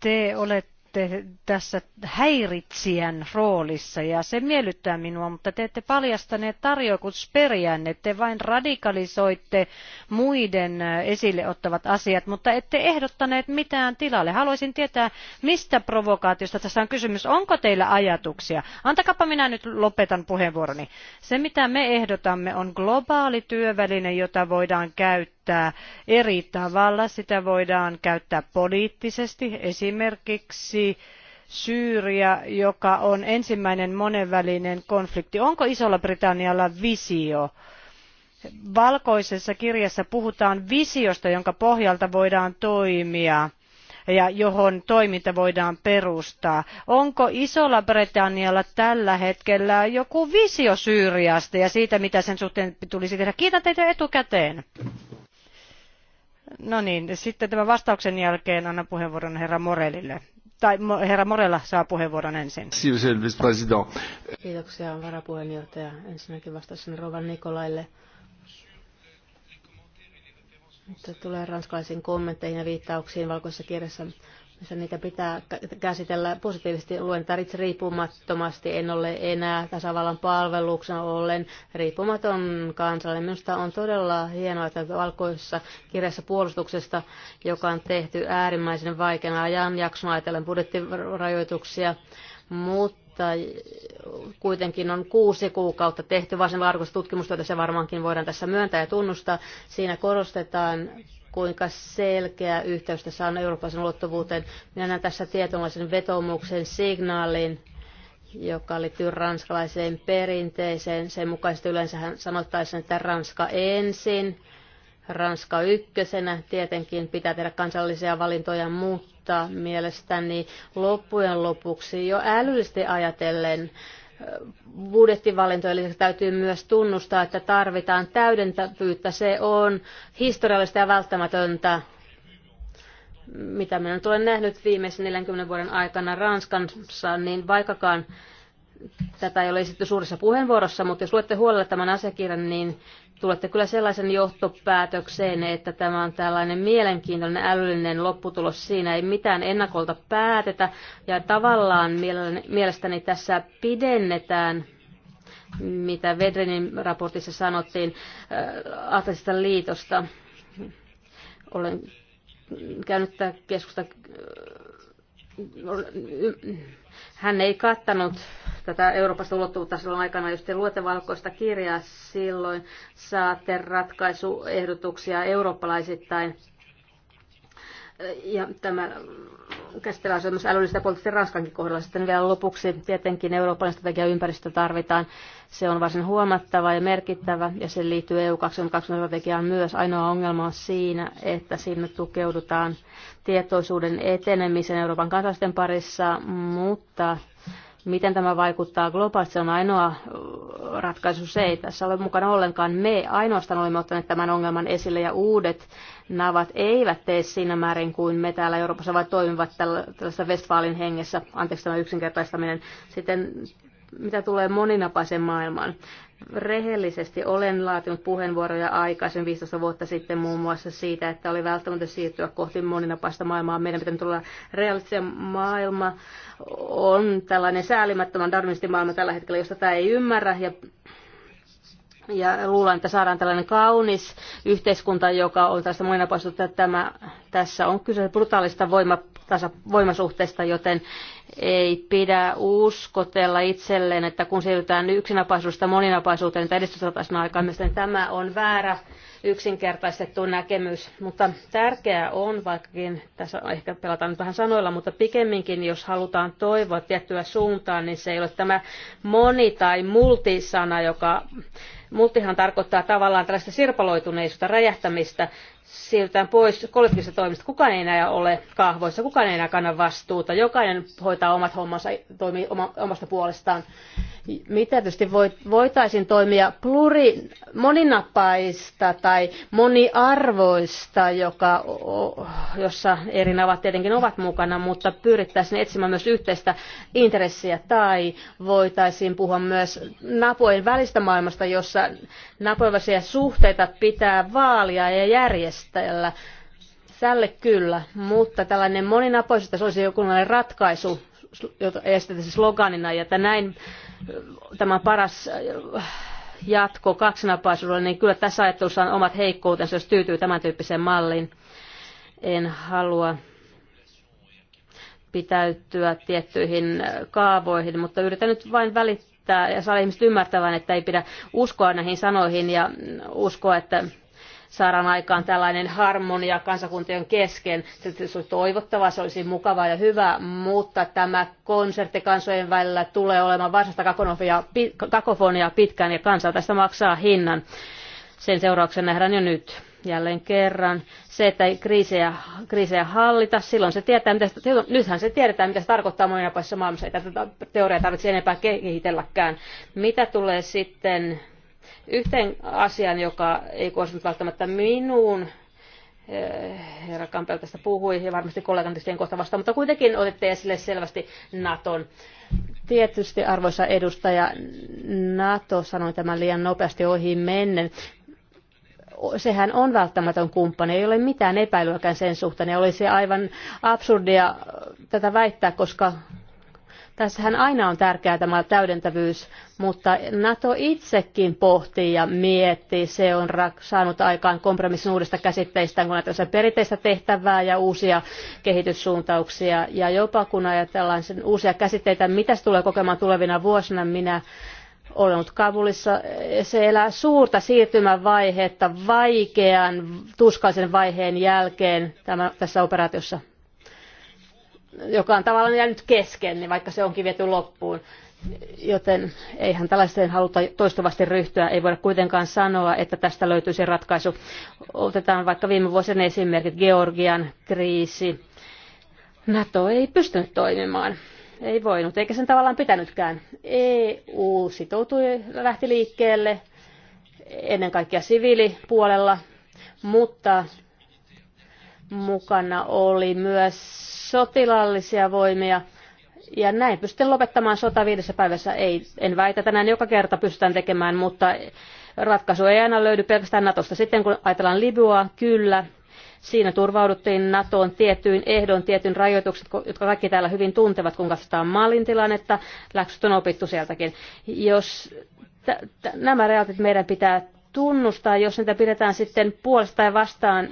te olette tässä häiritsijän roolissa ja se miellyttää minua, mutta te ette paljastaneet tarjoukusperiänne. Te vain radikalisoitte muiden esille ottavat asiat, mutta ette ehdottaneet mitään tilalle. Haluaisin tietää, mistä provokaatiosta tässä on kysymys. Onko teillä ajatuksia? Antakapa minä nyt lopetan puheenvuoroni. Se, mitä me ehdotamme, on globaali työväline, jota voidaan käyttää käyttää eri tavalla. Sitä voidaan käyttää poliittisesti, esimerkiksi Syyria, joka on ensimmäinen monenvälinen konflikti. Onko Isolla-Britannialla visio? Valkoisessa kirjassa puhutaan visiosta, jonka pohjalta voidaan toimia ja johon toiminta voidaan perustaa. Onko Isolla Britannialla tällä hetkellä joku visio Syyriasta ja siitä, mitä sen suhteen tulisi tehdä? Kiitän teitä etukäteen. No niin, sitten tämän vastauksen jälkeen annan puheenvuoron herra Morelille. Tai herra Morella saa puheenvuoron ensin. Kiitoksia varapuheenjohtaja. Ensinnäkin vastasin Rovan Nikolaille. Mutta tulee ranskalaisiin kommentteihin ja viittauksiin valkoisessa kirjassa missä niitä pitää käsitellä positiivisesti. Luen tarvitse riippumattomasti, en ole enää tasavallan palveluksena, ollen riippumaton kansalainen. Minusta on todella hienoa, että valkoisessa kirjassa puolustuksesta, joka on tehty äärimmäisen vaikeana jakson ajatellen budjettirajoituksia, mutta kuitenkin on kuusi kuukautta tehty varsin arvoista tutkimustyötä, se varmaankin voidaan tässä myöntää ja tunnustaa. Siinä korostetaan kuinka selkeä yhteys tässä on eurooppalaisen ulottuvuuteen. Minä näen tässä tietynlaisen vetomuksen signaalin, joka liittyy ranskalaiseen perinteeseen. Sen mukaisesti yleensähän sanottaisiin, että Ranska ensin, Ranska ykkösenä. Tietenkin pitää tehdä kansallisia valintoja, mutta mielestäni loppujen lopuksi jo älyllisesti ajatellen budjettivalintojen lisäksi täytyy myös tunnustaa, että tarvitaan täydentävyyttä. Se on historiallista ja välttämätöntä, mitä minä nyt olen nähnyt viimeisen 40 vuoden aikana Ranskassa, niin vaikkakaan tätä ei ole esitetty suurissa puheenvuorossa, mutta jos luette huolella tämän asiakirjan, niin tulette kyllä sellaisen johtopäätökseen, että tämä on tällainen mielenkiintoinen älyllinen lopputulos. Siinä ei mitään ennakolta päätetä ja tavallaan mielestäni tässä pidennetään mitä Vedrenin raportissa sanottiin äh, Atlasista liitosta. Olen käynyt tätä keskusta. Äh, hän ei kattanut tätä Euroopasta ulottuvuutta silloin aikana, jos te luette valkoista kirjaa, silloin saatte ratkaisuehdotuksia eurooppalaisittain. Ja tämä käsitellään myös älyllistä poliittisesti Ranskankin kohdalla. Sitten vielä lopuksi tietenkin Euroopan strategia ympäristö tarvitaan. Se on varsin huomattava ja merkittävä ja se liittyy EU 22 strategiaan myös. Ainoa ongelma on siinä, että siinä tukeudutaan tietoisuuden etenemisen Euroopan kansalaisten parissa, mutta Miten tämä vaikuttaa globaalisti, se on ainoa ratkaisu. Se ei tässä ole mukana ollenkaan. Me ainoastaan olemme ottaneet tämän ongelman esille ja uudet navat eivät tee siinä määrin kuin me täällä Euroopassa, vaan toimivat tällaista Westfalin hengessä. Anteeksi tämä yksinkertaistaminen. Sitten mitä tulee moninapaisen maailmaan. Rehellisesti olen laatinut puheenvuoroja aikaisen 15 vuotta sitten muun muassa siitä, että oli välttämätöntä siirtyä kohti moninapaista maailmaa. Meidän pitää tulla realistinen maailma. On tällainen säälimättömän darwinistin maailma tällä hetkellä, josta tämä ei ymmärrä ja ja luulen, että saadaan tällainen kaunis yhteiskunta, joka on tästä moninapaisuutta. Tämä, tässä on kyse brutaalista voimaa tasavoimasuhteista, joten ei pidä uskotella itselleen, että kun siirrytään yksinapaisuudesta moninapaisuuteen, että edistysratasena aikaa, niin tämä on väärä yksinkertaistettu näkemys. Mutta tärkeää on, vaikkakin tässä ehkä pelataan nyt vähän sanoilla, mutta pikemminkin, jos halutaan toivoa tiettyä suuntaan, niin se ei ole tämä moni- tai multisana, joka multihan tarkoittaa tavallaan tällaista sirpaloituneisuutta, räjähtämistä, siirrytään pois kollektiivisesta toimista. Kukaan ei enää ole kahvoissa, kukaan ei enää kanna vastuuta. Jokainen hoitaa omat hommansa, toimii omasta puolestaan. Mitä tietysti voitaisiin toimia pluri, tai moniarvoista, joka, jossa eri navat tietenkin ovat mukana, mutta pyrittäisiin etsimään myös yhteistä intressiä tai voitaisiin puhua myös napojen välistä maailmasta, jossa napojen välisiä suhteita pitää vaalia ja järjestellä. Tälle kyllä, mutta tällainen moninapoisuus, se olisi jokinlainen ratkaisu jota siis sloganina, ja että näin tämä paras jatko kaksinapaisuudelle, niin kyllä tässä ajattelussa on omat heikkoutensa, jos tyytyy tämän tyyppiseen malliin. En halua pitäytyä tiettyihin kaavoihin, mutta yritän nyt vain välittää ja saada ihmiset ymmärtävän, että ei pidä uskoa näihin sanoihin ja mm, uskoa, että saadaan aikaan tällainen harmonia kansakuntien kesken. Se olisi toivottavaa, se olisi mukavaa ja hyvä, mutta tämä konsertti kansojen välillä tulee olemaan varsasta kakofonia pitkään ja kansa tästä maksaa hinnan. Sen seurauksen nähdään jo nyt jälleen kerran. Se, että ei kriisejä, kriisejä hallita, silloin se tietää, mitä, nythän se tiedetään, mitä se tarkoittaa monina paikassa maailmassa. Ei tätä teoriaa tarvitse enempää kehitelläkään. Mitä tulee sitten yhteen asiaan, joka ei koostunut välttämättä minuun. Eh, herra Kampel tästä puhui ja varmasti kollegan tietysti kohta vasta, mutta kuitenkin otette esille selvästi Naton. Tietysti arvoisa edustaja, NATO sanoi tämän liian nopeasti ohi mennen sehän on välttämätön kumppani, ei ole mitään epäilyäkään sen suhteen, ja olisi aivan absurdia tätä väittää, koska Tässähän aina on tärkeää tämä täydentävyys, mutta NATO itsekin pohtii ja miettii. Se on saanut aikaan kompromissin uudesta käsitteistä, kun ajatellaan perinteistä tehtävää ja uusia kehityssuuntauksia. Ja jopa kun ajatellaan sen uusia käsitteitä, mitä se tulee kokemaan tulevina vuosina, minä olen ollut Kabulissa. Se elää suurta siirtymävaihetta vaikean, tuskaisen vaiheen jälkeen tämän, tässä operaatiossa joka on tavallaan jäänyt kesken, niin vaikka se onkin viety loppuun. Joten eihän tällaiseen haluta toistuvasti ryhtyä. Ei voida kuitenkaan sanoa, että tästä löytyisi ratkaisu. Otetaan vaikka viime vuosien esimerkit, Georgian kriisi. NATO ei pystynyt toimimaan. Ei voinut, eikä sen tavallaan pitänytkään. EU sitoutui, lähti liikkeelle ennen kaikkea siviilipuolella, mutta mukana oli myös sotilaallisia voimia. Ja näin pystyn lopettamaan sota viidessä päivässä. Ei, en väitä, tänään joka kerta pystytään tekemään, mutta ratkaisu ei aina löydy pelkästään Natosta. Sitten kun ajatellaan Libyaa, kyllä, siinä turvauduttiin NATOon tietyin ehdon, tietyn rajoitukset, jotka kaikki täällä hyvin tuntevat, kun katsotaan Malin tilannetta. Läksyt on opittu sieltäkin. Jos nämä realiteetit meidän pitää tunnustaa, jos niitä pidetään sitten puolesta tai vastaan.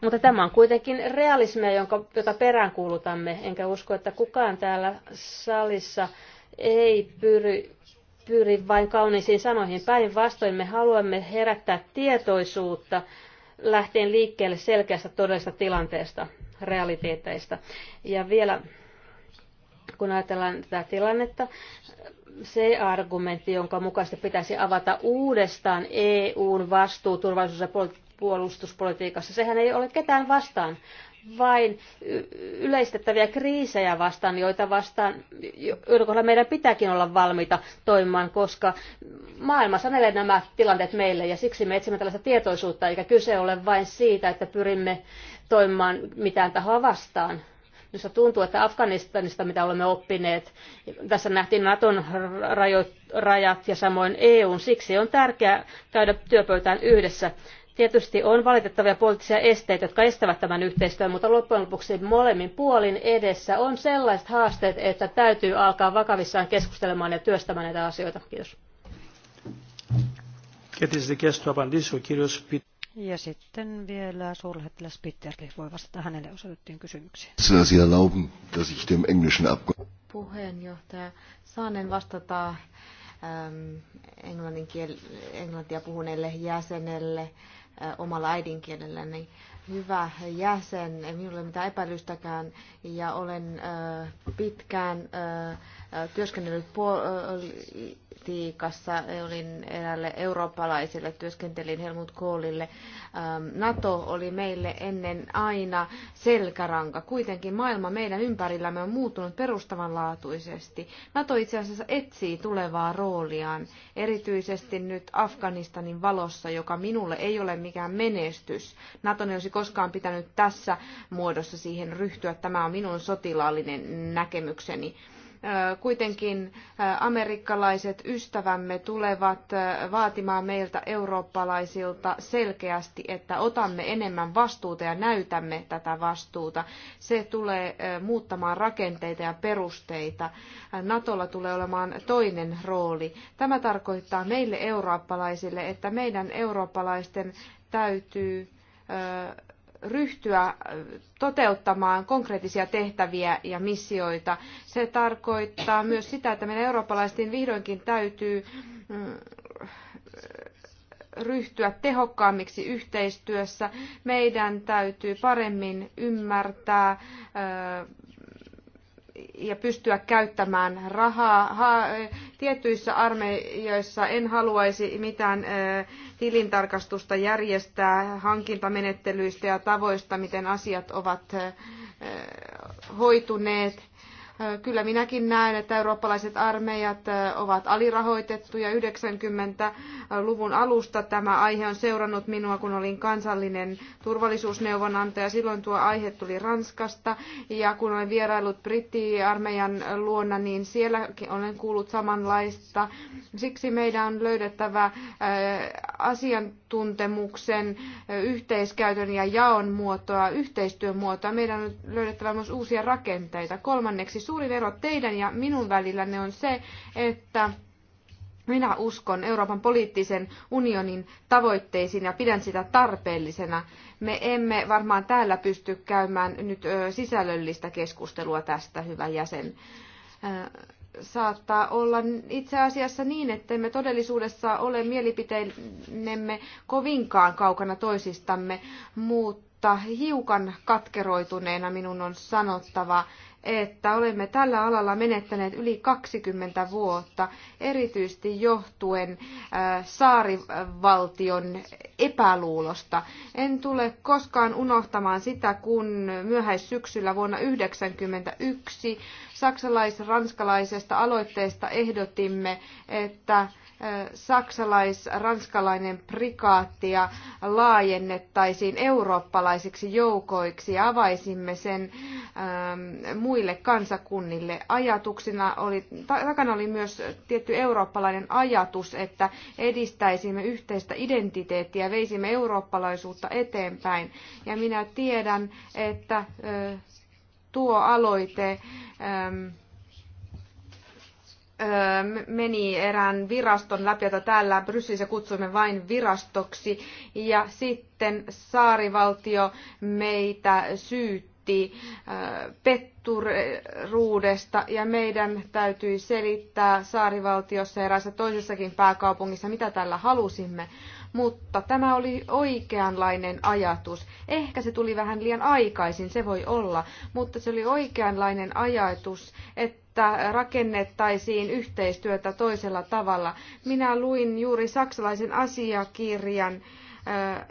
Mutta tämä on kuitenkin realismia, jonka, jota peräänkuulutamme. Enkä usko, että kukaan täällä salissa ei pyri, pyri vain kauniisiin sanoihin. Päinvastoin me haluamme herättää tietoisuutta lähtien liikkeelle selkeästä todellisesta tilanteesta, realiteeteista. Ja vielä kun ajatellaan tätä tilannetta, se argumentti, jonka mukaista pitäisi avata uudestaan EUn vastuu turvallisuus- ja puolustuspolitiikassa. Sehän ei ole ketään vastaan, vain yleistettäviä kriisejä vastaan, joita vastaan, joiden kohdalla meidän pitääkin olla valmiita toimimaan, koska maailma sanelee nämä tilanteet meille ja siksi me etsimme tällaista tietoisuutta, eikä kyse ole vain siitä, että pyrimme toimimaan mitään tahoa vastaan Minusta tuntuu, että Afganistanista, mitä olemme oppineet, tässä nähtiin Naton rajat ja samoin EUn. Siksi on tärkeää käydä työpöytään yhdessä. Tietysti on valitettavia poliittisia esteitä, jotka estävät tämän yhteistyön, mutta loppujen lopuksi molemmin puolin edessä on sellaiset haasteet, että täytyy alkaa vakavissaan keskustelemaan ja työstämään näitä asioita. Kiitos. Ja sitten vielä suurlähettiläs Pitterli voi vastata hänelle osoitettuihin kysymyksiin. Puheenjohtaja, saanen vastata ähm, englannin kiel, englantia puhuneelle jäsenelle äh, omalla äidinkielelläni. Niin hyvä jäsen, ei minulle mitään epäilystäkään ja olen äh, pitkään äh, työskennellyt politiikassa. Olin eräälle eurooppalaiselle, työskentelin Helmut Koolille. Ähm, NATO oli meille ennen aina selkäranka. Kuitenkin maailma meidän ympärillämme on muuttunut perustavanlaatuisesti. NATO itse asiassa etsii tulevaa rooliaan, erityisesti nyt Afganistanin valossa, joka minulle ei ole mikään menestys. NATO ei olisi koskaan pitänyt tässä muodossa siihen ryhtyä. Tämä on minun sotilaallinen näkemykseni. Kuitenkin amerikkalaiset ystävämme tulevat vaatimaan meiltä eurooppalaisilta selkeästi, että otamme enemmän vastuuta ja näytämme tätä vastuuta. Se tulee muuttamaan rakenteita ja perusteita. Natolla tulee olemaan toinen rooli. Tämä tarkoittaa meille eurooppalaisille, että meidän eurooppalaisten täytyy ryhtyä toteuttamaan konkreettisia tehtäviä ja missioita. Se tarkoittaa myös sitä, että meidän eurooppalaisten vihdoinkin täytyy mm, ryhtyä tehokkaammiksi yhteistyössä. Meidän täytyy paremmin ymmärtää ja pystyä käyttämään rahaa. Ha, tietyissä armeijoissa en haluaisi mitään tilintarkastusta järjestää hankintamenettelyistä ja tavoista, miten asiat ovat hoituneet Kyllä minäkin näen, että eurooppalaiset armeijat ovat alirahoitettuja. 90-luvun alusta tämä aihe on seurannut minua, kun olin kansallinen turvallisuusneuvonantaja. Silloin tuo aihe tuli Ranskasta ja kun olen vierailut brittiarmeijan luona, niin sielläkin olen kuullut samanlaista. Siksi meidän on löydettävä asiantuntemuksen, yhteiskäytön ja jaon muotoa, yhteistyön muotoa. Meidän on löydettävä myös uusia rakenteita. Kolmanneksi suuri vero teidän ja minun välillänne on se, että minä uskon Euroopan poliittisen unionin tavoitteisiin ja pidän sitä tarpeellisena. Me emme varmaan täällä pysty käymään nyt sisällöllistä keskustelua tästä, hyvä jäsen. Saattaa olla itse asiassa niin, että me todellisuudessa ole mielipiteinemme kovinkaan kaukana toisistamme, mutta hiukan katkeroituneena minun on sanottava, että olemme tällä alalla menettäneet yli 20 vuotta, erityisesti johtuen saarivaltion epäluulosta. En tule koskaan unohtamaan sitä, kun myöhäissyksyllä vuonna 1991 saksalais-ranskalaisesta aloitteesta ehdotimme, että saksalais-ranskalainen prikaattia laajennettaisiin eurooppalaisiksi joukoiksi ja avaisimme sen ähm, muille kansakunnille. Ajatuksena oli, takana oli myös tietty eurooppalainen ajatus, että edistäisimme yhteistä identiteettiä, veisimme eurooppalaisuutta eteenpäin. Ja minä tiedän, että tuo aloite ähm, meni erään viraston läpi, jota täällä Brysselissä kutsuimme vain virastoksi, ja sitten saarivaltio meitä syytti petturuudesta, ja meidän täytyi selittää saarivaltiossa ja eräässä toisessakin pääkaupungissa, mitä tällä halusimme. Mutta tämä oli oikeanlainen ajatus. Ehkä se tuli vähän liian aikaisin, se voi olla, mutta se oli oikeanlainen ajatus, että että rakennettaisiin yhteistyötä toisella tavalla. Minä luin juuri saksalaisen asiakirjan, äh,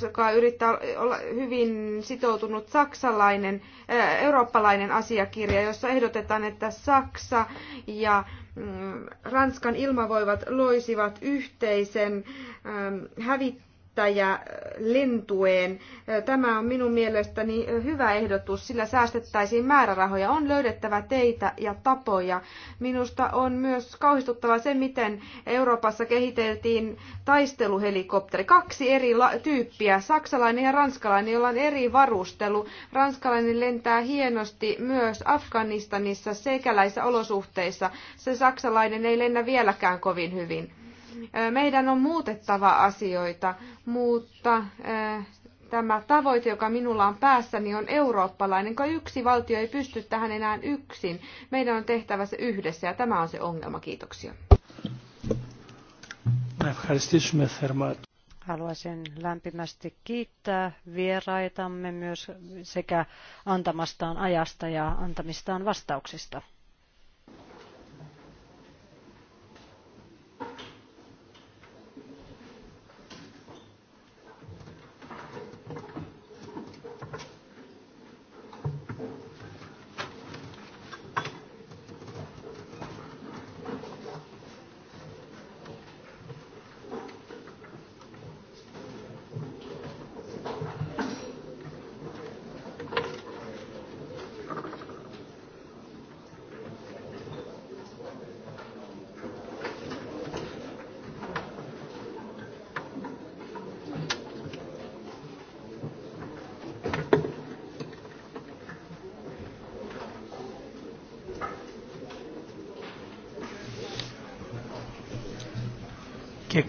joka yrittää olla hyvin sitoutunut saksalainen, äh, eurooppalainen asiakirja, jossa ehdotetaan, että Saksa ja mm, Ranskan ilmavoivat loisivat yhteisen ähm, hävittäjän ja äh, lintueen. Äh, tämä on minun mielestäni äh, hyvä ehdotus, sillä säästettäisiin määrärahoja. On löydettävä teitä ja tapoja. Minusta on myös kauhistuttava se, miten Euroopassa kehiteltiin taisteluhelikopteri. Kaksi eri tyyppiä, saksalainen ja ranskalainen, joilla on eri varustelu. Ranskalainen lentää hienosti myös Afganistanissa sekäläisissä olosuhteissa. Se saksalainen ei lennä vieläkään kovin hyvin meidän on muutettava asioita, mutta tämä tavoite, joka minulla on päässäni, on eurooppalainen, kun yksi valtio ei pysty tähän enää yksin. Meidän on tehtävä se yhdessä ja tämä on se ongelma. Kiitoksia. Haluaisin lämpimästi kiittää vieraitamme myös sekä antamastaan ajasta ja antamistaan vastauksista.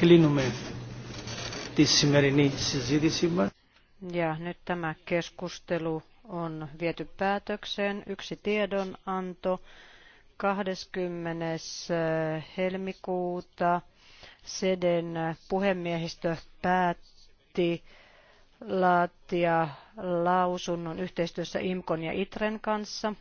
κλείνουμε τη σημερινή συζήτησή μας. Ja nyt tämä keskustelu on viety päätökseen. Yksi tiedonanto 20. Eh, helmikuuta. Seden puhemiehistö päätti laatia lausunnon yhteistyössä IMKON ja ITREN kanssa.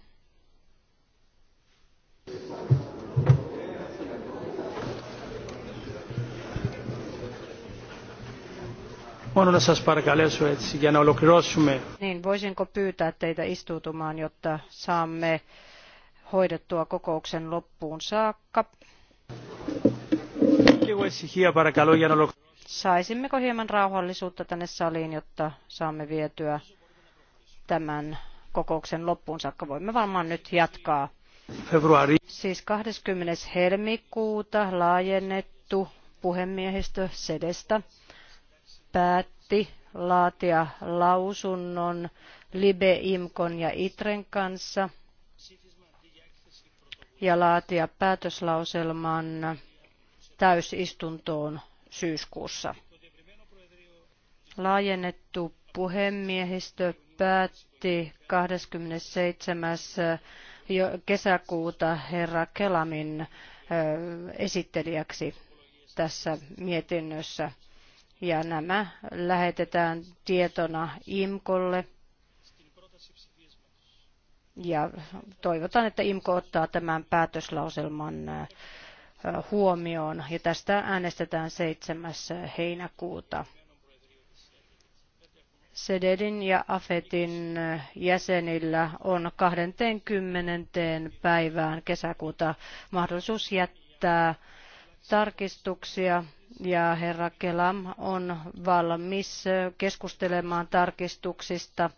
Voin σας παρακαλέσω έτσι για να ολοκληρώσουμε. Niin, voisinko pyytää teitä istuutumaan, jotta saamme hoidettua kokouksen loppuun saakka? Saisimmeko hieman rauhallisuutta tänne saliin, jotta saamme vietyä tämän kokouksen loppuun saakka? Voimme varmaan nyt jatkaa. Februari. Siis 20. helmikuuta laajennettu puhemiehistö Sedestä päätti laatia lausunnon Libe, Imkon ja Itren kanssa ja laatia päätöslauselman täysistuntoon syyskuussa. Laajennettu puhemiehistö päätti 27. kesäkuuta herra Kelamin esittelijäksi tässä mietinnössä ja nämä lähetetään tietona IMKOlle. Ja toivotaan, että IMKO ottaa tämän päätöslauselman äh, huomioon ja tästä äänestetään 7. heinäkuuta. Sededin ja Afetin äh, jäsenillä on 20. päivään kesäkuuta mahdollisuus jättää tarkistuksia ja herra Kelam on valmis keskustelemaan tarkistuksista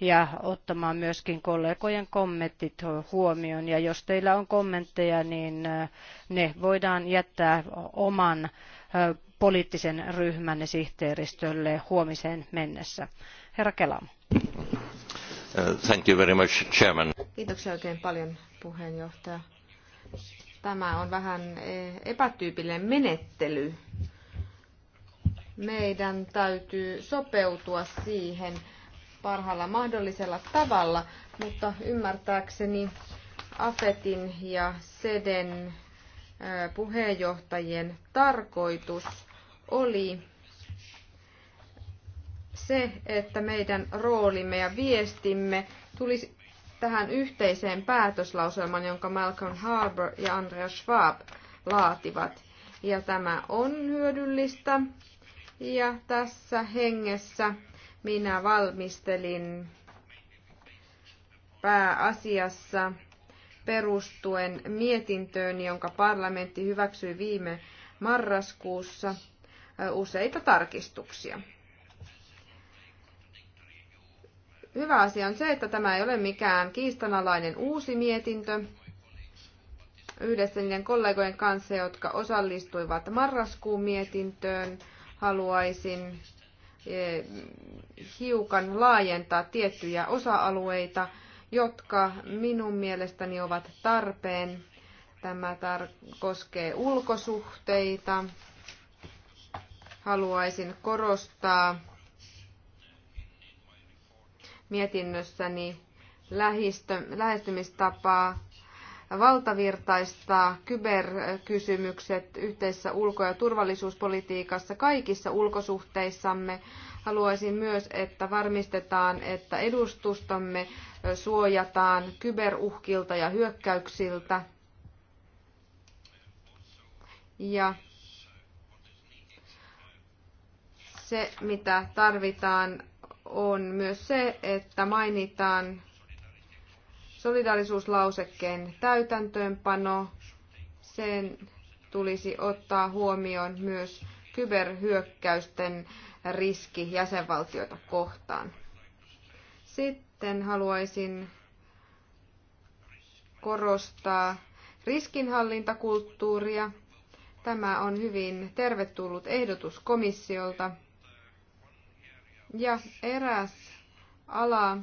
ja ottamaan myöskin kollegojen kommentit huomioon. Ja jos teillä on kommentteja, niin äh, ne voidaan jättää oman äh, poliittisen ryhmänne sihteeristölle huomiseen mennessä. Herra Kelam. Thank you very much, Chairman. Kiitoksia oikein paljon, puheenjohtaja. Tämä on vähän eh, epätyypillinen menettely. Meidän täytyy sopeutua siihen parhaalla mahdollisella tavalla, mutta ymmärtääkseni AFETin ja SEDEN eh, puheenjohtajien tarkoitus oli se, että meidän roolimme ja viestimme tulisi tähän yhteiseen päätöslauselman, jonka Malcolm Harbour ja Andreas Schwab laativat. Ja tämä on hyödyllistä. Ja tässä hengessä minä valmistelin pääasiassa perustuen mietintöön, jonka parlamentti hyväksyi viime marraskuussa useita tarkistuksia. Hyvä asia on se, että tämä ei ole mikään kiistanalainen uusi mietintö. Yhdessä niiden kollegojen kanssa, jotka osallistuivat marraskuun mietintöön, haluaisin e, hiukan laajentaa tiettyjä osa-alueita, jotka minun mielestäni ovat tarpeen. Tämä tar- koskee ulkosuhteita. Haluaisin korostaa mietinnössäni lähestymistapaa valtavirtaistaa kyberkysymykset yhteisessä ulko- ja turvallisuuspolitiikassa kaikissa ulkosuhteissamme. Haluaisin myös, että varmistetaan, että edustustamme suojataan kyberuhkilta ja hyökkäyksiltä. Ja se, mitä tarvitaan on myös se, että mainitaan solidaarisuuslausekkeen täytäntöönpano. Sen tulisi ottaa huomioon myös kyberhyökkäysten riski jäsenvaltioita kohtaan. Sitten haluaisin korostaa riskinhallintakulttuuria. Tämä on hyvin tervetullut ehdotus komissiolta. Ja eräs ala,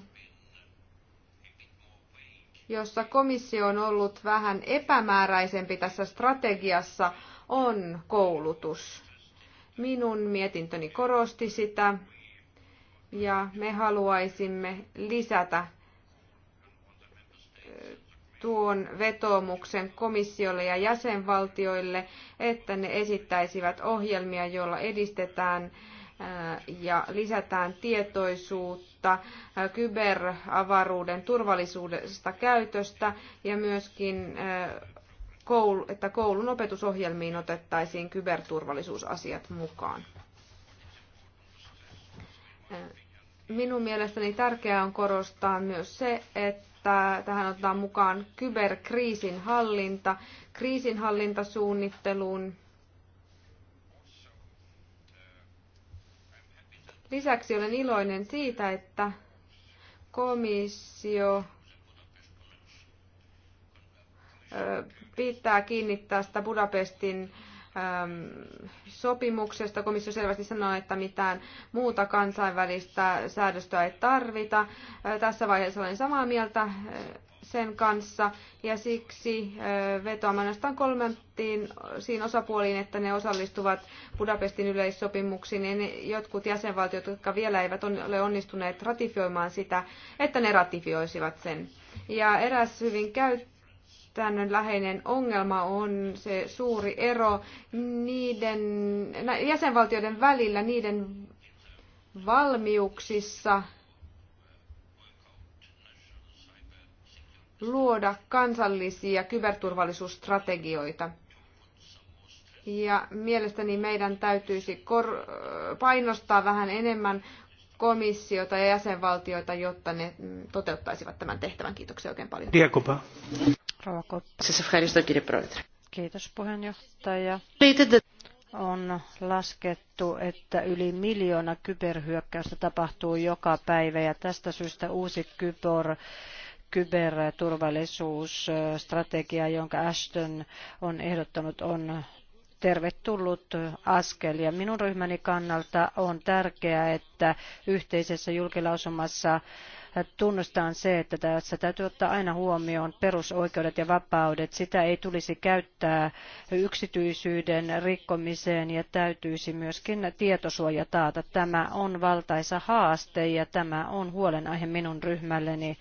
jossa komissio on ollut vähän epämääräisempi tässä strategiassa, on koulutus. Minun mietintöni korosti sitä ja me haluaisimme lisätä tuon vetoomuksen komissiolle ja jäsenvaltioille, että ne esittäisivät ohjelmia, joilla edistetään Äh, ja lisätään tietoisuutta äh, kyberavaruuden turvallisuudesta käytöstä ja myöskin äh, että koulun opetusohjelmiin otettaisiin kyberturvallisuusasiat mukaan. Minun mielestäni tärkeää on korostaa myös se, että tähän otetaan mukaan kyberkriisin hallinta, kriisinhallintasuunnitteluun, Lisäksi olen iloinen siitä, että komissio pitää kiinni tästä Budapestin sopimuksesta. Komissio selvästi sanoo, että mitään muuta kansainvälistä säädöstöä ei tarvita. Tässä vaiheessa olen samaa mieltä sen kanssa ja siksi vetoamme ainoastaan kolmantiin siinä osapuoliin, että ne osallistuvat Budapestin yleissopimuksiin ja ne jotkut jäsenvaltiot, jotka vielä eivät ole onnistuneet ratifioimaan sitä, että ne ratifioisivat sen. Ja eräs hyvin läheinen ongelma on se suuri ero niiden jäsenvaltioiden välillä niiden valmiuksissa – luoda kansallisia kyberturvallisuusstrategioita. Ja mielestäni meidän täytyisi painostaa vähän enemmän komissiota ja jäsenvaltioita, jotta ne toteuttaisivat tämän tehtävän. Kiitoksia oikein paljon. Diakopa. Kiitos puheenjohtaja. On laskettu, että yli miljoona kyberhyökkäystä tapahtuu joka päivä ja tästä syystä uusi kyber kyberturvallisuusstrategia, jonka Ashton on ehdottanut, on tervetullut askel. Ja minun ryhmäni kannalta on tärkeää, että yhteisessä julkilausumassa tunnustaan se, että tässä täytyy ottaa aina huomioon perusoikeudet ja vapaudet. Sitä ei tulisi käyttää yksityisyyden rikkomiseen ja täytyisi myöskin tietosuoja taata. Tämä on valtaisa haaste ja tämä on huolenaihe minun ryhmälleni.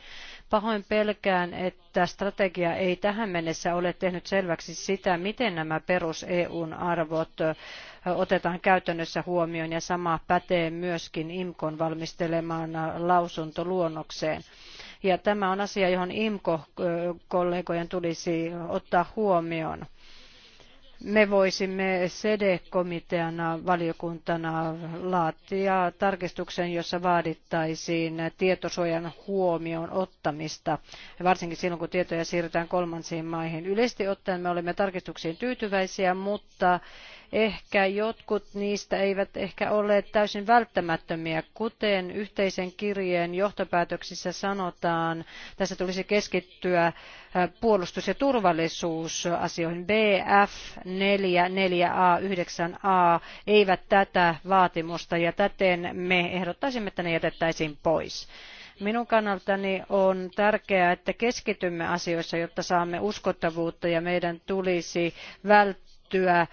Pahoin pelkään, että strategia ei tähän mennessä ole tehnyt selväksi sitä, miten nämä perus EUn arvot otetaan käytännössä huomioon ja sama pätee myöskin IMKon valmistelemaan lausuntoluonnokseen. Ja tämä on asia, johon IMKO-kollegojen tulisi ottaa huomioon me voisimme SEDE-komiteana valiokuntana laatia tarkistuksen, jossa vaadittaisiin tietosuojan huomioon ottamista, varsinkin silloin kun tietoja siirretään kolmansiin maihin. Yleisesti ottaen me olemme tarkistuksiin tyytyväisiä, mutta Ehkä jotkut niistä eivät ehkä olleet täysin välttämättömiä. Kuten yhteisen kirjeen johtopäätöksissä sanotaan, tässä tulisi keskittyä äh, puolustus- ja turvallisuusasioihin. BF 44 a 9A eivät tätä vaatimusta ja täten me ehdottaisimme, että ne jätettäisiin pois. Minun kannaltani on tärkeää, että keskitymme asioissa, jotta saamme uskottavuutta ja meidän tulisi välttää välttyä äh,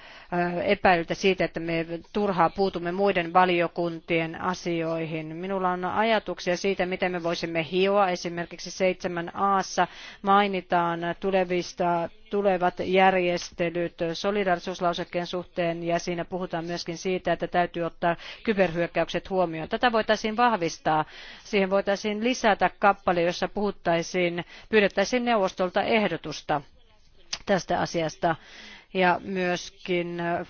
epäilyltä siitä, että me turhaa puutumme muiden valiokuntien asioihin. Minulla on ajatuksia siitä, miten me voisimme hioa. Esimerkiksi 7a mainitaan tulevista tulevat järjestelyt solidaarisuuslausekkeen suhteen ja siinä puhutaan myöskin siitä, että täytyy ottaa kyberhyökkäykset huomioon. Tätä voitaisiin vahvistaa. Siihen voitaisiin lisätä kappale, jossa puhuttaisiin, pyydettäisiin neuvostolta ehdotusta tästä asiasta ja myöskin äh,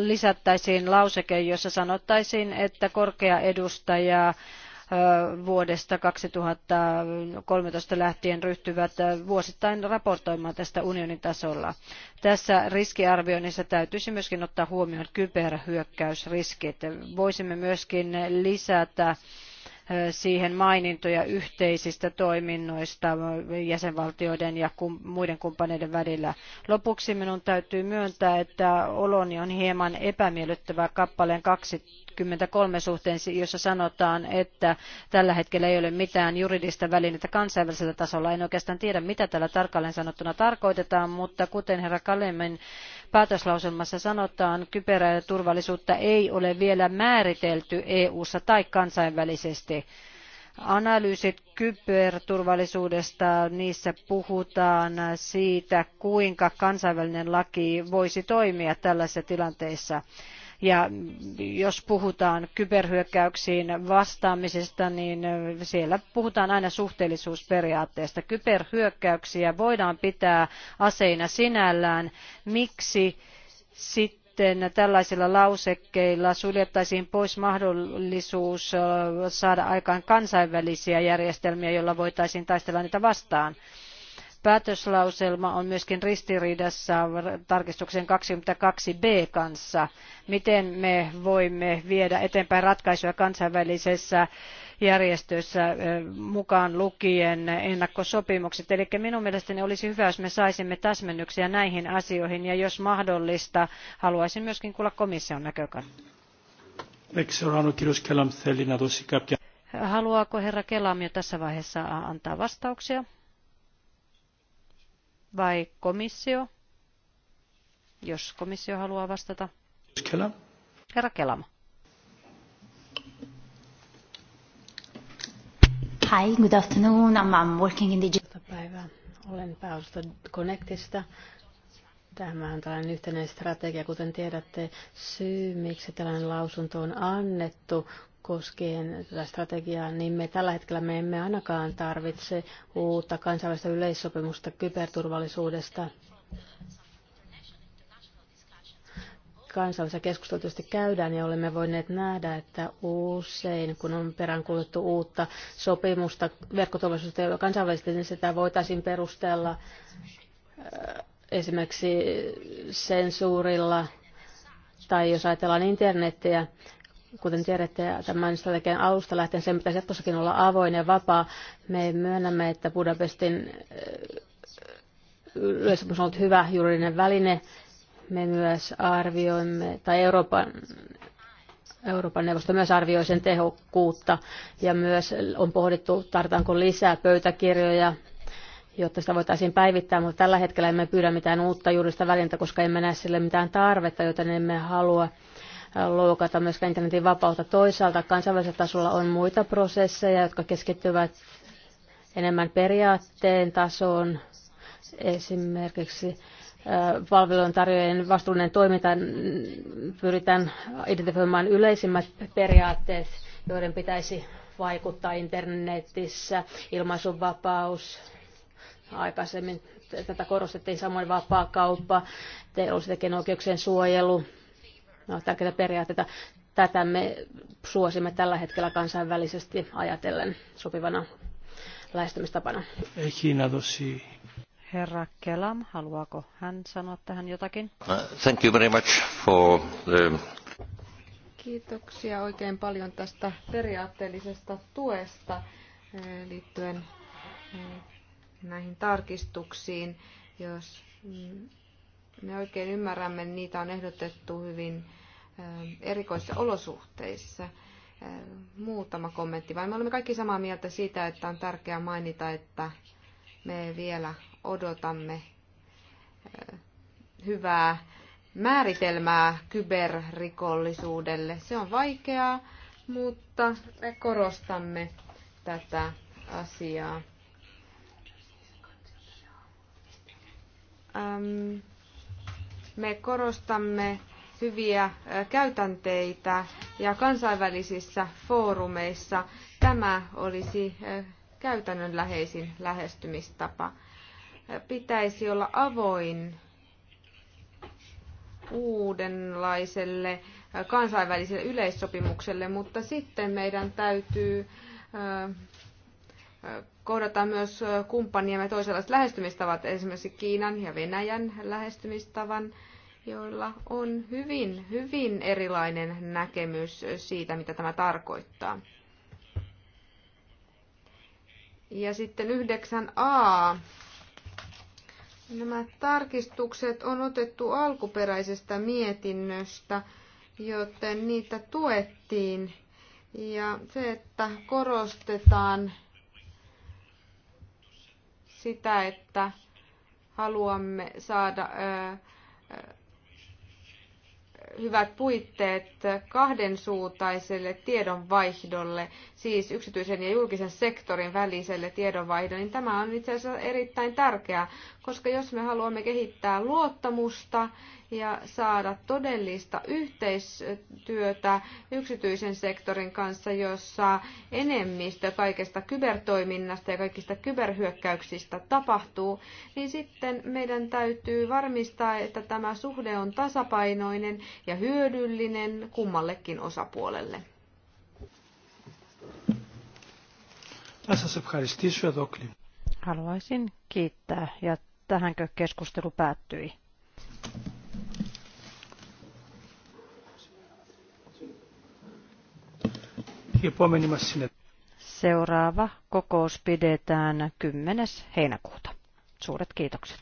lisättäisiin lauseke, jossa sanottaisiin, että korkea edustaja äh, vuodesta 2013 lähtien ryhtyvät äh, vuosittain raportoimaan tästä unionin tasolla. Tässä riskiarvioinnissa täytyisi myöskin ottaa huomioon kyberhyökkäysriskit. Voisimme myöskin lisätä siihen mainintoja yhteisistä toiminnoista jäsenvaltioiden ja muiden kumppaneiden välillä. Lopuksi minun täytyy myöntää, että oloni on hieman epämiellyttävää kappaleen kaksi kolmekymmentäkolme suhteen, jossa sanotaan, että tällä hetkellä ei ole mitään juridista välinettä kansainvälisellä tasolla. En oikeastaan tiedä, mitä tällä tarkalleen sanottuna tarkoitetaan, mutta kuten herra Kalemen päätöslauselmassa sanotaan, kyberää ja turvallisuutta ei ole vielä määritelty EU-ssa tai kansainvälisesti analyysit kyberturvallisuudesta, niissä puhutaan siitä, kuinka kansainvälinen laki voisi toimia tällaisissa tilanteissa. Ja jos puhutaan kyberhyökkäyksiin vastaamisesta, niin siellä puhutaan aina suhteellisuusperiaatteesta. Kyberhyökkäyksiä voidaan pitää aseina sinällään. Miksi sitten tällaisilla lausekkeilla suljettaisiin pois mahdollisuus äh, saada aikaan kansainvälisiä järjestelmiä, joilla voitaisiin taistella niitä vastaan. Päätöslauselma on myöskin ristiriidassa tarkistuksen 22b kanssa. Miten me voimme viedä eteenpäin ratkaisuja kansainvälisessä järjestössä eh, mukaan lukien ennakkosopimukset. Eli minun mielestäni olisi hyvä, jos me saisimme täsmennyksiä näihin asioihin ja jos mahdollista, haluaisin myöskin kuulla komission näkökannan. Haluaako herra Kelam jo tässä vaiheessa antaa vastauksia? vai komissio? Jos komissio haluaa vastata. Kelam. Herra Kelama. Hi, good afternoon. I'm, I'm working in the... Päivää. Olen pääosta Connectista. Tämä on tällainen yhtenäinen strategia, kuten tiedätte, syy, miksi tällainen lausunto on annettu, koskien tätä strategiaa, niin me tällä hetkellä me emme ainakaan tarvitse uutta kansainvälistä yleissopimusta kyberturvallisuudesta. Kansainvälistä keskustelua käydään ja olemme voineet nähdä, että usein kun on peräänkuulutettu uutta sopimusta verkkoturvallisuudesta kansainvälisesti, niin sitä voitaisiin perustella äh, esimerkiksi sensuurilla tai jos ajatellaan internettiä, Kuten tiedätte, tämän strategian alusta lähtien sen pitäisi jatkossakin olla avoin ja vapaa. Me myönnämme, että Budapestin eh, yleissopimus on ollut hyvä juridinen väline. Me myös arvioimme, tai Euroopan Euroopan neuvosto myös arvioi sen tehokkuutta ja myös on pohdittu, tarvitaanko lisää pöytäkirjoja, jotta sitä voitaisiin päivittää, mutta tällä hetkellä emme pyydä mitään uutta juridista välintä, koska emme näe sille mitään tarvetta, joten emme halua loukata myöskään internetin vapautta. Toisaalta kansainvälisellä tasolla on muita prosesseja, jotka keskittyvät enemmän periaatteen tasoon, esimerkiksi palvelujen tarjoajien vastuullinen toiminta pyritään identifioimaan yleisimmät periaatteet, joiden pitäisi vaikuttaa internetissä, ilmaisunvapaus, aikaisemmin tätä korostettiin samoin vapaa kauppa, teollisuustekin oikeuksien suojelu, No, tärkeitä periaatteita. Tätä me suosimme tällä hetkellä kansainvälisesti ajatellen sopivana lähestymistapana. Herra Kelam, haluaako hän sanoa tähän jotakin? Uh, thank you very much for the... Kiitoksia oikein paljon tästä periaatteellisesta tuesta eh, liittyen eh, näihin tarkistuksiin. Jos mm, me oikein ymmärrämme, niitä on ehdotettu hyvin erikoissa olosuhteissa. Muutama kommentti, vai me olemme kaikki samaa mieltä siitä, että on tärkeää mainita, että me vielä odotamme hyvää määritelmää kyberrikollisuudelle. Se on vaikeaa, mutta me korostamme tätä asiaa. Um, me korostamme hyviä käytänteitä ja kansainvälisissä foorumeissa tämä olisi käytännönläheisin lähestymistapa. Pitäisi olla avoin uudenlaiselle kansainväliselle yleissopimukselle, mutta sitten meidän täytyy kohdata myös kumppaniemme toisenlaiset lähestymistavat, esimerkiksi Kiinan ja Venäjän lähestymistavan, joilla on hyvin, hyvin erilainen näkemys siitä, mitä tämä tarkoittaa. Ja sitten 9a. Nämä tarkistukset on otettu alkuperäisestä mietinnöstä, joten niitä tuettiin. Ja se, että korostetaan sitä, että haluamme saada hyvät puitteet kahden suuntaiselle tiedonvaihdolle, siis yksityisen ja julkisen sektorin väliselle tiedonvaihdolle, niin tämä on itse asiassa erittäin tärkeää, koska jos me haluamme kehittää luottamusta ja saada todellista yhteistyötä yksityisen sektorin kanssa, jossa enemmistö kaikesta kybertoiminnasta ja kaikista kyberhyökkäyksistä tapahtuu, niin sitten meidän täytyy varmistaa, että tämä suhde on tasapainoinen ja hyödyllinen kummallekin osapuolelle. Haluaisin kiittää ja tähänkö keskustelu päättyi. Seuraava kokous pidetään 10. heinäkuuta. Suuret kiitokset.